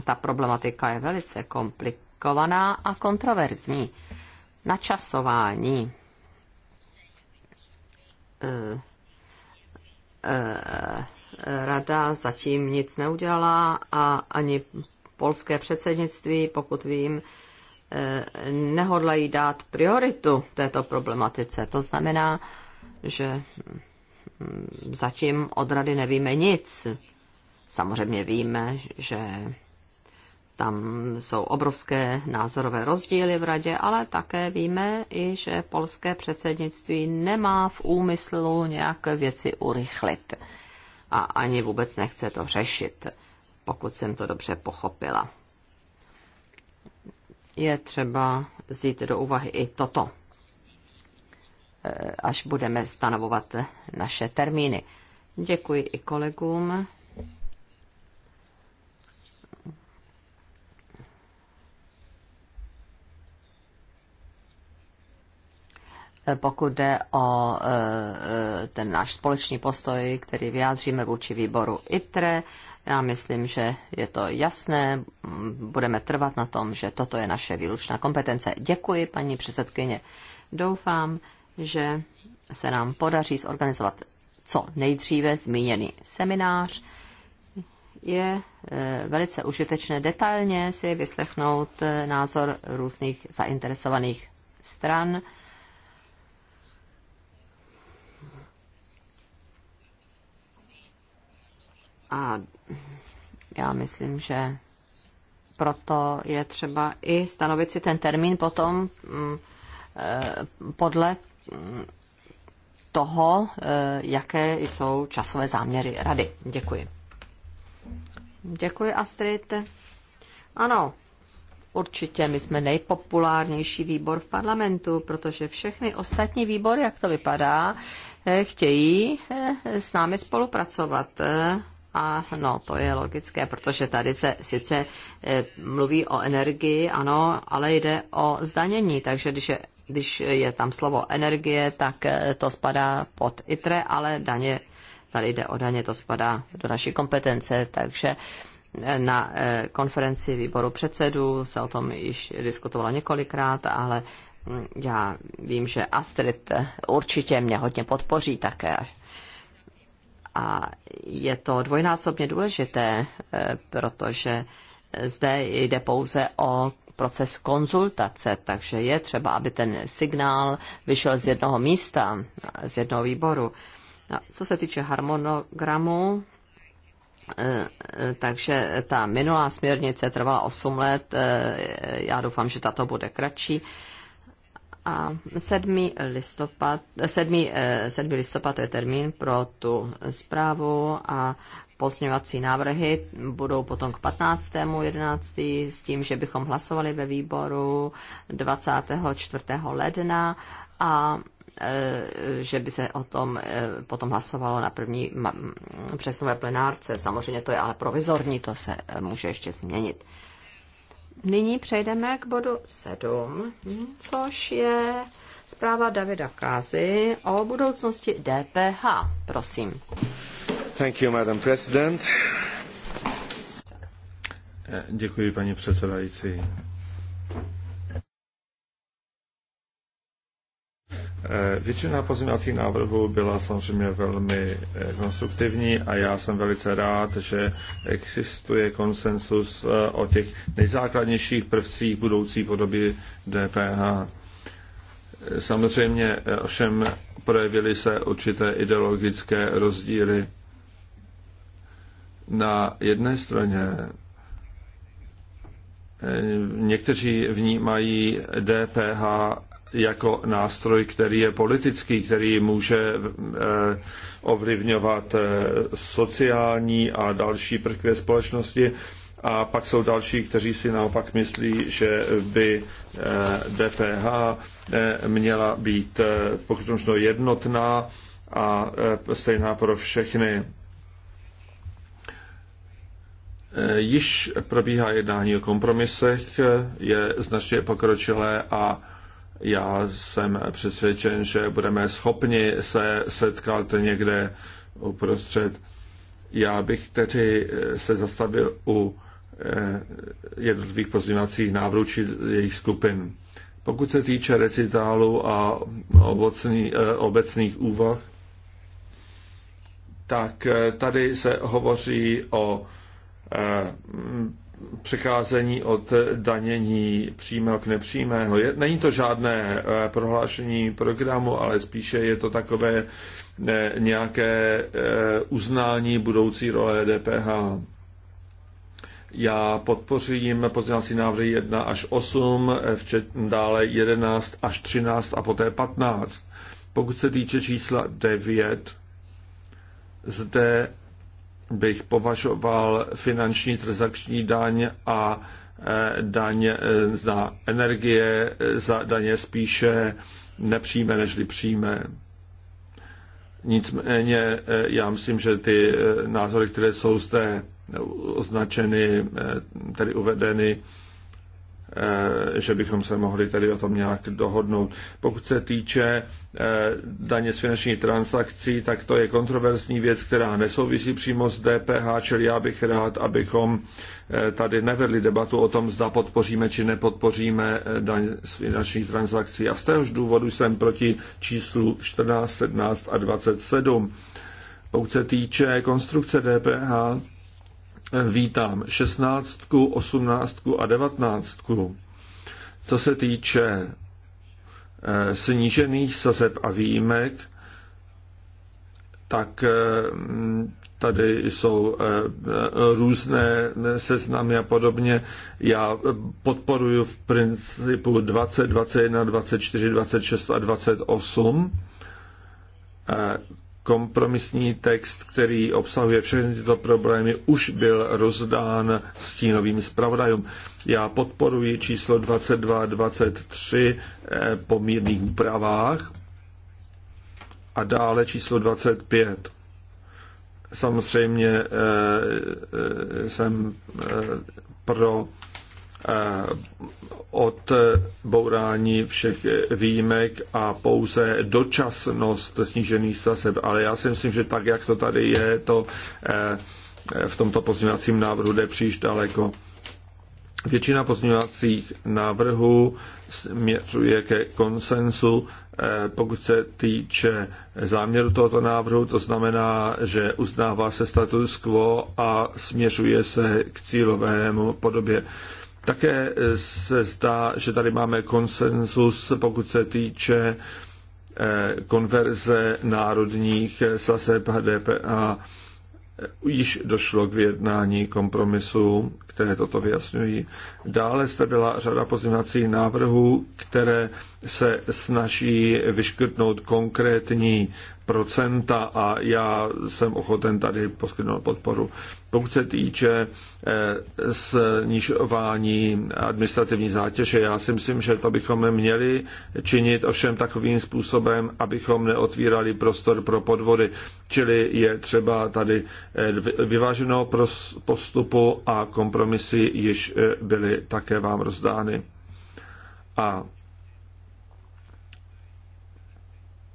ta problematika je velice komplikovaná a kontroverzní. Načasování e, e, rada zatím nic neudělala a ani polské předsednictví, pokud vím, eh, nehodlají dát prioritu této problematice. To znamená, že mm, zatím od rady nevíme nic. Samozřejmě víme, že tam jsou obrovské názorové rozdíly v radě, ale také víme i, že polské předsednictví nemá v úmyslu nějaké věci urychlit a ani vůbec nechce to řešit, pokud jsem to dobře pochopila. Je třeba vzít do úvahy i toto, eh, až budeme stanovovat naše termíny. Děkuji i kolegům Eh, pokud jde o eh, ten náš společný postoj, který vyjádříme vůči výboru ITRE. Já myslím, že je to jasné. Mm, budeme trvat na tom, že toto je naše výlučná kompetence. Děkuji, paní předsedkyně. Doufám, že se nám podaří zorganizovat co nejdříve zmíněný seminář. Je eh, velice užitečné detailně si vyslechnout názor různých zainteresovaných stran A já myslím, že proto je třeba i stanovit si ten termín potom mm, eh, podle mm, toho, eh, jaké jsou časové záměry rady. Děkuji. Děkuji, Astrid. Ano, určitě my jsme nejpopulárnější výbor v parlamentu, protože všechny ostatní výbory, jak to vypadá, eh, chtějí s námi spolupracovat. A no, to je logické, protože tady se sice eh, mluví o energii, ano, ale jde o zdanění, takže když je, když je tam slovo energie, tak eh, to spadá pod ITRE, ale daně, tady jde o daně, to spadá do naší kompetence, takže eh, na konferenci výboru předsedů se o tom již diskutovalo několikrát, ale hm, já vím, že Astrid určitě mě hodně podpoří také, a je to dvojnásobně důležité, eh, protože zde jde pouze o proces konzultace, takže je třeba, aby ten signál vyšel z jednoho místa, z jednoho výboru. A co se týče harmonogramu, eh, eh, takže ta minulá směrnice trvala 8 let, já doufám, že tato bude kratší. A 7. listopad, 7. 7. Eh, listopad to je termín pro tu zprávu a pozměňovací návrhy budou potom k 15. 11. s tím, že bychom hlasovali ve výboru 24. ledna a eh, že by se o tom eh, potom hlasovalo na první přesnové plenárce. Samozřejmě to je ale provizorní, to se může ještě změnit nyní přejdeme k bodu 7, což je zpráva Davida Kázy o budoucnosti DPH. Prosím. Thank you, Madam President. Děkuji, paní předsedající. Eh, většina pozměňovacích návrhů byla samozřejmě velmi eh, konstruktivní a já jsem velice rád, že existuje konsensus eh, o těch nejzákladnějších prvcích budoucí podoby DPH. Samozřejmě ovšem projevily se určité ideologické rozdíly. Na jedné straně Někteří vnímají DPH jako nástroj, který je politický, který může eh, ovlivňovat eh, sociální a další prvky společnosti. A pak jsou další, kteří si naopak myslí, že by DPH eh, měla být pokud možno jednotná a stejná pro všechny. Již probíhá jednání o kompromisech, je značně pokročilé a já jsem přesvědčen, že budeme schopni se setkat někde uprostřed. Já bych tedy eh, se zastavil u eh, jednotlivých pozměňovacích návrhů či jejich skupin. Pokud se týče recitálu a obocný, eh, obecných úvah, tak tady se hovoří o přecházení od danění přímého k nepřímého. Je, Není to žádné e, prohlášení programu, ale spíše je to takové eh, nějaké e, uznání budoucí role DPH. Já podpořím pozdělací návrhy 1 až 8, včet, dále 11 až 13 a poté 15. Pokud se týče čísla 9, zde bych považoval finanční transakční daň a eh, daň na eh, energie eh, za daně spíše nepřímé nežli přijme. Nicméně já myslím, že ty názory, které jsou zde označeny, tedy uvedeny, Eh, že bychom se mohli tedy o tom nějak dohodnout. Pokud se týče eh, daně z finančních transakcí, tak to je kontroverzní věc, která nesouvisí přímo s DPH, čili já bych rád, abychom eh, tady nevedli debatu o tom, zda podpoříme či nepodpoříme daň z finančních transakcí. A z téhož důvodu jsem proti číslu 14, 17 a 27. Pokud se týče konstrukce DPH, vítám šestnáctku, osmnáctku a devatnáctku. Co se týče eh, snížených sazeb a výjimek, tak eh, tady jsou eh, různé seznamy a podobně. Já podporuji v principu 20, 21, 24, 26 a 28. Kompromisní text, který obsahuje všechny tyto problémy, už byl rozdán stínovým zpravodajům. Já podporuji číslo 22 23 eh, po mírných úpravách a dále číslo 25. Samozřejmě eh, eh, jsem pro od bourání všech výjimek a pouze dočasnost snížených sazeb. Ale já si myslím, že tak, jak to tady je, to eh, v tomto pozměňovacím návrhu jde příliš daleko. Většina pozměňovacích návrhů směřuje ke konsensu, eh, pokud se týče záměru tohoto návrhu, to znamená, že uznává se status quo a směřuje se k cílovému podobě. Také eh, se zdá, že tady máme konsenzus, pokud se týče eh, konverze národních eh, saseb HDP a již došlo k vyjednání kompromisu, které toto vyjasňují. Dále zde byla řada pozměňovacích návrhů, které se snaží vyškrtnout konkrétní procenta a já jsem ochoten tady poskytnout podporu. Pokud se týče eh, snižování administrativní zátěže, já si myslím, že to bychom měli činit ovšem takovým způsobem, abychom neotvírali prostor pro podvody. Čili je třeba tady eh, vyváženého postupu a kompromisy již eh, byly také vám rozdány. A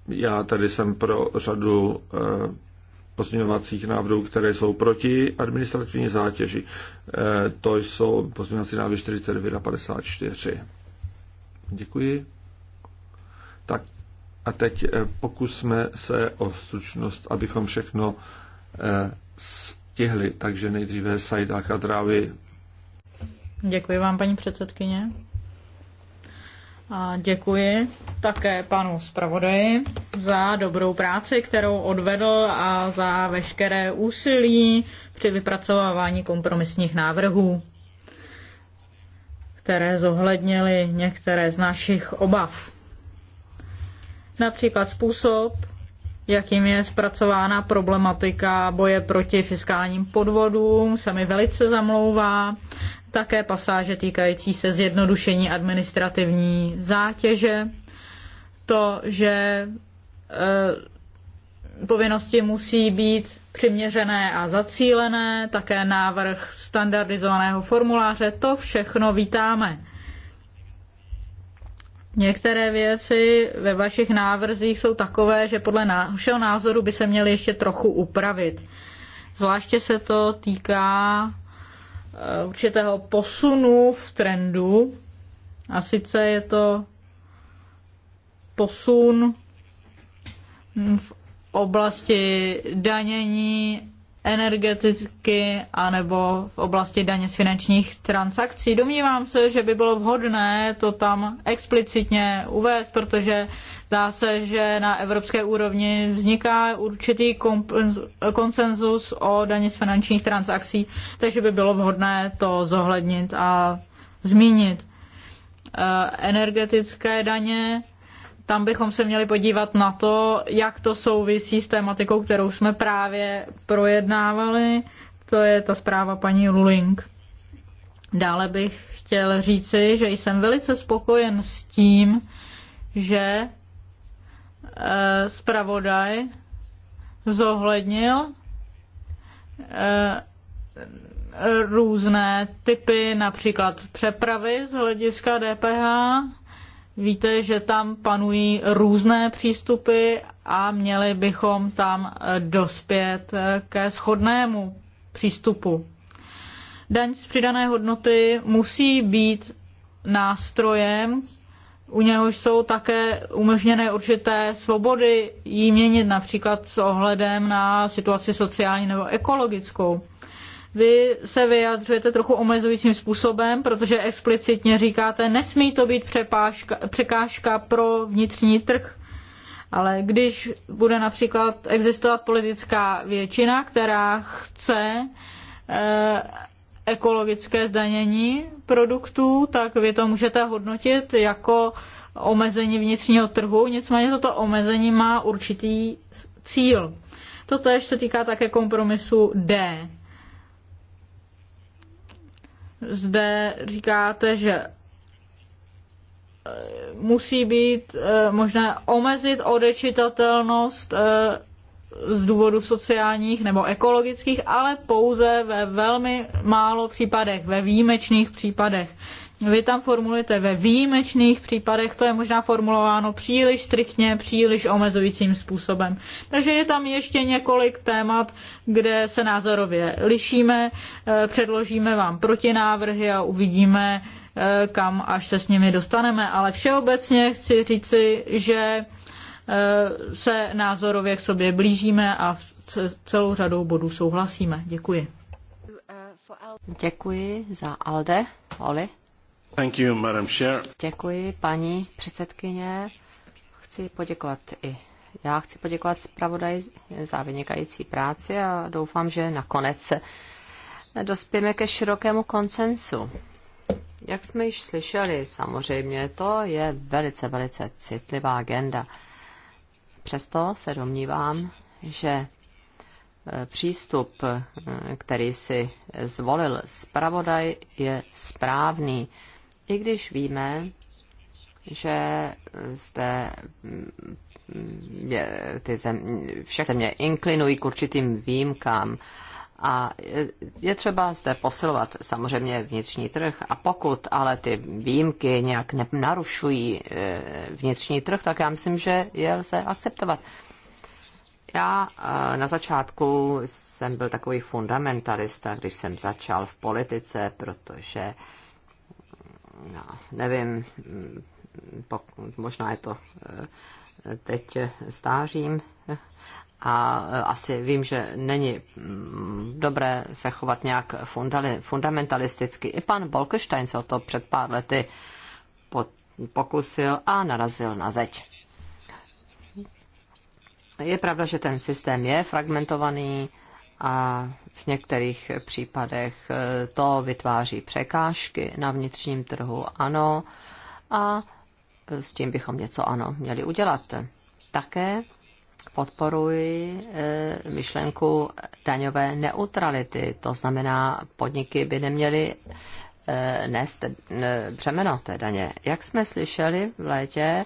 Já tady jsem pro řadu eh, pozměňovacích návrhů, které jsou proti administrativní zátěži. Eh, to jsou pozměňovací návrhy 49 a 54. Děkuji. Tak a teď eh, pokusme se o stručnost, abychom všechno stihli. Takže nejdříve Said Kadrávy. Děkuji vám, paní předsedkyně. A děkuji také panu zpravodaji za dobrou práci, kterou odvedl a za veškeré úsilí při vypracovávání kompromisních návrhů, které zohlednily některé z našich obav. Například způsob, jakým je zpracována problematika boje proti fiskálním podvodům, se mi velice zamlouvá také pasáže týkající se zjednodušení administrativní zátěže, to, že e, povinnosti musí být přiměřené a zacílené, také návrh standardizovaného formuláře, to všechno vítáme. Některé věci ve vašich návrzích jsou takové, že podle našeho názoru by se měly ještě trochu upravit. Zvláště se to týká Eh, určitého posunu v trendu. A sice je to posun v oblasti danění energeticky anebo v oblasti daně z finančních transakcí. Domnívám se, že by bylo vhodné to tam explicitně uvést, protože zdá se, že na evropské úrovni vzniká určitý konsenzus o daně z finančních transakcí, takže by bylo vhodné to zohlednit a zmínit. Eh, energetické daně tam bychom se měli podívat na to, jak to souvisí s tématikou, kterou jsme právě projednávali. To je ta zpráva paní Luling. Dále bych chtěl říci, že jsem velice spokojen s tím, že eh, zpravodaj zohlednil eh, různé typy, například přepravy z hlediska DPH, Víte, že tam panují různé přístupy a měli bychom tam eh, dospět eh, ke shodnému přístupu. Daň z přidané hodnoty musí být nástrojem, u něhož jsou také umožněné určité svobody ji měnit například s ohledem na situaci sociální nebo ekologickou. Vy se vyjadřujete trochu omezujícím způsobem, protože explicitně říkáte, nesmí to být přepážka, překážka pro vnitřní trh. Ale když bude například existovat politická většina, která chce eh, ekologické zdanění produktů, tak vy to můžete hodnotit jako omezení vnitřního trhu, nicméně toto omezení má určitý cíl. Totež se týká také kompromisu D. Zde říkáte, že eh, musí být eh, možné omezit odečitatelnost eh, z důvodu sociálních nebo ekologických, ale pouze ve velmi málo případech, ve výjimečných případech. Vy tam formulujete ve výjimečných případech, to je možná formulováno příliš striktně, příliš omezujícím způsobem. Takže je tam ještě několik témat, kde se názorově lišíme, eh, předložíme vám protinávrhy a uvidíme, eh, kam až se s nimi dostaneme. Ale všeobecně chci říci, že eh, se názorově k sobě blížíme a celou řadou bodů souhlasíme. Děkuji. Děkuji za Alde. Oli. Thank you, Madam Chair. Děkuji, paní předsedkyně. Chci poděkovat i já chci poděkovat zpravodaji za vynikající práci a doufám, že nakonec dospějeme ke širokému konsensu. Jak jsme již slyšeli, samozřejmě to je velice, velice citlivá agenda. Přesto se domnívám, že e, přístup, e, který si zvolil zpravodaj, je správný. I když víme, že zde ty země, však země inklinují k určitým výjimkám a je třeba zde posilovat samozřejmě vnitřní trh a pokud ale ty výjimky nějak narušují eh, vnitřní trh, tak já myslím, že je lze akceptovat. Já eh, na začátku jsem byl takový fundamentalista, když jsem začal v politice, protože já no, nevím, pokud, možná je to eh, teď eh, stářím a eh, asi vím, že není mm, dobré se chovat nějak fundamentalisticky. I pan Bolkestein se o to před pár lety pokusil a narazil na zeď. Je pravda, že ten systém je fragmentovaný, a v některých případech eh, to vytváří překážky na vnitřním trhu, ano, a eh, s tím bychom něco, ano, měli udělat. Také podporuji eh, myšlenku daňové neutrality, to znamená, podniky by neměly nést břemeno té daně. Jak jsme slyšeli v létě,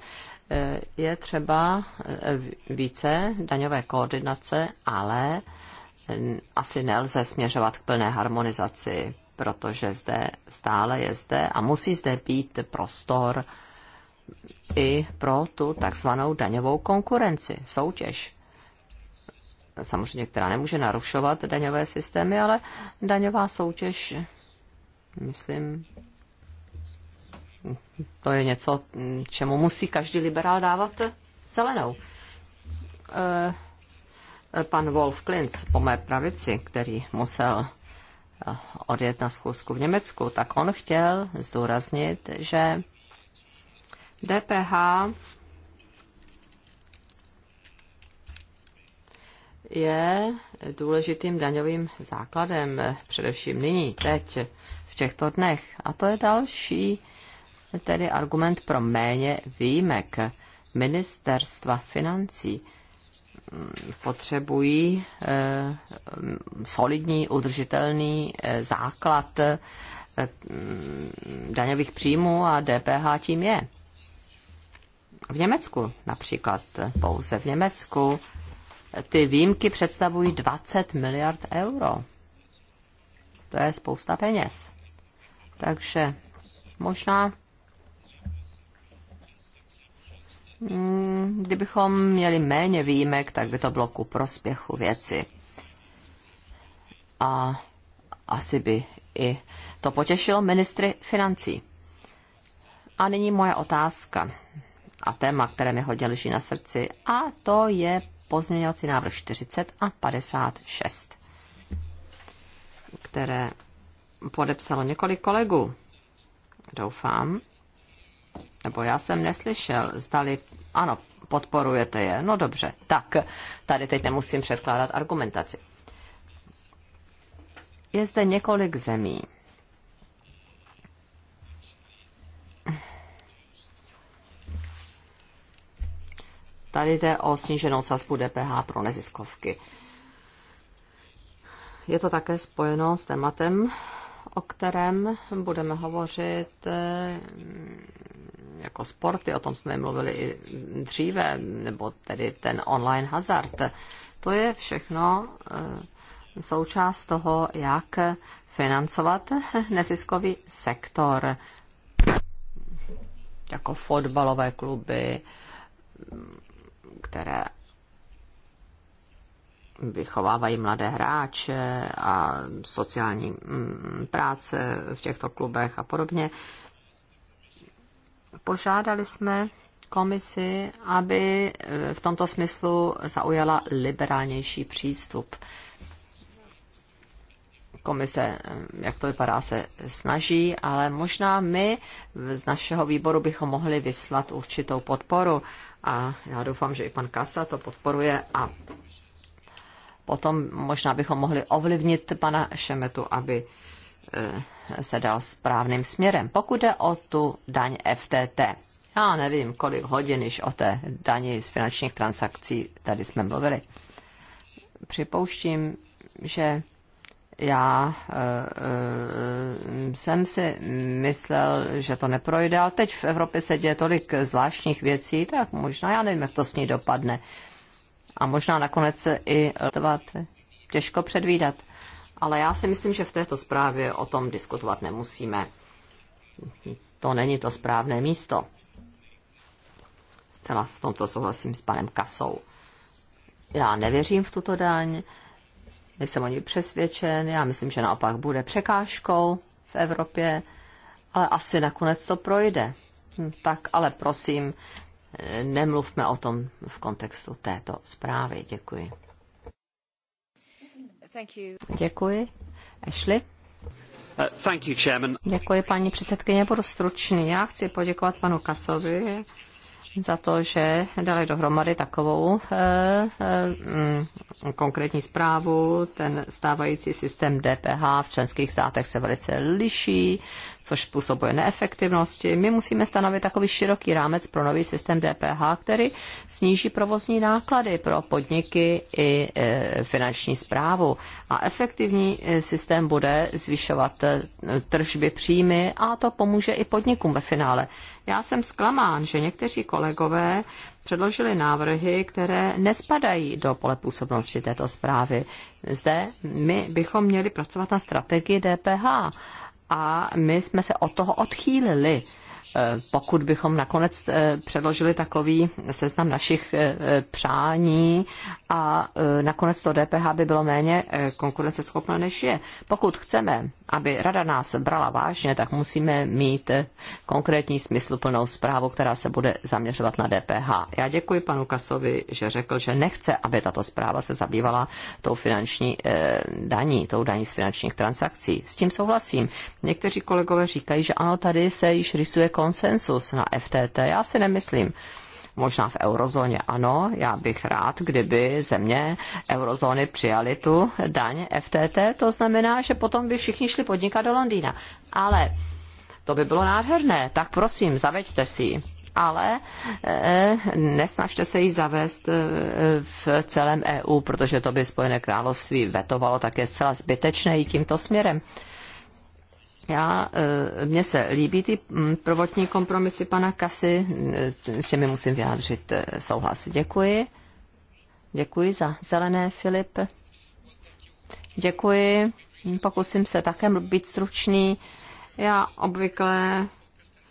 je třeba více daňové koordinace, ale asi nelze směřovat k plné harmonizaci, protože zde stále je zde a musí zde být prostor i pro tu takzvanou daňovou konkurenci, soutěž. Samozřejmě, která nemůže narušovat daňové systémy, ale daňová soutěž, myslím, to je něco, čemu musí každý liberál dávat zelenou. Eh, pan Wolf Klinz po mé pravici, který musel eh, odjet na schůzku v Německu, tak on chtěl zdůraznit, že DPH je důležitým daňovým základem, eh, především nyní, teď, v těchto dnech. A to je další tedy argument pro méně výjimek ministerstva financí Eh, potřebují eh, solidní, udržitelný eh, základ daňových příjmů a DPH tím je. V Německu například, pouze v Německu, ty výjimky představují 20 miliard euro. To je spousta peněz. Takže možná Hmm, kdybychom měli méně výjimek, tak by to bylo ku prospěchu věci. A asi by i to potěšilo ministry financí. A nyní moje otázka a téma, které mi hodně leží na srdci, a to je pozměňovací návrh 40 a 56, které podepsalo několik kolegů. Doufám, nebo já jsem neslyšel, zdali, ano, podporujete je, no dobře, tak, tady teď nemusím předkládat argumentaci. Je zde několik zemí, Tady jde o sníženou sazbu DPH pro neziskovky. Je to také spojeno s tématem, o kterém budeme hovořit jako sporty, o tom jsme mluvili i dříve, nebo tedy ten online hazard. To je všechno eh, součást toho, jak financovat neziskový sektor, jako fotbalové kluby, které vychovávají mladé hráče a sociální mm, práce v těchto klubech a podobně. Požádali jsme komisi, aby e, v tomto smyslu zaujala liberálnější přístup. Komise, e, jak to vypadá, se snaží, ale možná my z našeho výboru bychom mohli vyslat určitou podporu a já doufám, že i pan Kasa to podporuje a potom možná bychom mohli ovlivnit pana Šemetu, aby Eh, se dal správným směrem. Pokud jde o tu daň FTT, já nevím, kolik hodin již o té dani z finančních transakcí tady jsme mluvili. Připouštím, že já e, e, jsem si myslel, že to neprojde, ale teď v Evropě se děje tolik zvláštních věcí, tak možná, já nevím, jak to s ní dopadne. A možná nakonec se i letovat těžko předvídat ale já si myslím, že v této zprávě o tom diskutovat nemusíme. To není to správné místo. Zcela v tomto souhlasím s panem Kasou. Já nevěřím v tuto daň, nejsem o ní přesvědčen, já myslím, že naopak bude překážkou v Evropě, ale asi nakonec to projde. Hm, tak ale prosím, nemluvme o tom v kontextu této zprávy. Děkuji. Děkuji. Ashley? Uh, Děkuji, paní předsedkyně, budu stručný. Já chci poděkovat panu Kasovi za to, že dali dohromady takovou eh, eh, mm, konkrétní zprávu. Ten stávající systém DPH v členských státech se velice liší což způsobuje neefektivnosti. My musíme stanovit takový široký rámec pro nový systém DPH, který sníží provozní náklady pro podniky i e, finanční zprávu. A efektivní e, systém bude zvyšovat e, tržby příjmy a to pomůže i podnikům ve finále. Já jsem zklamán, že někteří kolegové předložili návrhy, které nespadají do pole působnosti této zprávy. Zde my bychom měli pracovat na strategii DPH a my jsme se od toho odchýlili. Eh, pokud bychom nakonec eh, předložili takový seznam našich eh, přání a nakonec to DPH by bylo méně konkurenceschopné, než je. Pokud chceme, aby rada nás brala vážně, tak musíme mít konkrétní smysluplnou zprávu, která se bude zaměřovat na DPH. Já děkuji panu Kasovi, že řekl, že nechce, aby tato zpráva se zabývala tou finanční daní, tou daní z finančních transakcí. S tím souhlasím. Někteří kolegové říkají, že ano, tady se již rysuje kon konsensus na FTT? Já si nemyslím možná v eurozóně ano, já bych rád, kdyby země eurozóny přijali tu daň FTT, to znamená, že potom by všichni šli podnikat do Londýna. Ale to by bylo nádherné, tak prosím, zaveďte si ji. Ale e, nesnažte se ji zavést e, v celém EU, protože to by Spojené království vetovalo také zcela zbytečné i tímto směrem já, e, mně se líbí ty mm, prvotní kompromisy pana Kasy, e, s těmi musím vyjádřit e, souhlas. Děkuji. Děkuji za zelené, Filip. Děkuji. Pokusím se také být stručný. Já obvykle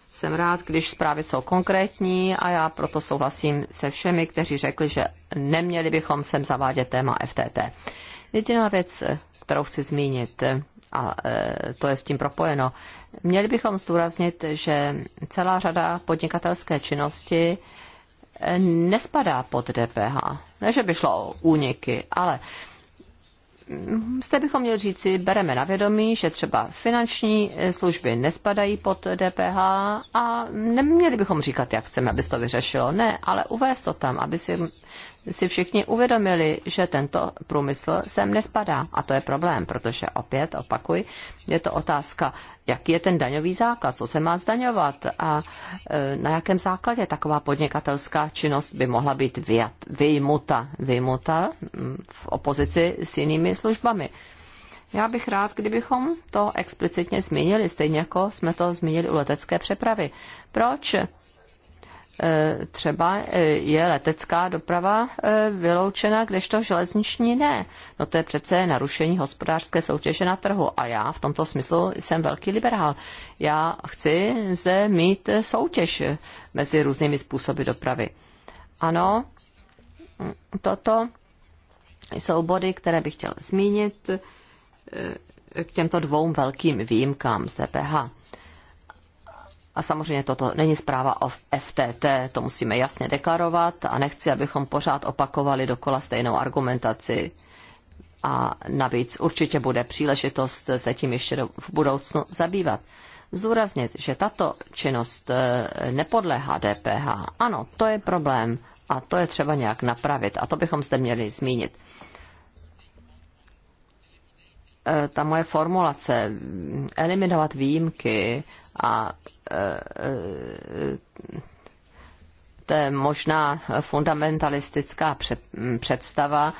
jsem rád, když zprávy jsou konkrétní a já proto souhlasím se všemi, kteří řekli, že neměli bychom sem zavádět téma FTT. Jediná věc, kterou chci zmínit, a e, to je s tím propojeno. Měli bychom zdůraznit, že celá řada podnikatelské činnosti e, nespadá pod DPH. Ne, že by šlo o úniky, ale zde bychom měli říci, bereme na vědomí, že třeba finanční eh, služby nespadají pod DPH a neměli bychom říkat, jak chceme, aby se to vyřešilo. Ne, ale uvést to tam, aby si, si všichni uvědomili, že tento průmysl sem nespadá. A to je problém, protože opět, opakuj, je to otázka jaký je ten daňový základ, co se má zdaňovat a e, na jakém základě taková podnikatelská činnost by mohla být vyjmuta, vyjmuta mm, v opozici s jinými službami. Já bych rád, kdybychom to explicitně zmínili, stejně jako jsme to zmínili u letecké přepravy. Proč E, třeba e, je letecká doprava e, vyloučena, kdežto železniční ne. No to je přece narušení hospodářské soutěže na trhu a já v tomto smyslu jsem velký liberál. Já chci zde mít soutěž mezi různými způsoby dopravy. Ano, toto jsou body, které bych chtěl zmínit k těmto dvou velkým výjimkám z DPH. A samozřejmě toto není zpráva o FTT, to musíme jasně deklarovat a nechci, abychom pořád opakovali dokola stejnou argumentaci. A navíc určitě bude příležitost se tím ještě v budoucnu zabývat zúraznit, že tato činnost eh, nepodléhá DPH. Ano, to je problém a to je třeba nějak napravit a to bychom zde měli zmínit. Eh, ta moje formulace mm, eliminovat výjimky a to je možná fundamentalistická představa.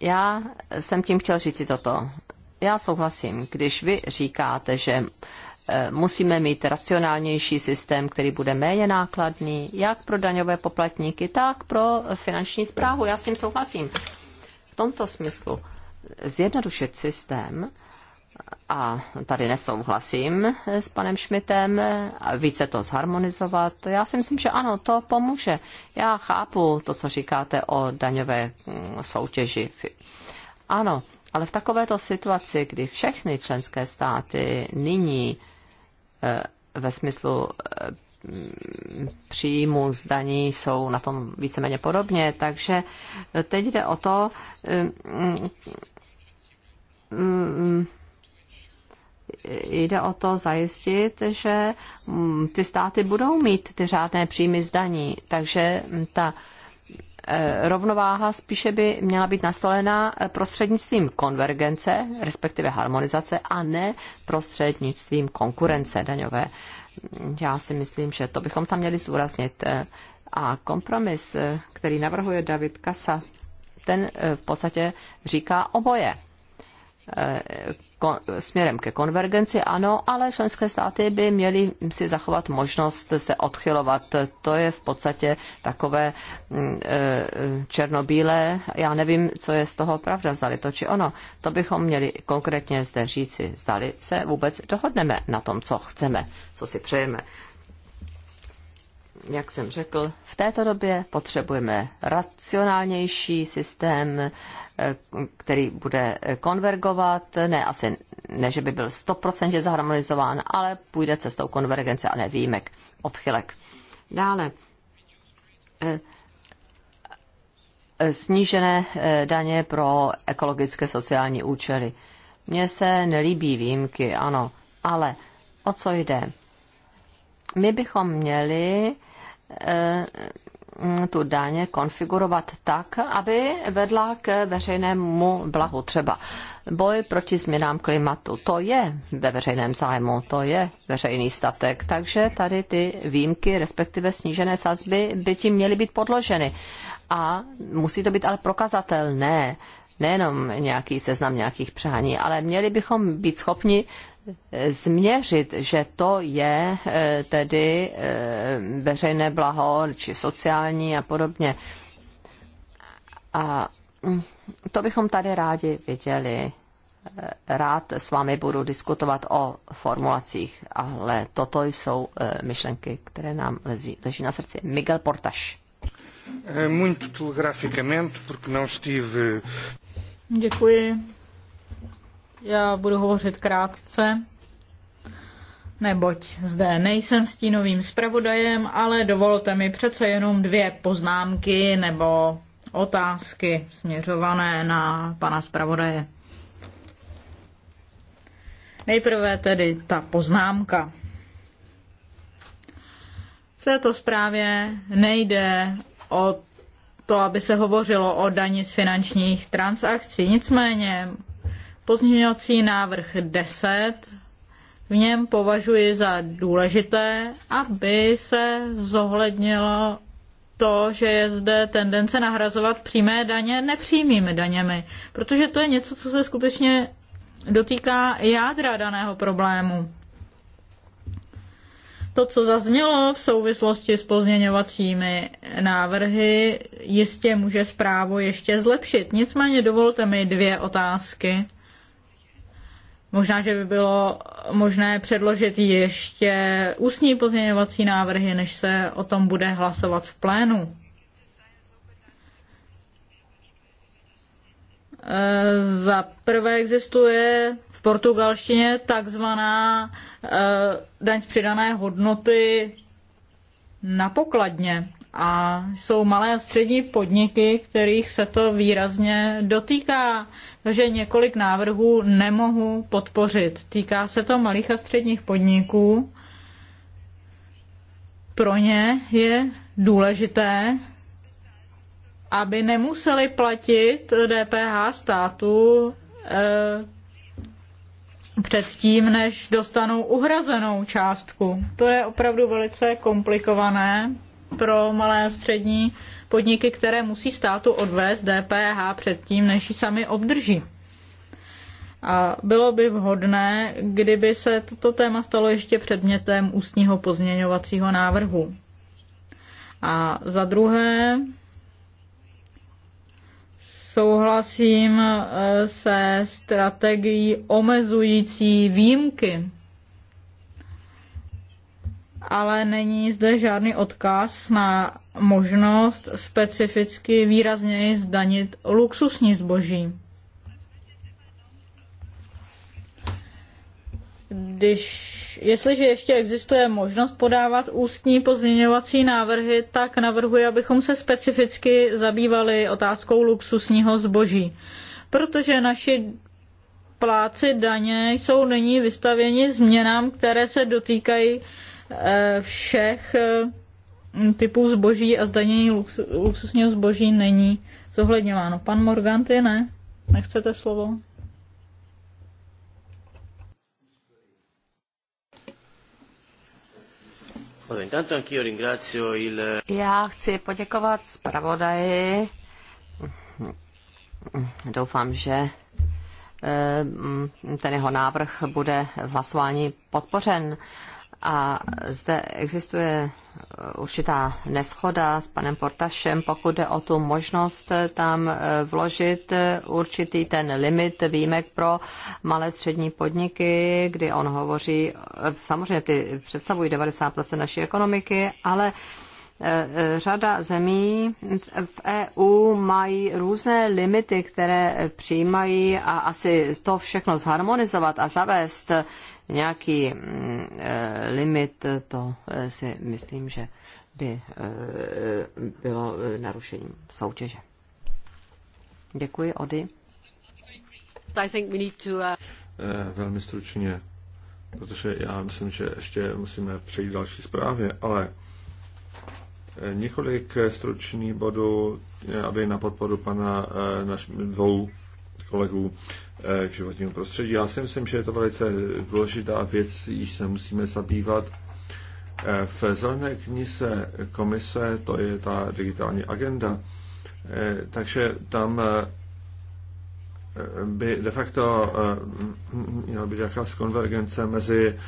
Já jsem tím chtěl říct toto. Já souhlasím, když vy říkáte, že eh, musíme mít racionálnější systém, který bude méně nákladný, jak pro daňové poplatníky, tak pro finanční zprávu. Já s tím souhlasím. V tomto smyslu zjednodušit systém, a tady nesouhlasím s panem Šmitem, více to zharmonizovat. Já si myslím, že ano, to pomůže. Já chápu to, co říkáte o daňové mm, soutěži. Ano, ale v takovéto situaci, kdy všechny členské státy nyní e, ve smyslu e, příjmu zdaní jsou na tom víceméně podobně, takže teď jde o to, e, mm, mm, jde o to zajistit, že mm, ty státy budou mít ty řádné příjmy zdaní. Takže mm, ta e, rovnováha spíše by měla být nastolená e, prostřednictvím konvergence, respektive harmonizace, a ne prostřednictvím konkurence daňové. Já si myslím, že to bychom tam měli zúraznit. E, a kompromis, který navrhuje David Kasa, ten v podstatě říká oboje. Eh, směrem ke konvergenci, ano, ale členské státy by měly si zachovat možnost se odchylovat. To je v podstatě takové mm, eh, černobílé. Já nevím, co je z toho pravda, zdali to či ono. To bychom měli konkrétně zde říci, zdali se vůbec dohodneme na tom, co chceme, co si přejeme jak jsem řekl, v této době potřebujeme racionálnější systém, eh, který bude eh, konvergovat, ne asi ne, že by byl 100% zharmonizován, ale půjde cestou konvergence a výjimek, odchylek. Dále, eh, snížené daně pro ekologické sociální účely. Mně se nelíbí výjimky, ano, ale o co jde? My bychom měli Eh, tu daň konfigurovat tak, aby vedla k veřejnému blahu. Třeba boj proti změnám klimatu. To je ve veřejném zájmu, to je veřejný statek. Takže tady ty výjimky, respektive snížené sazby, by tím měly být podloženy. A musí to být ale prokazatelné nejenom nějaký seznam nějakých přání, ale měli bychom být schopni změřit, že to je eh, tedy eh, veřejné blaho či sociální a podobně. A mm, to bychom tady rádi viděli. Eh, rád s vámi budu diskutovat o formulacích, ale toto jsou myšlenky, které nám leží, leží na srdci. Miguel Portaš. Muito telegraficamente, porque não estive Děkuji. Já budu hovořit krátce, neboť zde nejsem stínovým zpravodajem, ale dovolte mi přece jenom dvě poznámky nebo otázky směřované na pana zpravodaje. Nejprve tedy ta poznámka. V této zprávě nejde o to, aby se hovořilo o dani z finančních transakcí. Nicméně pozměňovací návrh 10 v něm považuji za důležité, aby se zohlednilo to, že je zde tendence nahrazovat přímé daně nepřímými daněmi, protože to je něco, co se skutečně dotýká jádra daného problému. To, co zaznělo v souvislosti s pozměňovacími návrhy, jistě může zprávu ještě zlepšit. Nicméně dovolte mi dvě otázky. Možná, že by bylo možné předložit ještě ústní pozměňovací návrhy, než se o tom bude hlasovat v plénu. Eh, za prvé existuje v portugalštině takzvaná eh, daň z přidané hodnoty na pokladně a jsou malé a střední podniky, kterých se to výrazně dotýká, takže několik návrhů nemohu podpořit. Týká se to malých a středních podniků. Pro ně je důležité aby nemuseli platit DPH státu eh, předtím, než dostanou uhrazenou částku. To je opravdu velice komplikované pro malé a střední podniky, které musí státu odvést DPH předtím, než ji sami obdrží. A bylo by vhodné, kdyby se toto téma stalo ještě předmětem ústního pozměňovacího návrhu. A za druhé, souhlasím eh, se strategií omezující výjimky. Ale není zde žádný odkaz na možnost specificky výrazněji zdanit luxusní zboží. když jestliže ještě existuje možnost podávat ústní pozměňovací návrhy, tak navrhuji, abychom se specificky zabývali otázkou luxusního zboží. Protože naši pláci daně jsou nyní vystavěni změnám, které se dotýkají eh, všech eh, typů zboží a zdanění luxusního zboží není zohledňováno. Pan Morganty, ne? Nechcete slovo? Já chci poděkovat zpravodaji. Doufám, že eh, ten jeho návrh bude v hlasování podpořen. A zde existuje eh, určitá neschoda s panem Portašem, pokud jde o tu možnost eh, tam eh, vložit určitý ten limit výjimek pro malé střední podniky, kdy on hovoří, samozřejmě ty představují 90% naší ekonomiky, ale řada zemí v EU mají různé limity, které přijímají a asi to všechno zharmonizovat a zavést nějaký mm, eh, limit, to eh, si myslím, že by eh, bylo narušením soutěže. Děkuji, Ody. Uh, velmi stručně, protože já myslím, že ještě musíme přejít další zprávě, ale několik stručných bodů, aby na podporu pana naš, dvou kolegů. Eh, k životnímu prostředí. Já si myslím, že je to velice důležitá věc, již se musíme zabývat. Eh, v zelené knize komise, to je ta digitální agenda, eh, takže tam by de facto měla být nějaká konvergence mezi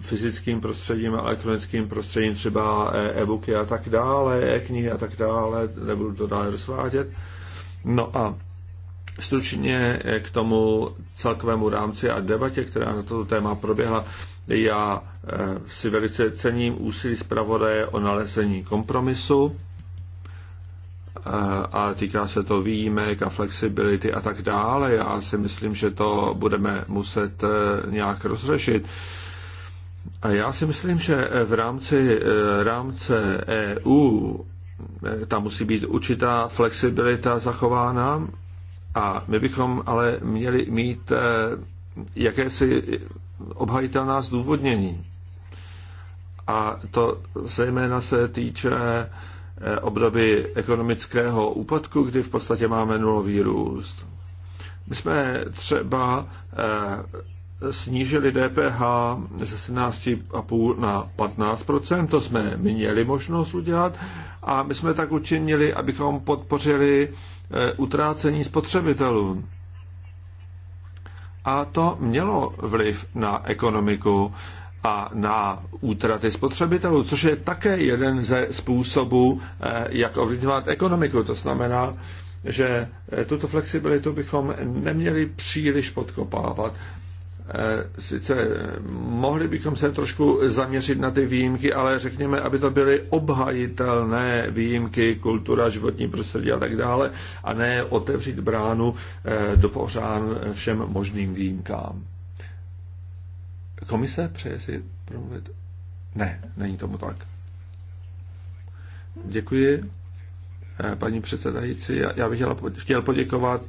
fyzickým prostředím a elektronickým prostředím, třeba e-booky a tak dále, e-knihy a tak dále, nebudu to dále rozvádět. No a Stručně k tomu celkovému rámci a debatě, která na toto téma proběhla, já eh, si velice cením úsilí zpravodaje o nalezení kompromisu eh, a týká se to výjimek a flexibility a tak dále. Já si myslím, že to budeme muset eh, nějak rozřešit. A já si myslím, že v rámci rámce EU tam musí být určitá flexibilita zachována a my bychom ale měli mít eh, jakési obhajitelná zdůvodnění. A to zejména se týče eh, období ekonomického úpadku, kdy v podstatě máme nulový růst. My jsme třeba eh, snížili DPH ze 17,5 na 15%, to jsme měli možnost udělat, a my jsme tak učinili, abychom podpořili eh, utrácení spotřebitelů. A to mělo vliv na ekonomiku a na útraty spotřebitelů, což je také jeden ze způsobů, eh, jak ovlivňovat ekonomiku. To znamená, že eh, tuto flexibilitu bychom neměli příliš podkopávat. Eh, sice mohli bychom se trošku zaměřit na ty výjimky, ale řekněme, aby to byly obhajitelné výjimky, kultura, životní prostředí a tak dále, a ne otevřít bránu eh, do pořád všem možným výjimkám. Komise přeje si promluvit? Ne, není tomu tak. Děkuji eh, paní předsedající. Já bych chtěl poděkovat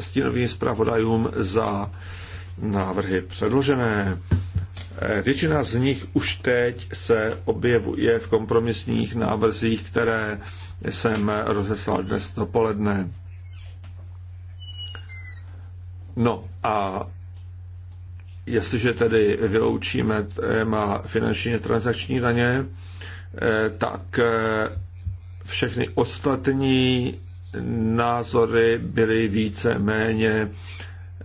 stínovým zpravodajům za návrhy předložené. Eh, většina z nich už teď se objevuje v kompromisních návrzích, které jsem rozeslal dnes dopoledne. No a jestliže tedy vyloučíme téma finanční transakční daně, eh, tak eh, všechny ostatní názory byly více méně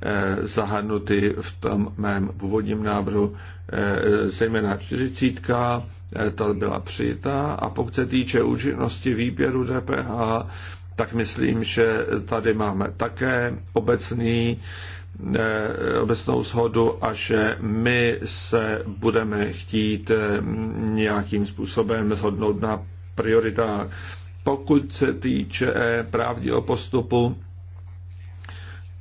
Eh, zahrnuty v tom mém původním návrhu, eh, zejména čtyřicítka, eh, ta byla přijetá. a pokud se týče účinnosti výběru DPH, tak myslím, že tady máme také obecný, obecnou shodu a že my se budeme chtít nějakým způsobem shodnout na prioritách. Pokud se týče právního postupu,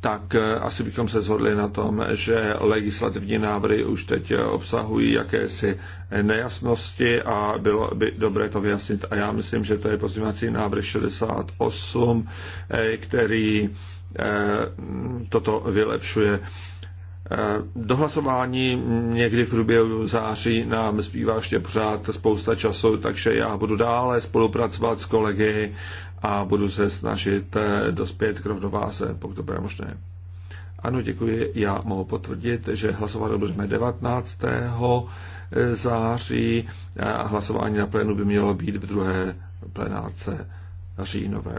tak eh, asi bychom se shodli na tom, že legislativní návrhy už teď obsahují jakési nejasnosti a bylo by dobré to vyjasnit. A já myslím, že to je pozměňovací návrh 68, eh, který eh, toto vylepšuje. Do hlasování někdy v průběhu září nám zbývá ještě pořád spousta času, takže já budu dále spolupracovat s kolegy a budu se snažit eh, dospět k rovnováze, pokud to bude možné. Ano, děkuji. Já mohu potvrdit, že hlasovat budeme 19. Eh, září a hlasování na plénu by mělo být v druhé plenárce říjnové.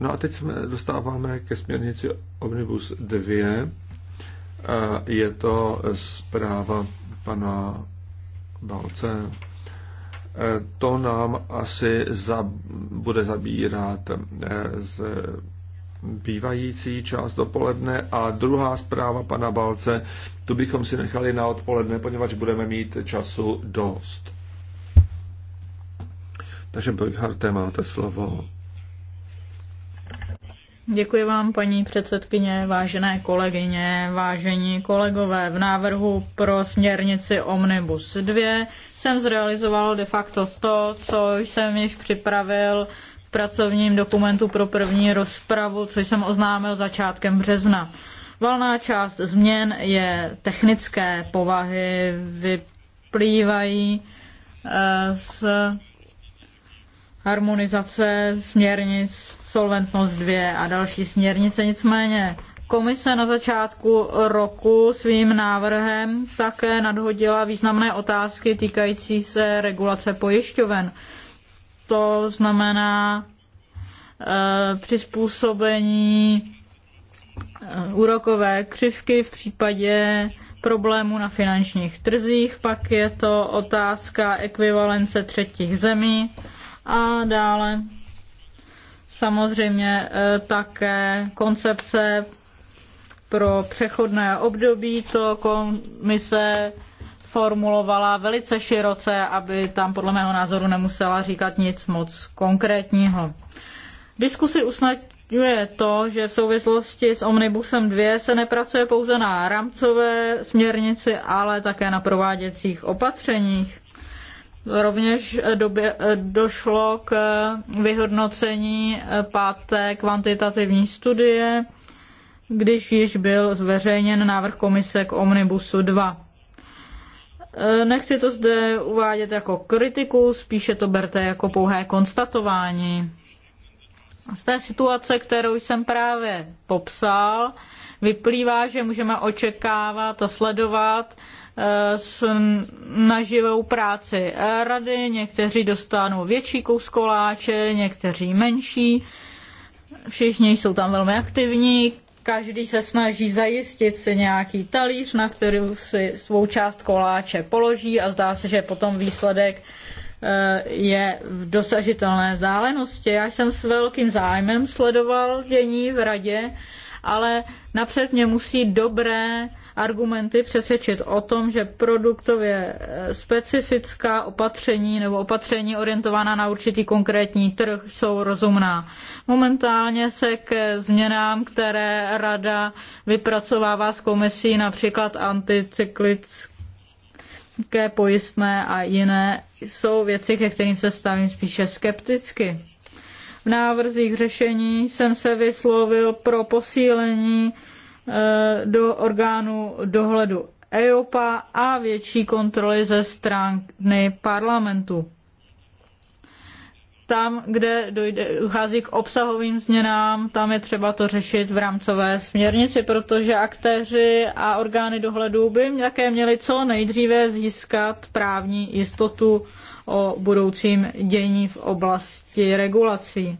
No a teď jsme dostáváme ke směrnici Omnibus 2. Eh, je to zpráva pana Balce to nám asi za, bude zabírat eh, z bývající část dopoledne a druhá zpráva pana Balce, tu bychom si nechali na odpoledne, poněvadž budeme mít času dost. Takže Burgharte, máte slovo. Děkuji vám, paní předsedkyně, vážené kolegyně, vážení kolegové. V návrhu pro směrnici Omnibus 2 jsem zrealizoval de facto to, co jsem již připravil v pracovním dokumentu pro první rozpravu, co jsem oznámil začátkem března. Valná část změn je technické povahy, vyplývají eh, z harmonizace směrnic Solventnost 2 a další směrnice. Nicméně komise na začátku roku svým návrhem také nadhodila významné otázky týkající se regulace pojišťoven. To znamená e, přizpůsobení eh, úrokové křivky v případě problémů na finančních trzích, pak je to otázka ekvivalence třetích zemí, a dále samozřejmě eh, také koncepce pro přechodné období. To komise formulovala velice široce, aby tam podle mého názoru nemusela říkat nic moc konkrétního. Diskusy usnadňuje to, že v souvislosti s Omnibusem 2 se nepracuje pouze na rámcové směrnici, ale také na prováděcích opatřeních. Rovněž eh, době, eh, došlo k eh, vyhodnocení páté kvantitativní studie, když již byl zveřejněn návrh komise k Omnibusu 2. Nechci to zde uvádět jako kritiku, spíše to berte jako pouhé konstatování. Z té situace, kterou jsem právě popsal, vyplývá, že můžeme očekávat a sledovat s, na živou práci rady, někteří dostanou větší kus koláče, někteří menší. Všichni jsou tam velmi aktivní, každý se snaží zajistit si nějaký talíř, na který si svou část koláče položí a zdá se, že potom výsledek eh, je v dosažitelné vzdálenosti. Já jsem s velkým zájmem sledoval dění v radě, ale napřed mě musí dobré argumenty přesvědčit o tom, že produktově eh, specifická opatření nebo opatření orientovaná na určitý konkrétní trh jsou rozumná. Momentálně se k změnám, které rada vypracovává s komisí, například anticyklické pojistné a jiné, jsou věci, ke kterým se stavím spíše skepticky. V návrzích řešení jsem se vyslovil pro posílení Eh, do orgánu dohledu EOPA a větší kontroly ze strany parlamentu. Tam, kde dojde, uchází k obsahovým změnám, tam je třeba to řešit v rámcové směrnici, protože aktéři a orgány dohledu by také měli co nejdříve získat právní jistotu o budoucím dění v oblasti regulací.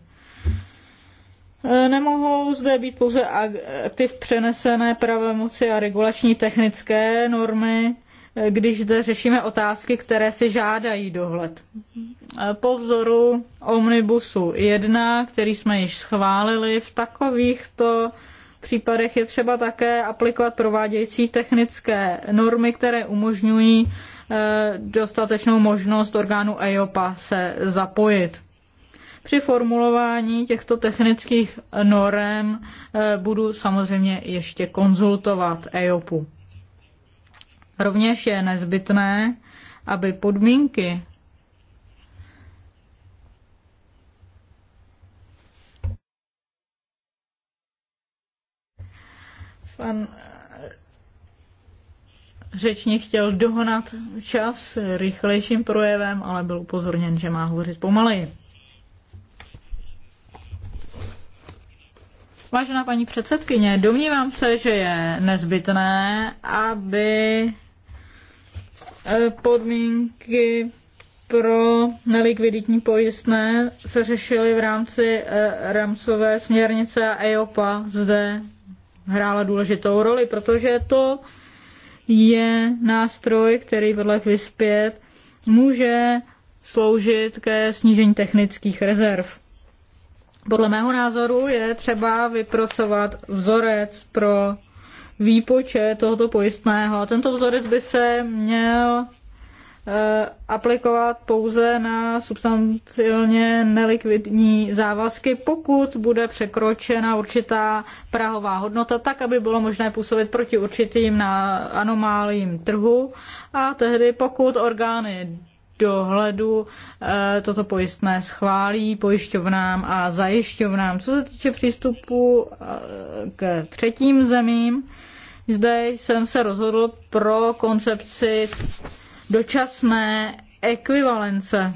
Eh, nemohou zde být pouze aktiv přenesené pravomoci a regulační technické normy, eh, když zde řešíme otázky, které si žádají dohled. Eh, po vzoru Omnibusu 1, který jsme již schválili, v takovýchto případech je třeba také aplikovat provádějící technické normy, které umožňují dostatečnou možnost orgánu EIOPA se zapojit. Při formulování těchto technických norem eh, budu samozřejmě ještě konzultovat EOPu. Rovněž je nezbytné, aby podmínky Pan eh, řečník chtěl dohnat čas rychlejším projevem, ale byl upozorněn, že má hovořit pomaleji. Vážená paní předsedkyně, domnívám se, že je nezbytné, aby e, podmínky pro nelikviditní pojistné se řešily v rámci e, rámcové směrnice a EOPA zde hrála důležitou roli, protože to je nástroj, který vedle vyspět, může sloužit ke snížení technických rezerv. Podle mého názoru je třeba vypracovat vzorec pro výpočet tohoto pojistného. Tento vzorec by se měl eh, aplikovat pouze na substanciálně nelikvidní závazky, pokud bude překročena určitá prahová hodnota, tak aby bylo možné působit proti určitým anomálím trhu a tehdy pokud orgány dohledu eh, toto pojistné schválí pojišťovnám a zajišťovnám. Co se týče přístupu eh, k třetím zemím, zde jsem se rozhodl pro koncepci dočasné ekvivalence.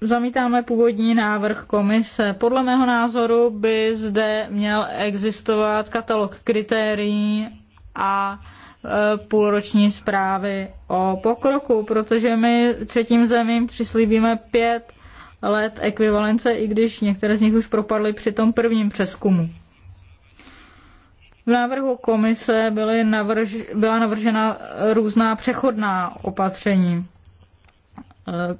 zamítáme původní návrh komise. Podle mého názoru by zde měl existovat katalog kritérií a e, půlroční zprávy o pokroku, protože my třetím zemím přislíbíme pět let ekvivalence, i když některé z nich už propadly při tom prvním přeskumu. V návrhu komise byly navrž, byla navržena různá přechodná opatření, e,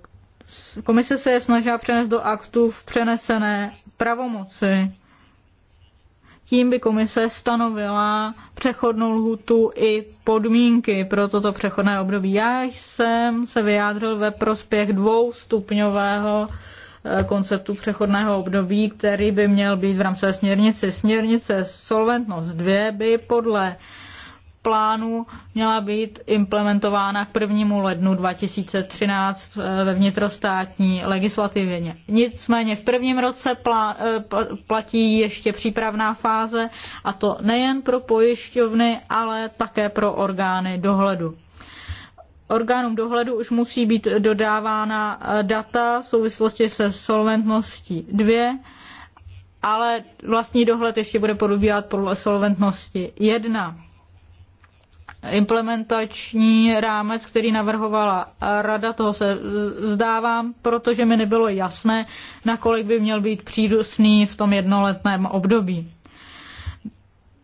komise se je snažila přenést do aktu v přenesené pravomoci. Tím by komise stanovila přechodnou lhutu i podmínky pro toto přechodné období. Já jsem se vyjádřil ve prospěch dvoustupňového eh, konceptu přechodného období, který by měl být v rámci směrnice. Směrnice Solventnost 2 by podle plánu měla být implementována k 1. lednu 2013 eh, ve vnitrostátní legislativě. Nicméně v prvním roce eh, platí ještě přípravná fáze a to nejen pro pojišťovny, ale také pro orgány dohledu. Orgánům dohledu už musí být dodávána eh, data v souvislosti se solventností 2 ale vlastní dohled ještě bude podobívat podle solventnosti 1 implementační rámec, který navrhovala rada, toho se vzdávám, protože mi nebylo jasné, nakolik by měl být přídusný v tom jednoletném období.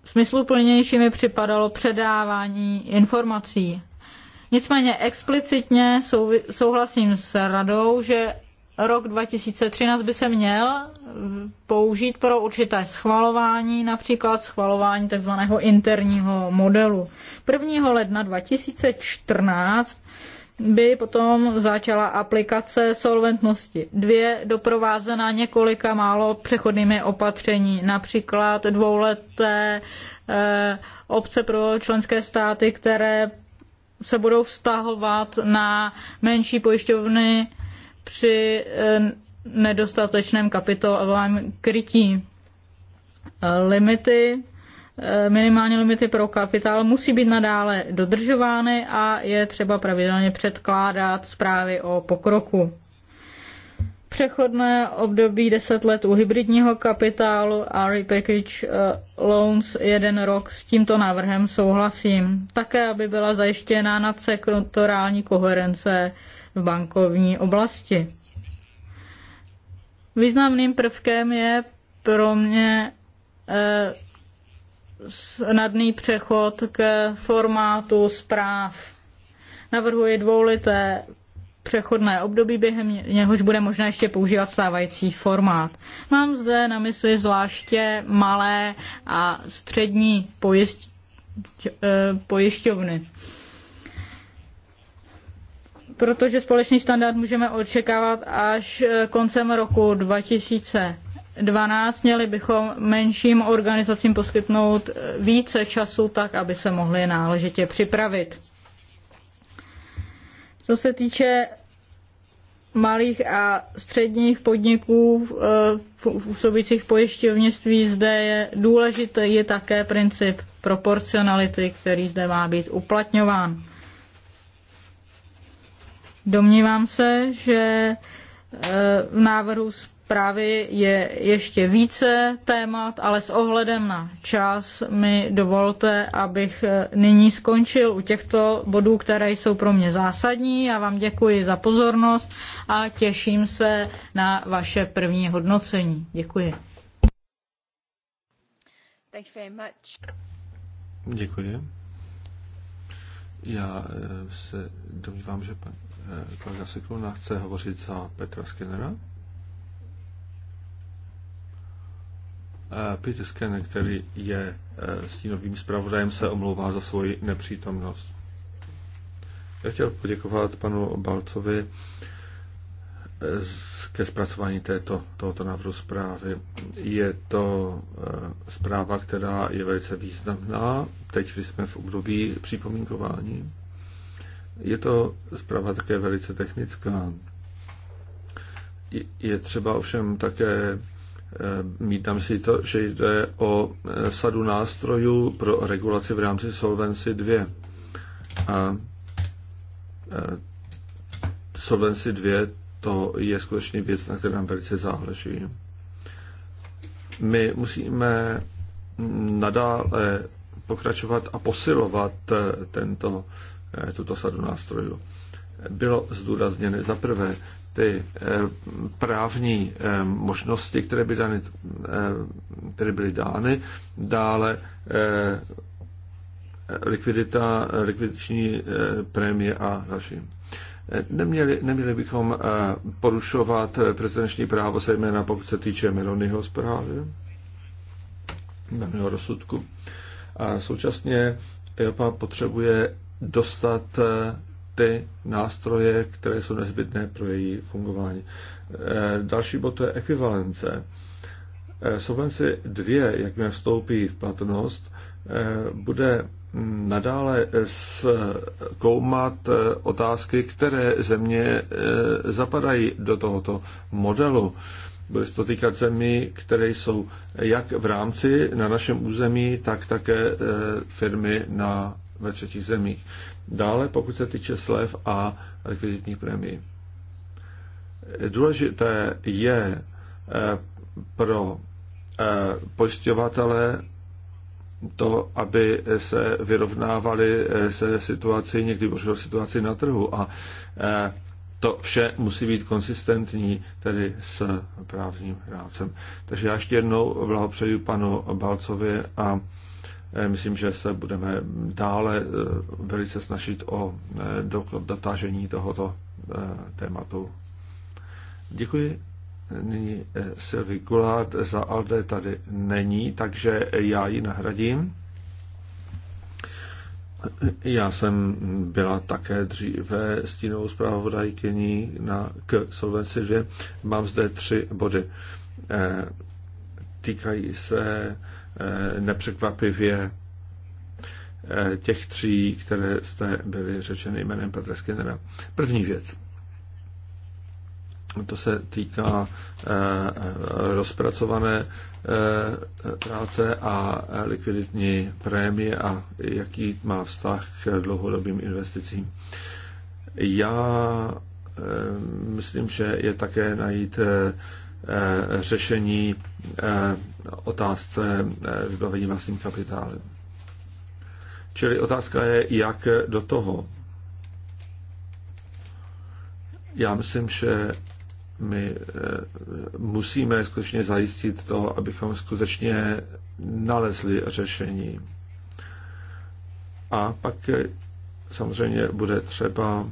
Smysluplnější mi připadalo předávání informací. Nicméně explicitně souhlasím s radou, že rok 2013 by se měl eh, použít pro určité schvalování, například schvalování tzv. interního modelu. 1. ledna 2014 by potom začala aplikace solventnosti Dvě doprovázená několika málo přechodnými opatření, například dvouleté eh, obce pro členské státy, které se budou vztahovat na menší pojišťovny při eh, nedostatečném kapitálovém krytí. Limity, eh, minimální limity pro kapitál musí být nadále dodržovány a je třeba pravidelně předkládat zprávy o pokroku. Přechodné období 10 let u hybridního kapitálu a repackage eh, loans jeden rok s tímto návrhem souhlasím. Také, aby byla zajištěna nadsektorální koherence v bankovní oblasti. Významným prvkem je pro mě eh, snadný přechod k formátu zpráv. Navrhuji dvouleté přechodné období, během něhož bude možné ještě používat stávající formát. Mám zde na mysli zvláště malé a střední pojišť, eh, pojišťovny protože společný standard můžeme očekávat až eh, koncem roku 2012. Měli bychom menším organizacím poskytnout eh, více času tak, aby se mohli náležitě připravit. Co se týče malých a středních podniků eh, působících pojišťovnictví, zde je důležitý je také princip proporcionality, který zde má být uplatňován. Domnívám se, že eh, v návrhu zprávy je ještě více témat, ale s ohledem na čas mi dovolte, abych eh, nyní skončil u těchto bodů, které jsou pro mě zásadní. Já vám děkuji za pozornost a těším se na vaše první hodnocení. Děkuji. Děkuji. Já eh, se domnívám, že pan Eh, kolega Sekluna chce hovořit za Petra Skinnera. Eh, Peter Skinner, který je eh, stínovým zpravodajem, se omlouvá za svoji nepřítomnost. Já chtěl poděkovat panu Balcovi ke zpracování této, tohoto návrhu zprávy. Je to zpráva, která je velice významná, teď, když jsme v období připomínkování. Je to zpráva také velice technická. Je třeba ovšem také eh, mít na mysli to, že jde o eh, sadu nástrojů pro regulaci v rámci Solvency 2. A eh, Solvency 2 to je skutečně věc, na které nám velice záleží. My musíme nadále pokračovat a posilovat tento Eh, tuto sadu nástrojů. Bylo zdůrazněno za prvé ty eh, právní eh, možnosti, které, by dany, které byly dány, dále likvidita, likvidiční prémie a další. Neměli, neměli bychom porušovat prezidenční právo, zejména pokud se týče Meloniho zprávy, daného rozsudku. A současně EOPA potřebuje dostat eh, ty nástroje, které jsou nezbytné pro její fungování. Eh, další bod to je ekvivalence. Eh, Solvenci 2, jakmile vstoupí v platnost, bude hm, nadále zkoumat otázky, které země zapadají do tohoto modelu. Bude se to týkat zemí, které jsou jak v rámci na našem území, tak také firmy na ve třetích zemích. Dále, pokud se týče slev a likviditních prémií. Důležité je eh, pro eh, pojišťovatele to, aby se vyrovnávali eh, se situací, někdy možná situaci na trhu. A to vše musí být konsistentní, tedy s právním rádcem. Takže já ještě jednou blahopřeju panu Balcovi a Eh, myslím, že se budeme dále eh, velice snažit o eh, dotažení tohoto tématu. Děkuji. Nyní Sylvie Gulát za Alde tady není, takže já ji nahradím. Já jsem byla také dříve stínovou zpravodajkyní na, k Solvenci 2. Mám zde tři body. Týkají se Eh, nepřekvapivě eh, těch tří, které jste byly řečeny jménem Petra Skinnera. První věc. To se týká eh, rozpracované práce a likviditní prémie a jaký má vztah k dlouhodobým investicím. Já myslím, že je také najít Eh, řešení eh, otázce eh, vybavení vlastním kapitálem. Čili otázka je, jak do toho. Já myslím, že my musíme skutečně zajistit to, abychom skutečně nalezli řešení. A pak samozřejmě bude třeba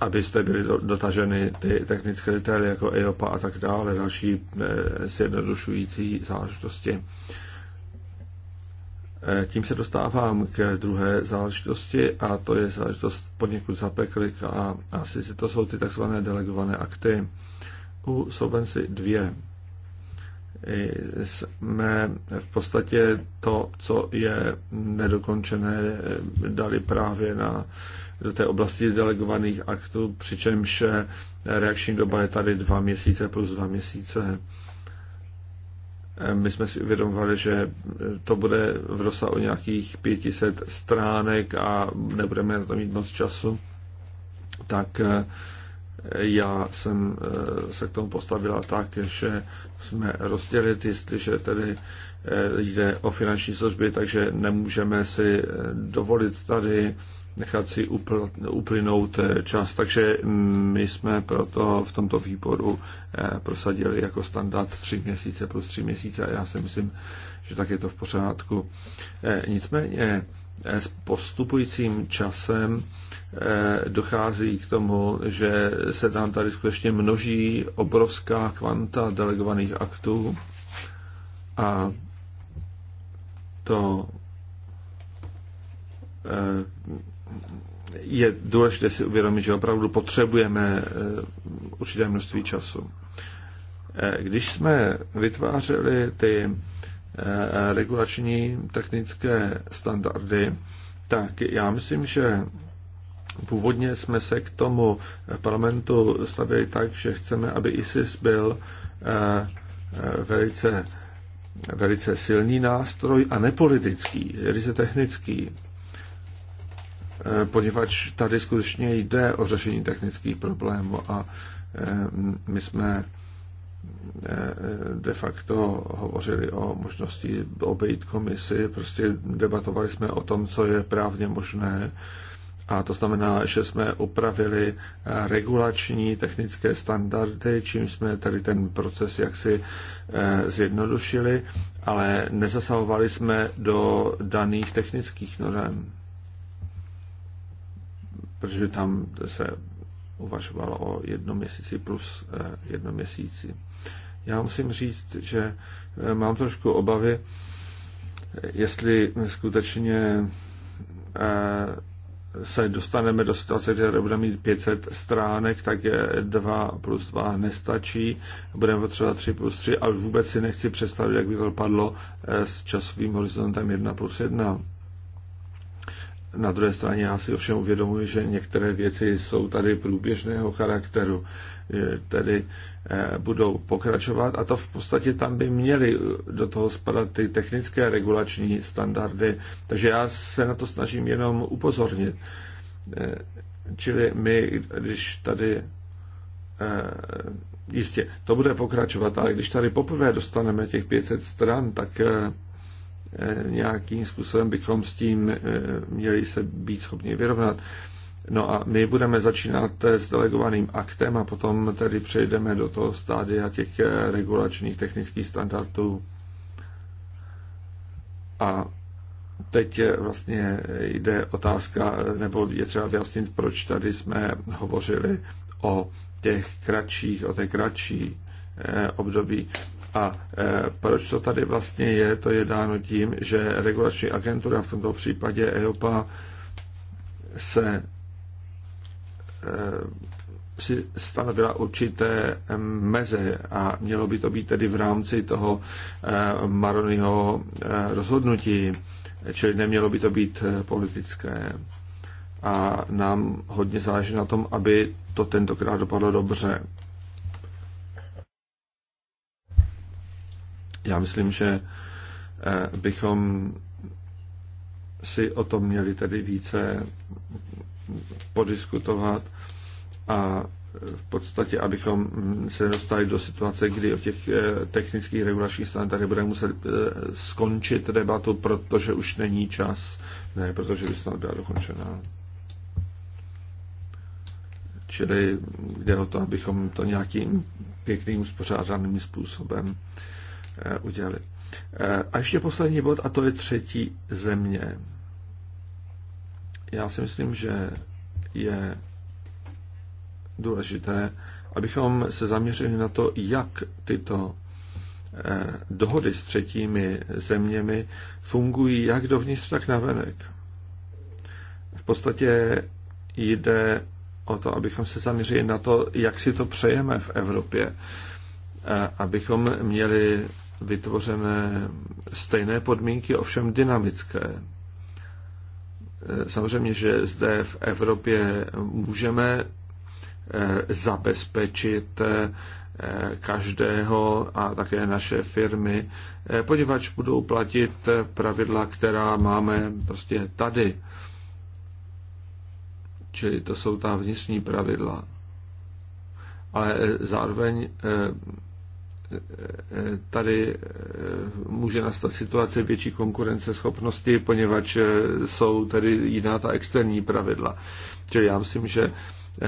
abyste byli dotaženy ty technické detaily jako EOPA a tak dále, další eh, zjednodušující záležitosti. Eh, tím se dostávám k druhé záležitosti a to je záležitost poněkud zapeklik a asi to jsou ty takzvané delegované akty. U Solvency 2 eh, jsme v podstatě to, co je nedokončené, dali právě na do té oblasti delegovaných aktů, přičemž eh, reakční doba je tady dva měsíce plus dva měsíce. Eh, my jsme si uvědomovali, že eh, to bude v rozsahu nějakých 500 stránek a nebudeme na to mít moc času, tak já jsem se k tomu postavila tak, že jsme rozdělili jestliže tedy jde o finanční služby, takže nemůžeme si dovolit tady nechat si uplynout eh, čas. Takže mm, my jsme proto v tomto výboru eh, prosadili jako standard tři měsíce plus tři měsíce a já si myslím, že tak je to v pořádku. Eh, nicméně s postupujícím časem dochází k tomu, že se tam tady skutečně množí obrovská kvanta delegovaných aktů a to je důležité si uvědomit, že opravdu potřebujeme eh, určité množství času. Eh, když jsme vytvářeli ty eh, regulační technické standardy, tak já myslím, že původně jsme se k tomu v parlamentu stavili tak, že chceme, aby ISIS byl velice, velice silný nástroj a nepolitický, ryze technický. Eh, poněvadž tady skutečně jde o řešení technických problémů a eh, my jsme eh, de facto hovořili o možnosti obejít komisi, prostě debatovali jsme o tom, co je právně možné a to znamená, že jsme upravili regulační technické standardy, čím jsme tady ten proces jaksi zjednodušili, ale nezasahovali jsme do daných technických norm protože tam se uvažovalo o jednom měsíci plus eh, jednom měsíci. Já musím říct, že eh, mám trošku obavy, eh, jestli skutečně se dostaneme do situace, kde budeme mít 500 stránek, tak je 2 plus 2 nestačí, budeme potřebovat 3 plus 3 a už vůbec si nechci představit, jak by to padlo s časovým horizontem 1 plus 1. Na druhé straně já si ovšem uvědomuji, že některé věci jsou tady průběžného charakteru, tedy eh, budou pokračovat a to v podstatě tam by měly eh, do toho spadat ty technické regulační standardy. Takže já se na to snažím jenom upozornit. Eh, čili my, když tady jistě, to bude pokračovat, ale když tady poprvé dostaneme těch 500 stran, tak Eh, nějakým způsobem bychom s tím eh, měli se být schopni vyrovnat. No a my budeme začínat s delegovaným aktem a potom tedy přejdeme do toho stádia těch eh, regulačních technických standardů. A teď vlastně jde otázka, nebo je třeba vyjasnit, proč tady jsme hovořili o těch kratších, o té kratší období. A e, proč to tady vlastně je, to je dáno tím, že regulační agentura, v tomto případě EOPA, se e, si stanovila určité meze a mělo by to být tedy v rámci toho e, Maronyho rozhodnutí, čili nemělo by to být politické. A nám hodně záleží na tom, aby to tentokrát dopadlo dobře. Já myslím, že eh, bychom si o tom měli tedy více podiskutovat a eh, v podstatě, abychom hm, se dostali do situace, kdy o těch eh, technických regulačních standardech budeme muset skončit debatu, protože už není čas, ne, protože by snad byla dokončená. Čili jde o to, abychom to nějakým pěkným, spořádaným způsobem Eh, udělali. Eh, a ještě poslední bod, a to je třetí země. Já si myslím, že je důležité, abychom se zaměřili na to, jak tyto eh, dohody s třetími zeměmi fungují jak dovnitř, tak na venek. V podstatě jde o to, abychom se zaměřili na to, jak si to přejeme v Evropě. Abychom měli vytvořené stejné podmínky, ovšem dynamické. E, samozřejmě, že zde v Evropě můžeme e, zabezpečit e, každého a také naše firmy, poněvadž budou platit pravidla, která máme prostě tady. Čili to jsou ta vnitřní pravidla. Ale zároveň tady eh, může nastat situace větší konkurenceschopnosti, poněvadž eh, jsou tady jiná ta externí pravidla. Čili já myslím, že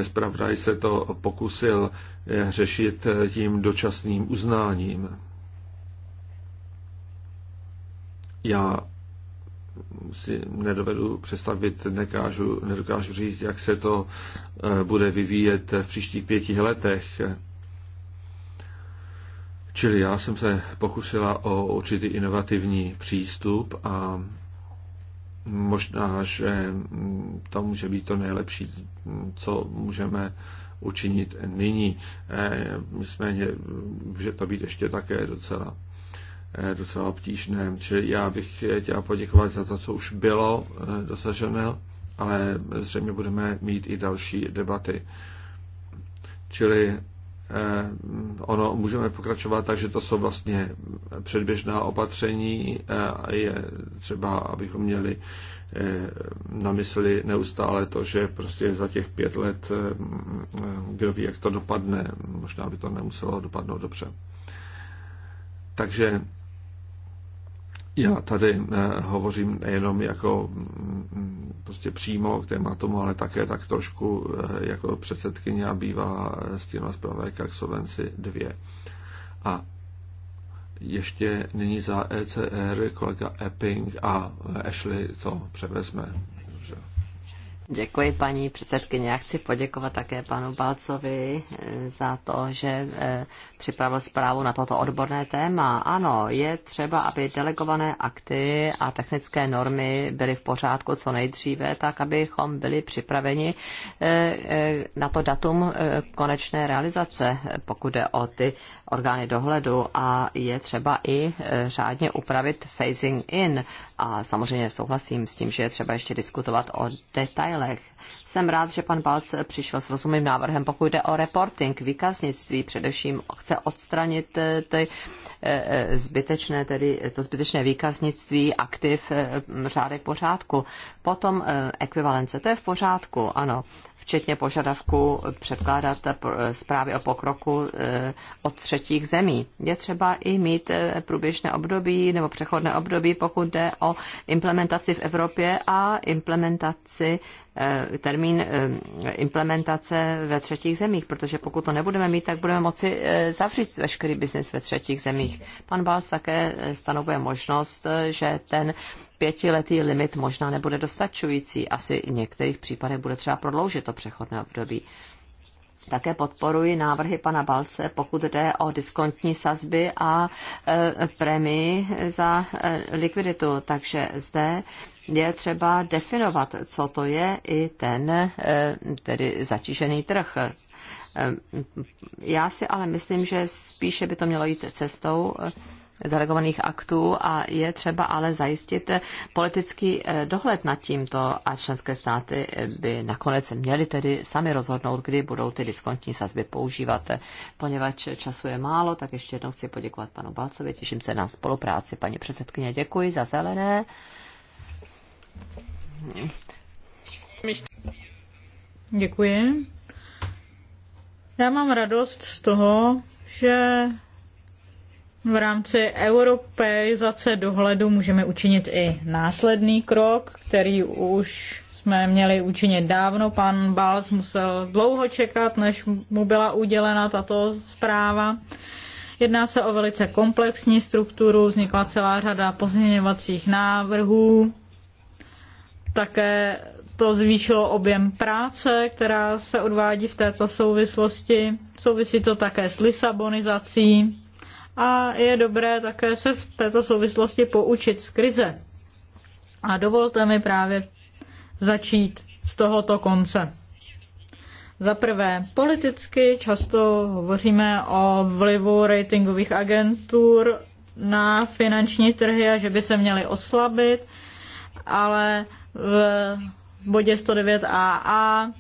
zpravdaj se to pokusil eh, řešit tím dočasným uznáním. Já si nedovedu představit, nekážu, nedokážu říct, jak se to bude vyvíjet v příštích pěti letech Čili já jsem se pokusila o určitý inovativní přístup a možná, že to může být to nejlepší, co můžeme učinit nyní. Eh, nicméně může to být ještě také docela, eh, docela obtížné. Čili já bych chtěla poděkovat za to, co už bylo eh, dosaženo, ale zřejmě budeme mít i další debaty. Čili Eh, ono můžeme pokračovat tak, že to jsou vlastně předběžná opatření. Eh, a Je třeba, abychom měli eh, na mysli neustále to, že prostě za těch pět let, kdo ví, jak to dopadne, možná by to nemuselo dopadnout dobře. Takže já tady eh, hovořím nejenom jako mm, mm, prostě přímo k tématu, ale také tak trošku eh, jako předsedkyně a bývalá eh, stínová zpravodajka k Solvenci 2. A ještě nyní za ECR kolega Epping a Ashley to převezme. Děkuji, paní předsedkyně. Já chci poděkovat také panu Balcovi eh, za to, že eh, připravil zprávu na toto odborné téma. Ano, je třeba, aby delegované akty a technické normy byly v pořádku co nejdříve, tak abychom byli připraveni eh, na to datum konečné realizace, pokud jde o ty orgány dohledu a je třeba i eh, řádně upravit phasing in. A samozřejmě souhlasím s tím, že je třeba ještě diskutovat o detailech jsem rád, že pan Balc přišel s rozumným návrhem. Pokud jde o reporting, výkaznictví především chce odstranit eh, ty eh, eh, zbytečné, tedy to zbytečné výkaznictví aktiv řádek pořádku. Potom ekvivalence, to je v pořádku, ano včetně požadavku předkládat zprávy o pokroku od třetích zemí. Je třeba i mít průběžné období nebo přechodné období, pokud jde o implementaci v Evropě a implementaci Eh, termín eh, implementace ve třetích zemích, protože pokud to nebudeme mít, tak budeme moci eh, zavřít veškerý biznis ve třetích zemích. Pan Bals také stanovuje možnost, že ten pětiletý limit možná nebude dostačující. Asi v některých případech bude třeba prodloužit to přechodné období. Také podporuji návrhy pana Balce, pokud jde o diskontní sazby a e, prémii za e, likviditu. Takže zde je třeba definovat, co to je i ten e, tedy zatížený trh. Já si ale myslím, že spíše by to mělo jít cestou delegovaných aktů a je třeba ale zajistit politický eh, dohled nad tímto a členské státy eh, by nakonec měly tedy sami rozhodnout, kdy budou ty diskontní sazby používat. Poněvadž času je málo, tak ještě jednou chci poděkovat panu Balcovi, těším se na spolupráci. Paní předsedkyně, děkuji za zelené. Děkuji. Já mám radost z toho, že v rámci europeizace dohledu můžeme učinit i následný krok, který už jsme měli učinit dávno. Pan Bals musel dlouho čekat, než mu byla udělena tato zpráva. Jedná se o velice komplexní strukturu, vznikla celá řada pozměňovacích návrhů. Také to zvýšilo objem práce, která se odvádí v této souvislosti. Souvisí to také s Lisabonizací a je dobré také se v této souvislosti poučit z krize. A dovolte mi právě začít z tohoto konce. Za prvé, politicky často hovoříme o vlivu ratingových agentur na finanční trhy a že by se měly oslabit, ale v bodě 109AA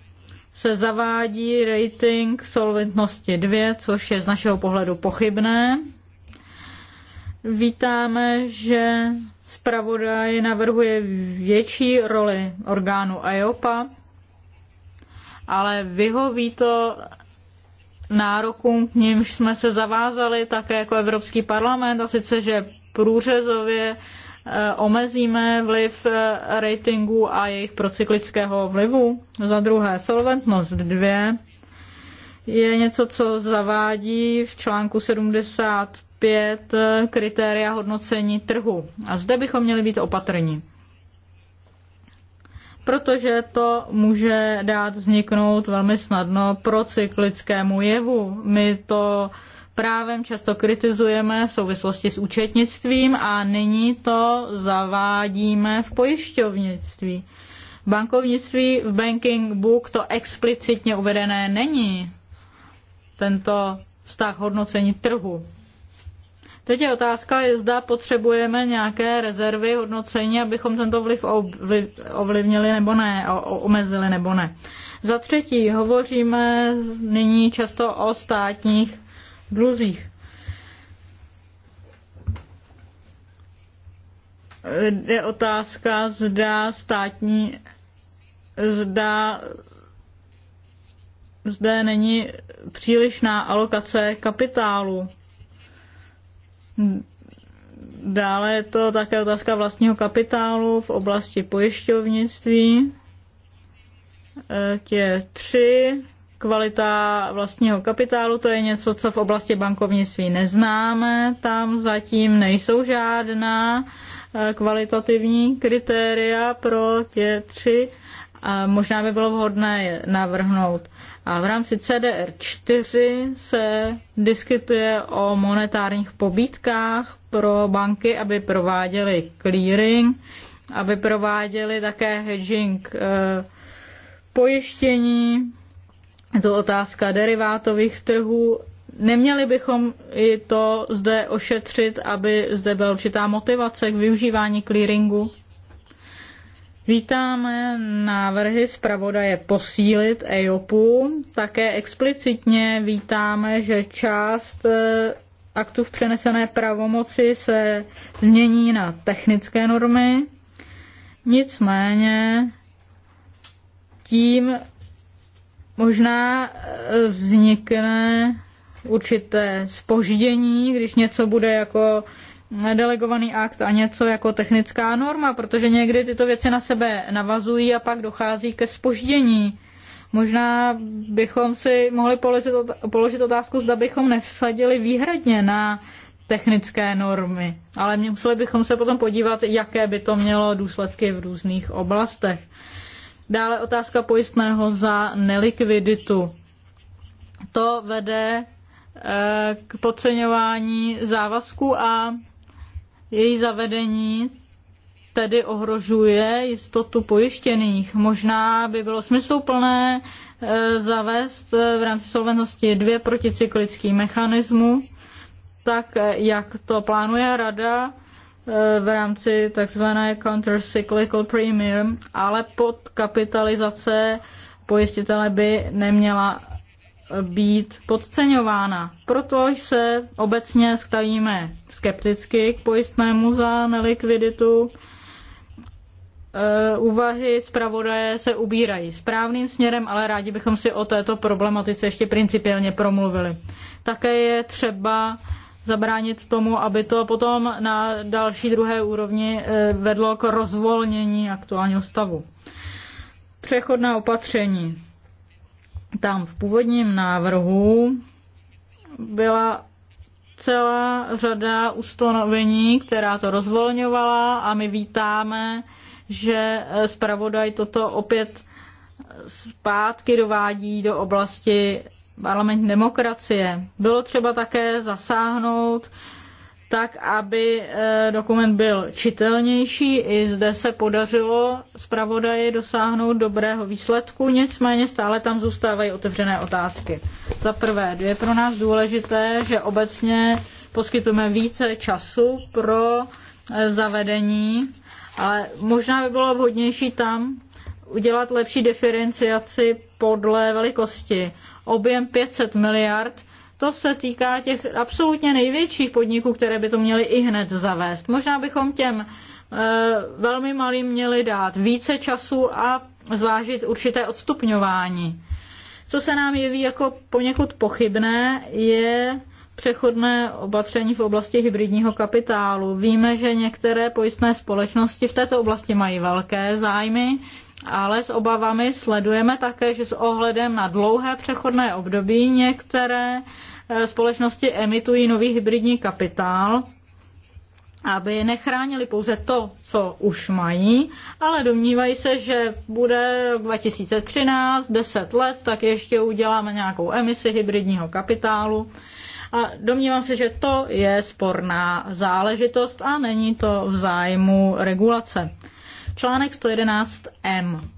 se zavádí rating solventnosti 2, což je z našeho pohledu pochybné, Vítáme, že zpravodaj navrhuje větší roli orgánu EOPA, ale vyhoví to nárokům, k nímž jsme se zavázali také jako Evropský parlament, a sice, že průřezově eh, omezíme vliv eh, ratingů a jejich procyklického vlivu. Za druhé, solventnost 2 je něco, co zavádí v článku 70 pět eh, kritéria hodnocení trhu. A zde bychom měli být opatrní. Protože to může dát vzniknout velmi snadno procyklickému jevu. My to právem často kritizujeme v souvislosti s účetnictvím a nyní to zavádíme v pojišťovnictví. Bankovnictví v Banking Book to explicitně uvedené není. Tento vztah hodnocení trhu. Teď je otázka, zda potřebujeme nějaké rezervy hodnocení, abychom tento vliv ovlivnili nebo ne, omezili nebo ne. Za třetí, hovoříme nyní často o státních dluzích. Je otázka, zda státní, zda zde není přílišná alokace kapitálu Dále je to také otázka vlastního kapitálu v oblasti pojišťovnictví. Eh, tě tři, kvalita vlastního kapitálu, to je něco, co v oblasti bankovnictví neznáme. Tam zatím nejsou žádná eh, kvalitativní kritéria pro tě tři. A možná by bylo vhodné navrhnout. A v rámci CDR 4 se diskutuje o monetárních pobídkách pro banky, aby prováděly clearing, aby prováděly také hedging eh, pojištění, je to otázka derivátových trhů. Neměli bychom i to zde ošetřit, aby zde byla určitá motivace k využívání clearingu? Vítáme návrhy zpravodaje posílit EOPu. Také explicitně vítáme, že část eh, aktu v přenesené pravomoci se změní na technické normy. Nicméně tím možná eh, vznikne určité spoždění, když něco bude jako delegovaný akt a něco jako technická norma, protože někdy tyto věci na sebe navazují a pak dochází ke spoždění. Možná bychom si mohli položit otázku, zda bychom nevsadili výhradně na technické normy, ale museli bychom se potom podívat, jaké by to mělo důsledky v různých oblastech. Dále otázka pojistného za nelikviditu. To vede eh, k podceňování závazku a její zavedení tedy ohrožuje jistotu pojištěných. Možná by bylo smysluplné e, zavést e, v rámci solventnosti dvě proticyklický mechanismu, tak e, jak to plánuje rada v rámci takzvané countercyclical premium, ale pod kapitalizace pojistitele by neměla být podceňována. Proto se obecně stavíme skepticky k pojistnému za nelikviditu. Eh, úvahy zpravodaje se ubírají správným směrem, ale rádi bychom si o této problematice ještě principiálně promluvili. Také je třeba zabránit tomu, aby to potom na další druhé úrovni eh, vedlo k rozvolnění aktuálního stavu. Přechodná opatření tam v původním návrhu byla celá řada ustanovení, která to rozvolňovala a my vítáme, že zpravodaj toto opět zpátky dovádí do oblasti parlamentní demokracie. Bylo třeba také zasáhnout tak, aby eh, dokument byl čitelnější. I zde se podařilo zpravodaji dosáhnout dobrého výsledku, nicméně stále tam zůstávají otevřené otázky. Za prvé, je pro nás důležité, že obecně poskytujeme více času pro eh, zavedení, ale možná by bylo vhodnější tam udělat lepší diferenciaci podle velikosti. Objem 500 miliard to se týká těch absolutně největších podniků, které by to měly i hned zavést. Možná bychom těm eh, velmi malým měli dát více času a zvážit určité odstupňování. Co se nám jeví jako poněkud pochybné, je přechodné opatření v oblasti hybridního kapitálu. Víme, že některé pojistné společnosti v této oblasti mají velké zájmy, ale s obavami sledujeme také, že s ohledem na dlouhé přechodné období některé eh, společnosti emitují nový hybridní kapitál, aby nechránili pouze to, co už mají, ale domnívají se, že bude 2013, 10 let, tak ještě uděláme nějakou emisi hybridního kapitálu. A domnívám se, že to je sporná záležitost a není to v zájmu regulace. Článek 111m.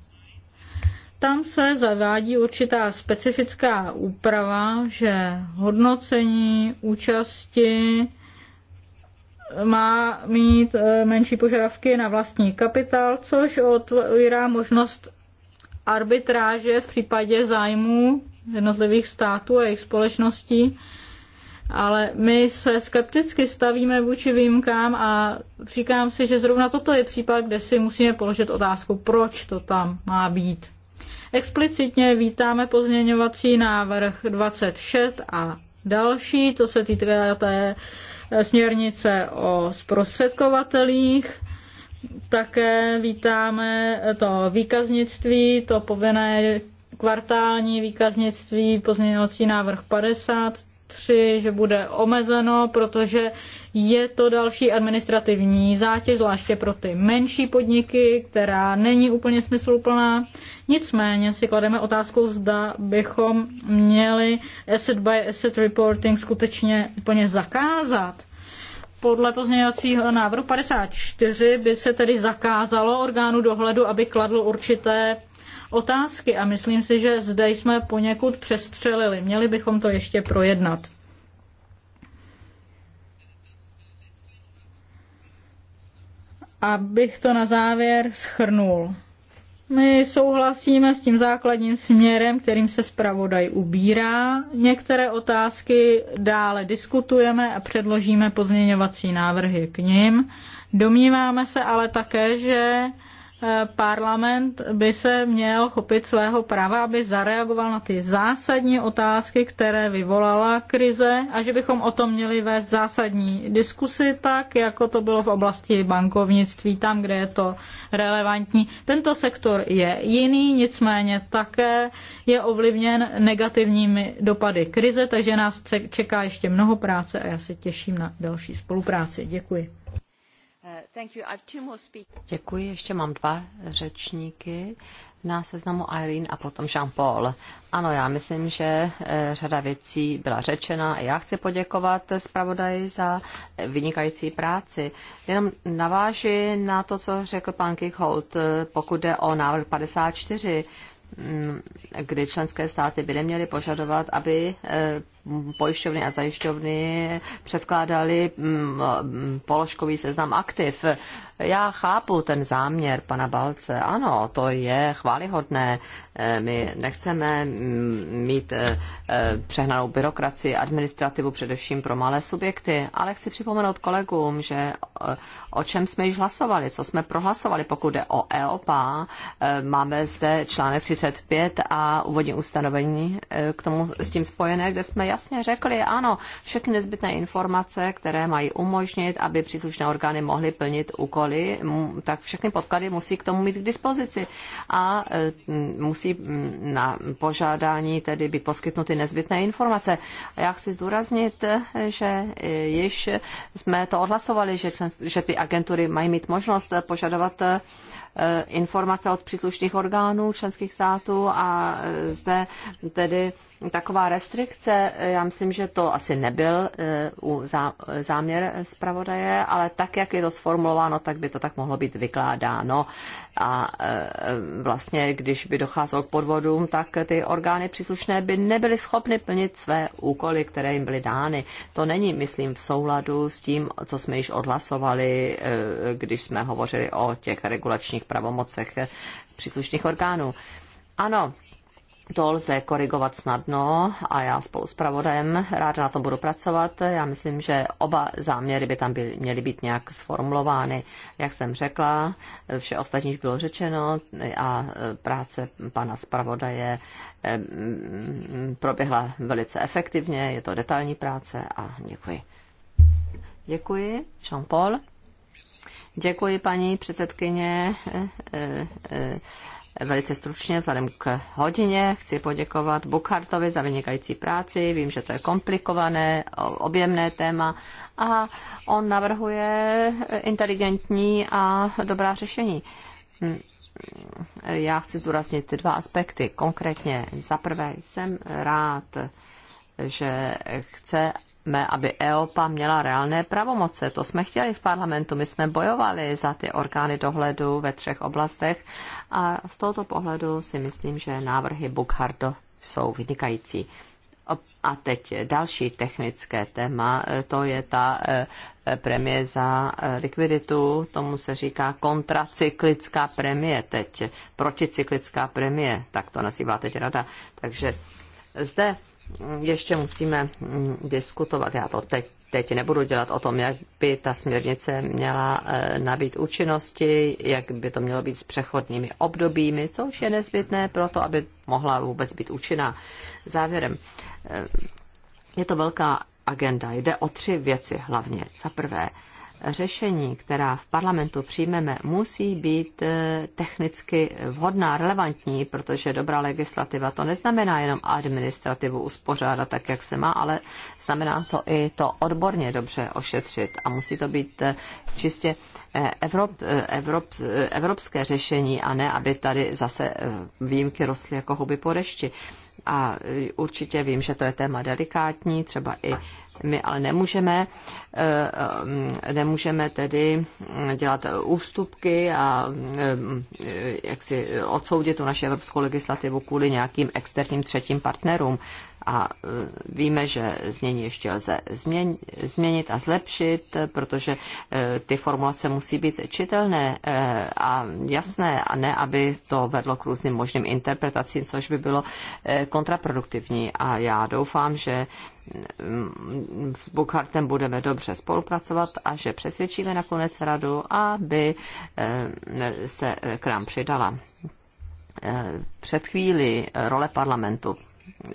Tam se zavádí určitá specifická úprava, že hodnocení účasti má mít eh, menší požadavky na vlastní kapitál, což otvírá možnost arbitráže v případě zájmů jednotlivých států a jejich společností ale my se skepticky stavíme vůči výjimkám a říkám si, že zrovna toto je případ, kde si musíme položit otázku, proč to tam má být. Explicitně vítáme pozměňovací návrh 26 a další, to se týká té směrnice o zprostředkovatelích. Také vítáme to výkaznictví, to povinné kvartální výkaznictví, pozměňovací návrh 50, 3, že bude omezeno, protože je to další administrativní zátěž, zvláště pro ty menší podniky, která není úplně smysluplná. Nicméně si klademe otázku, zda bychom měli asset by asset reporting skutečně úplně zakázat. Podle pozměňovacího návrhu 54 by se tedy zakázalo orgánu dohledu, aby kladl určité otázky a myslím si, že zde jsme poněkud přestřelili. Měli bychom to ještě projednat. Abych to na závěr schrnul. My souhlasíme s tím základním směrem, kterým se zpravodaj ubírá. Některé otázky dále diskutujeme a předložíme pozměňovací návrhy k ním. Domníváme se ale také, že parlament by se měl chopit svého práva, aby zareagoval na ty zásadní otázky, které vyvolala krize a že bychom o tom měli vést zásadní diskusy, tak jako to bylo v oblasti bankovnictví, tam, kde je to relevantní. Tento sektor je jiný, nicméně také je ovlivněn negativními dopady krize, takže nás čeká ještě mnoho práce a já se těším na další spolupráci. Děkuji. Děkuji, ještě mám dva řečníky na seznamu Irene a potom Jean-Paul. Ano, já myslím, že eh, řada věcí byla řečena. Já chci poděkovat zpravodaji za eh, vynikající práci. Jenom naváži na to, co řekl pan Kichout, eh, pokud jde o návrh 54 mm, kdy členské státy by neměly požadovat, aby pojišťovny a zajišťovny předkládali mm, položkový seznam aktiv. Já chápu ten záměr pana Balce. Ano, to je chválihodné. Eh, my nechceme mm, mít eh, přehnanou byrokracii, administrativu především pro malé subjekty, ale chci připomenout kolegům, že eh, o čem jsme již hlasovali, co jsme prohlasovali, pokud jde o EOPA. Máme zde článek 35 a úvodní ustanovení k tomu s tím spojené, kde jsme jasně řekli, ano, všechny nezbytné informace, které mají umožnit, aby příslušné orgány mohly plnit úkoly, tak všechny podklady musí k tomu mít k dispozici a e, musí na požádání tedy být poskytnuty nezbytné informace. Já chci zdůraznit, e, že e, již jsme to odhlasovali, že, že ty agentury mají mít možnost požadovat informace od příslušných orgánů členských států a zde tedy taková restrikce, já myslím, že to asi nebyl eh, záměr zpravodaje, ale tak, jak je to sformulováno, tak by to tak mohlo být vykládáno. A eh, vlastně, když by docházelo k podvodům, tak ty orgány příslušné by nebyly schopny plnit své úkoly, které jim byly dány. To není, myslím, v souladu s tím, co jsme již odhlasovali, eh, když jsme hovořili o těch regulačních pravomocech příslušných orgánů. Ano, to lze korigovat snadno a já spolu s pravodem ráda na tom budu pracovat. Já myslím, že oba záměry by tam byly, měly být nějak sformulovány. Jak jsem řekla, vše ostatní už bylo řečeno a e, práce pana zpravodaje e, proběhla velice efektivně. Je to detailní práce a děkuji. Děkuji, Jean-Paul. Děkuji, paní předsedkyně. E, Velice stručně, vzhledem k hodině, chci poděkovat Bukhartovi za vynikající práci. Vím, že to je komplikované, objemné téma a on navrhuje inteligentní a dobrá řešení. Hm, já chci zdůraznit dva aspekty. Konkrétně, za prvé jsem rád, že chce, aby EOPA měla reálné pravomoce. To jsme chtěli v parlamentu. My jsme bojovali za ty orgány dohledu ve třech oblastech a z tohoto pohledu si myslím, že návrhy Bukhardo jsou vynikající. A teď další technické téma, e, to je ta e, e, premie za likviditu, tomu se říká kontracyklická premie teď, proticyklická premie, tak to nazývá teď rada. Takže zde ještě musíme mm, diskutovat. Já to teď, teď nebudu dělat o tom, jak by ta směrnice měla e, nabít účinnosti, jak by to mělo být s přechodnými obdobími, což je nezbytné pro to, aby mohla vůbec být účinná. Závěrem, e, je to velká agenda. Jde o tři věci hlavně. Za prvé, řešení, která v parlamentu přijmeme, musí být eh, technicky vhodná, relevantní, protože dobrá legislativa to neznamená jenom administrativu uspořádat tak, jak se má, ale znamená to i to odborně dobře ošetřit a musí to být eh, čistě eh, Evrop, Evrop, evropské řešení a ne, aby tady zase výjimky rostly jako huby po dešti. A určitě vím, že to je téma delikátní, třeba i my ale nemůžeme, eh, eh, nemůžeme tedy dělat ústupky a eh, jak si odsoudit tu naši evropskou legislativu kvůli nějakým externím třetím partnerům a e, víme, že znění ještě lze změnit a zlepšit, protože e, ty formulace musí být čitelné e, a jasné, a ne, aby to vedlo k různým možným interpretacím, což by bylo kontraproduktivní. A já doufám, že mm, s Bukhartem budeme dobře spolupracovat a že přesvědčíme nakonec radu, aby se k nám přidala. Před chvíli role parlamentu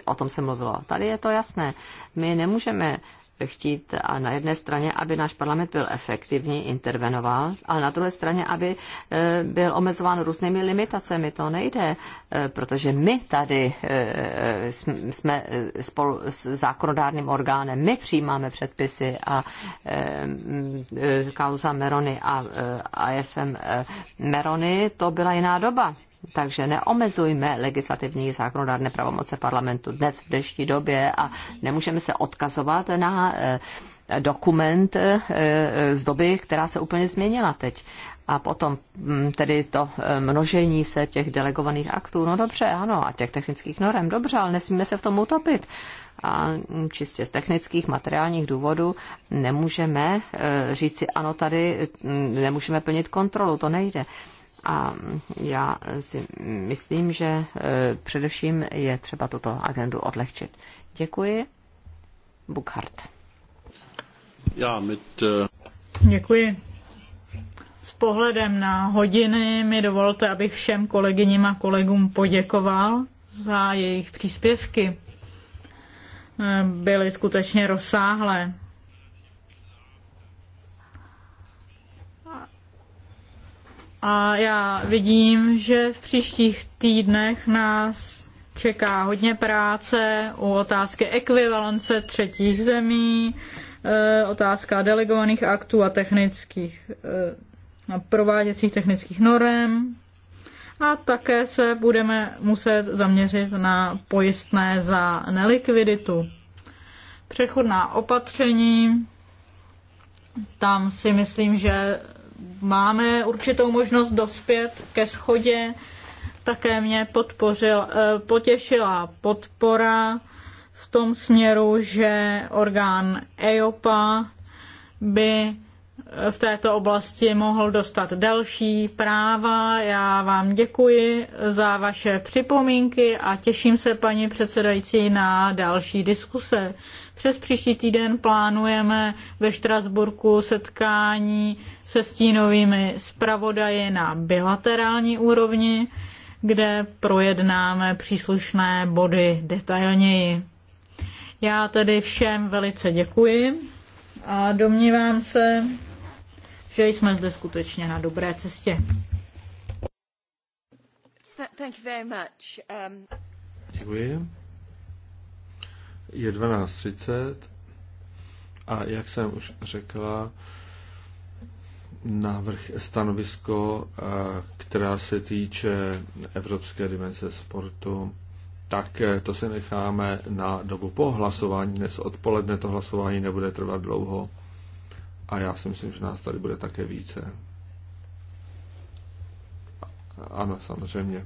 O tom se mluvilo. Tady je to jasné. My nemůžeme chtít a na jedné straně, aby náš parlament byl efektivní, intervenoval, ale na druhé straně, aby eh, byl omezován různými limitacemi. To nejde, eh, protože my tady eh, jsme spolu s zákonodárným orgánem, my přijímáme předpisy a kauza Merony a AFM Merony, to byla jiná doba takže neomezujme legislativní zákonodárné pravomoce parlamentu dnes v dnešní době a nemůžeme se odkazovat na eh, dokument eh, z doby, která se úplně změnila teď. A potom hm, tedy to eh, množení se těch delegovaných aktů, no dobře, ano, a těch technických norem, dobře, ale nesmíme se v tom utopit. A hm, čistě z technických, materiálních důvodů nemůžeme říci, ano, tady hm, nemůžeme plnit kontrolu, to nejde. A já si myslím, že eh, především je třeba tuto agendu odlehčit. Děkuji. Bukhart. Já mít, uh... Děkuji. S pohledem na hodiny mi dovolte, abych všem kolegyním a kolegům poděkoval za jejich příspěvky. Eh, byly skutečně rozsáhlé. A já vidím, že v příštích týdnech nás čeká hodně práce u otázky ekvivalence třetích zemí, e, otázka delegovaných aktů a technických e, a prováděcích technických norem. A také se budeme muset zaměřit na pojistné za nelikviditu. Přechodná opatření, tam si myslím, že máme určitou možnost dospět ke schodě. Také mě podpořil, eh, potěšila podpora v tom směru, že orgán EOPA by eh, v této oblasti mohl dostat další práva. Já vám děkuji za vaše připomínky a těším se, paní předsedající, na další diskuse. Přes příští týden plánujeme ve Štrasburku setkání se stínovými zpravodaji na bilaterální úrovni, kde projednáme příslušné body detailněji. Já tedy všem velice děkuji a domnívám se, že jsme zde skutečně na dobré cestě. Um, děkuji. Je 12.30 a jak jsem už řekla, návrh stanovisko, eh, která se týče evropské dimenze sportu, tak eh, to se necháme na dobu po hlasování. Dnes odpoledne to hlasování nebude trvat dlouho a já si myslím, že nás tady bude také více. Ano, samozřejmě.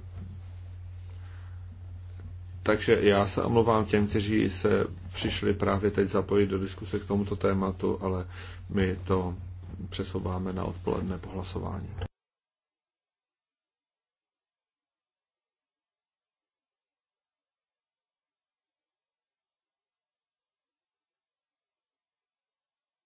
Takže já se omlouvám těm, kteří se přišli právě teď zapojit do diskuse k tomuto tématu, ale my to přesouváme na odpoledne po hlasování.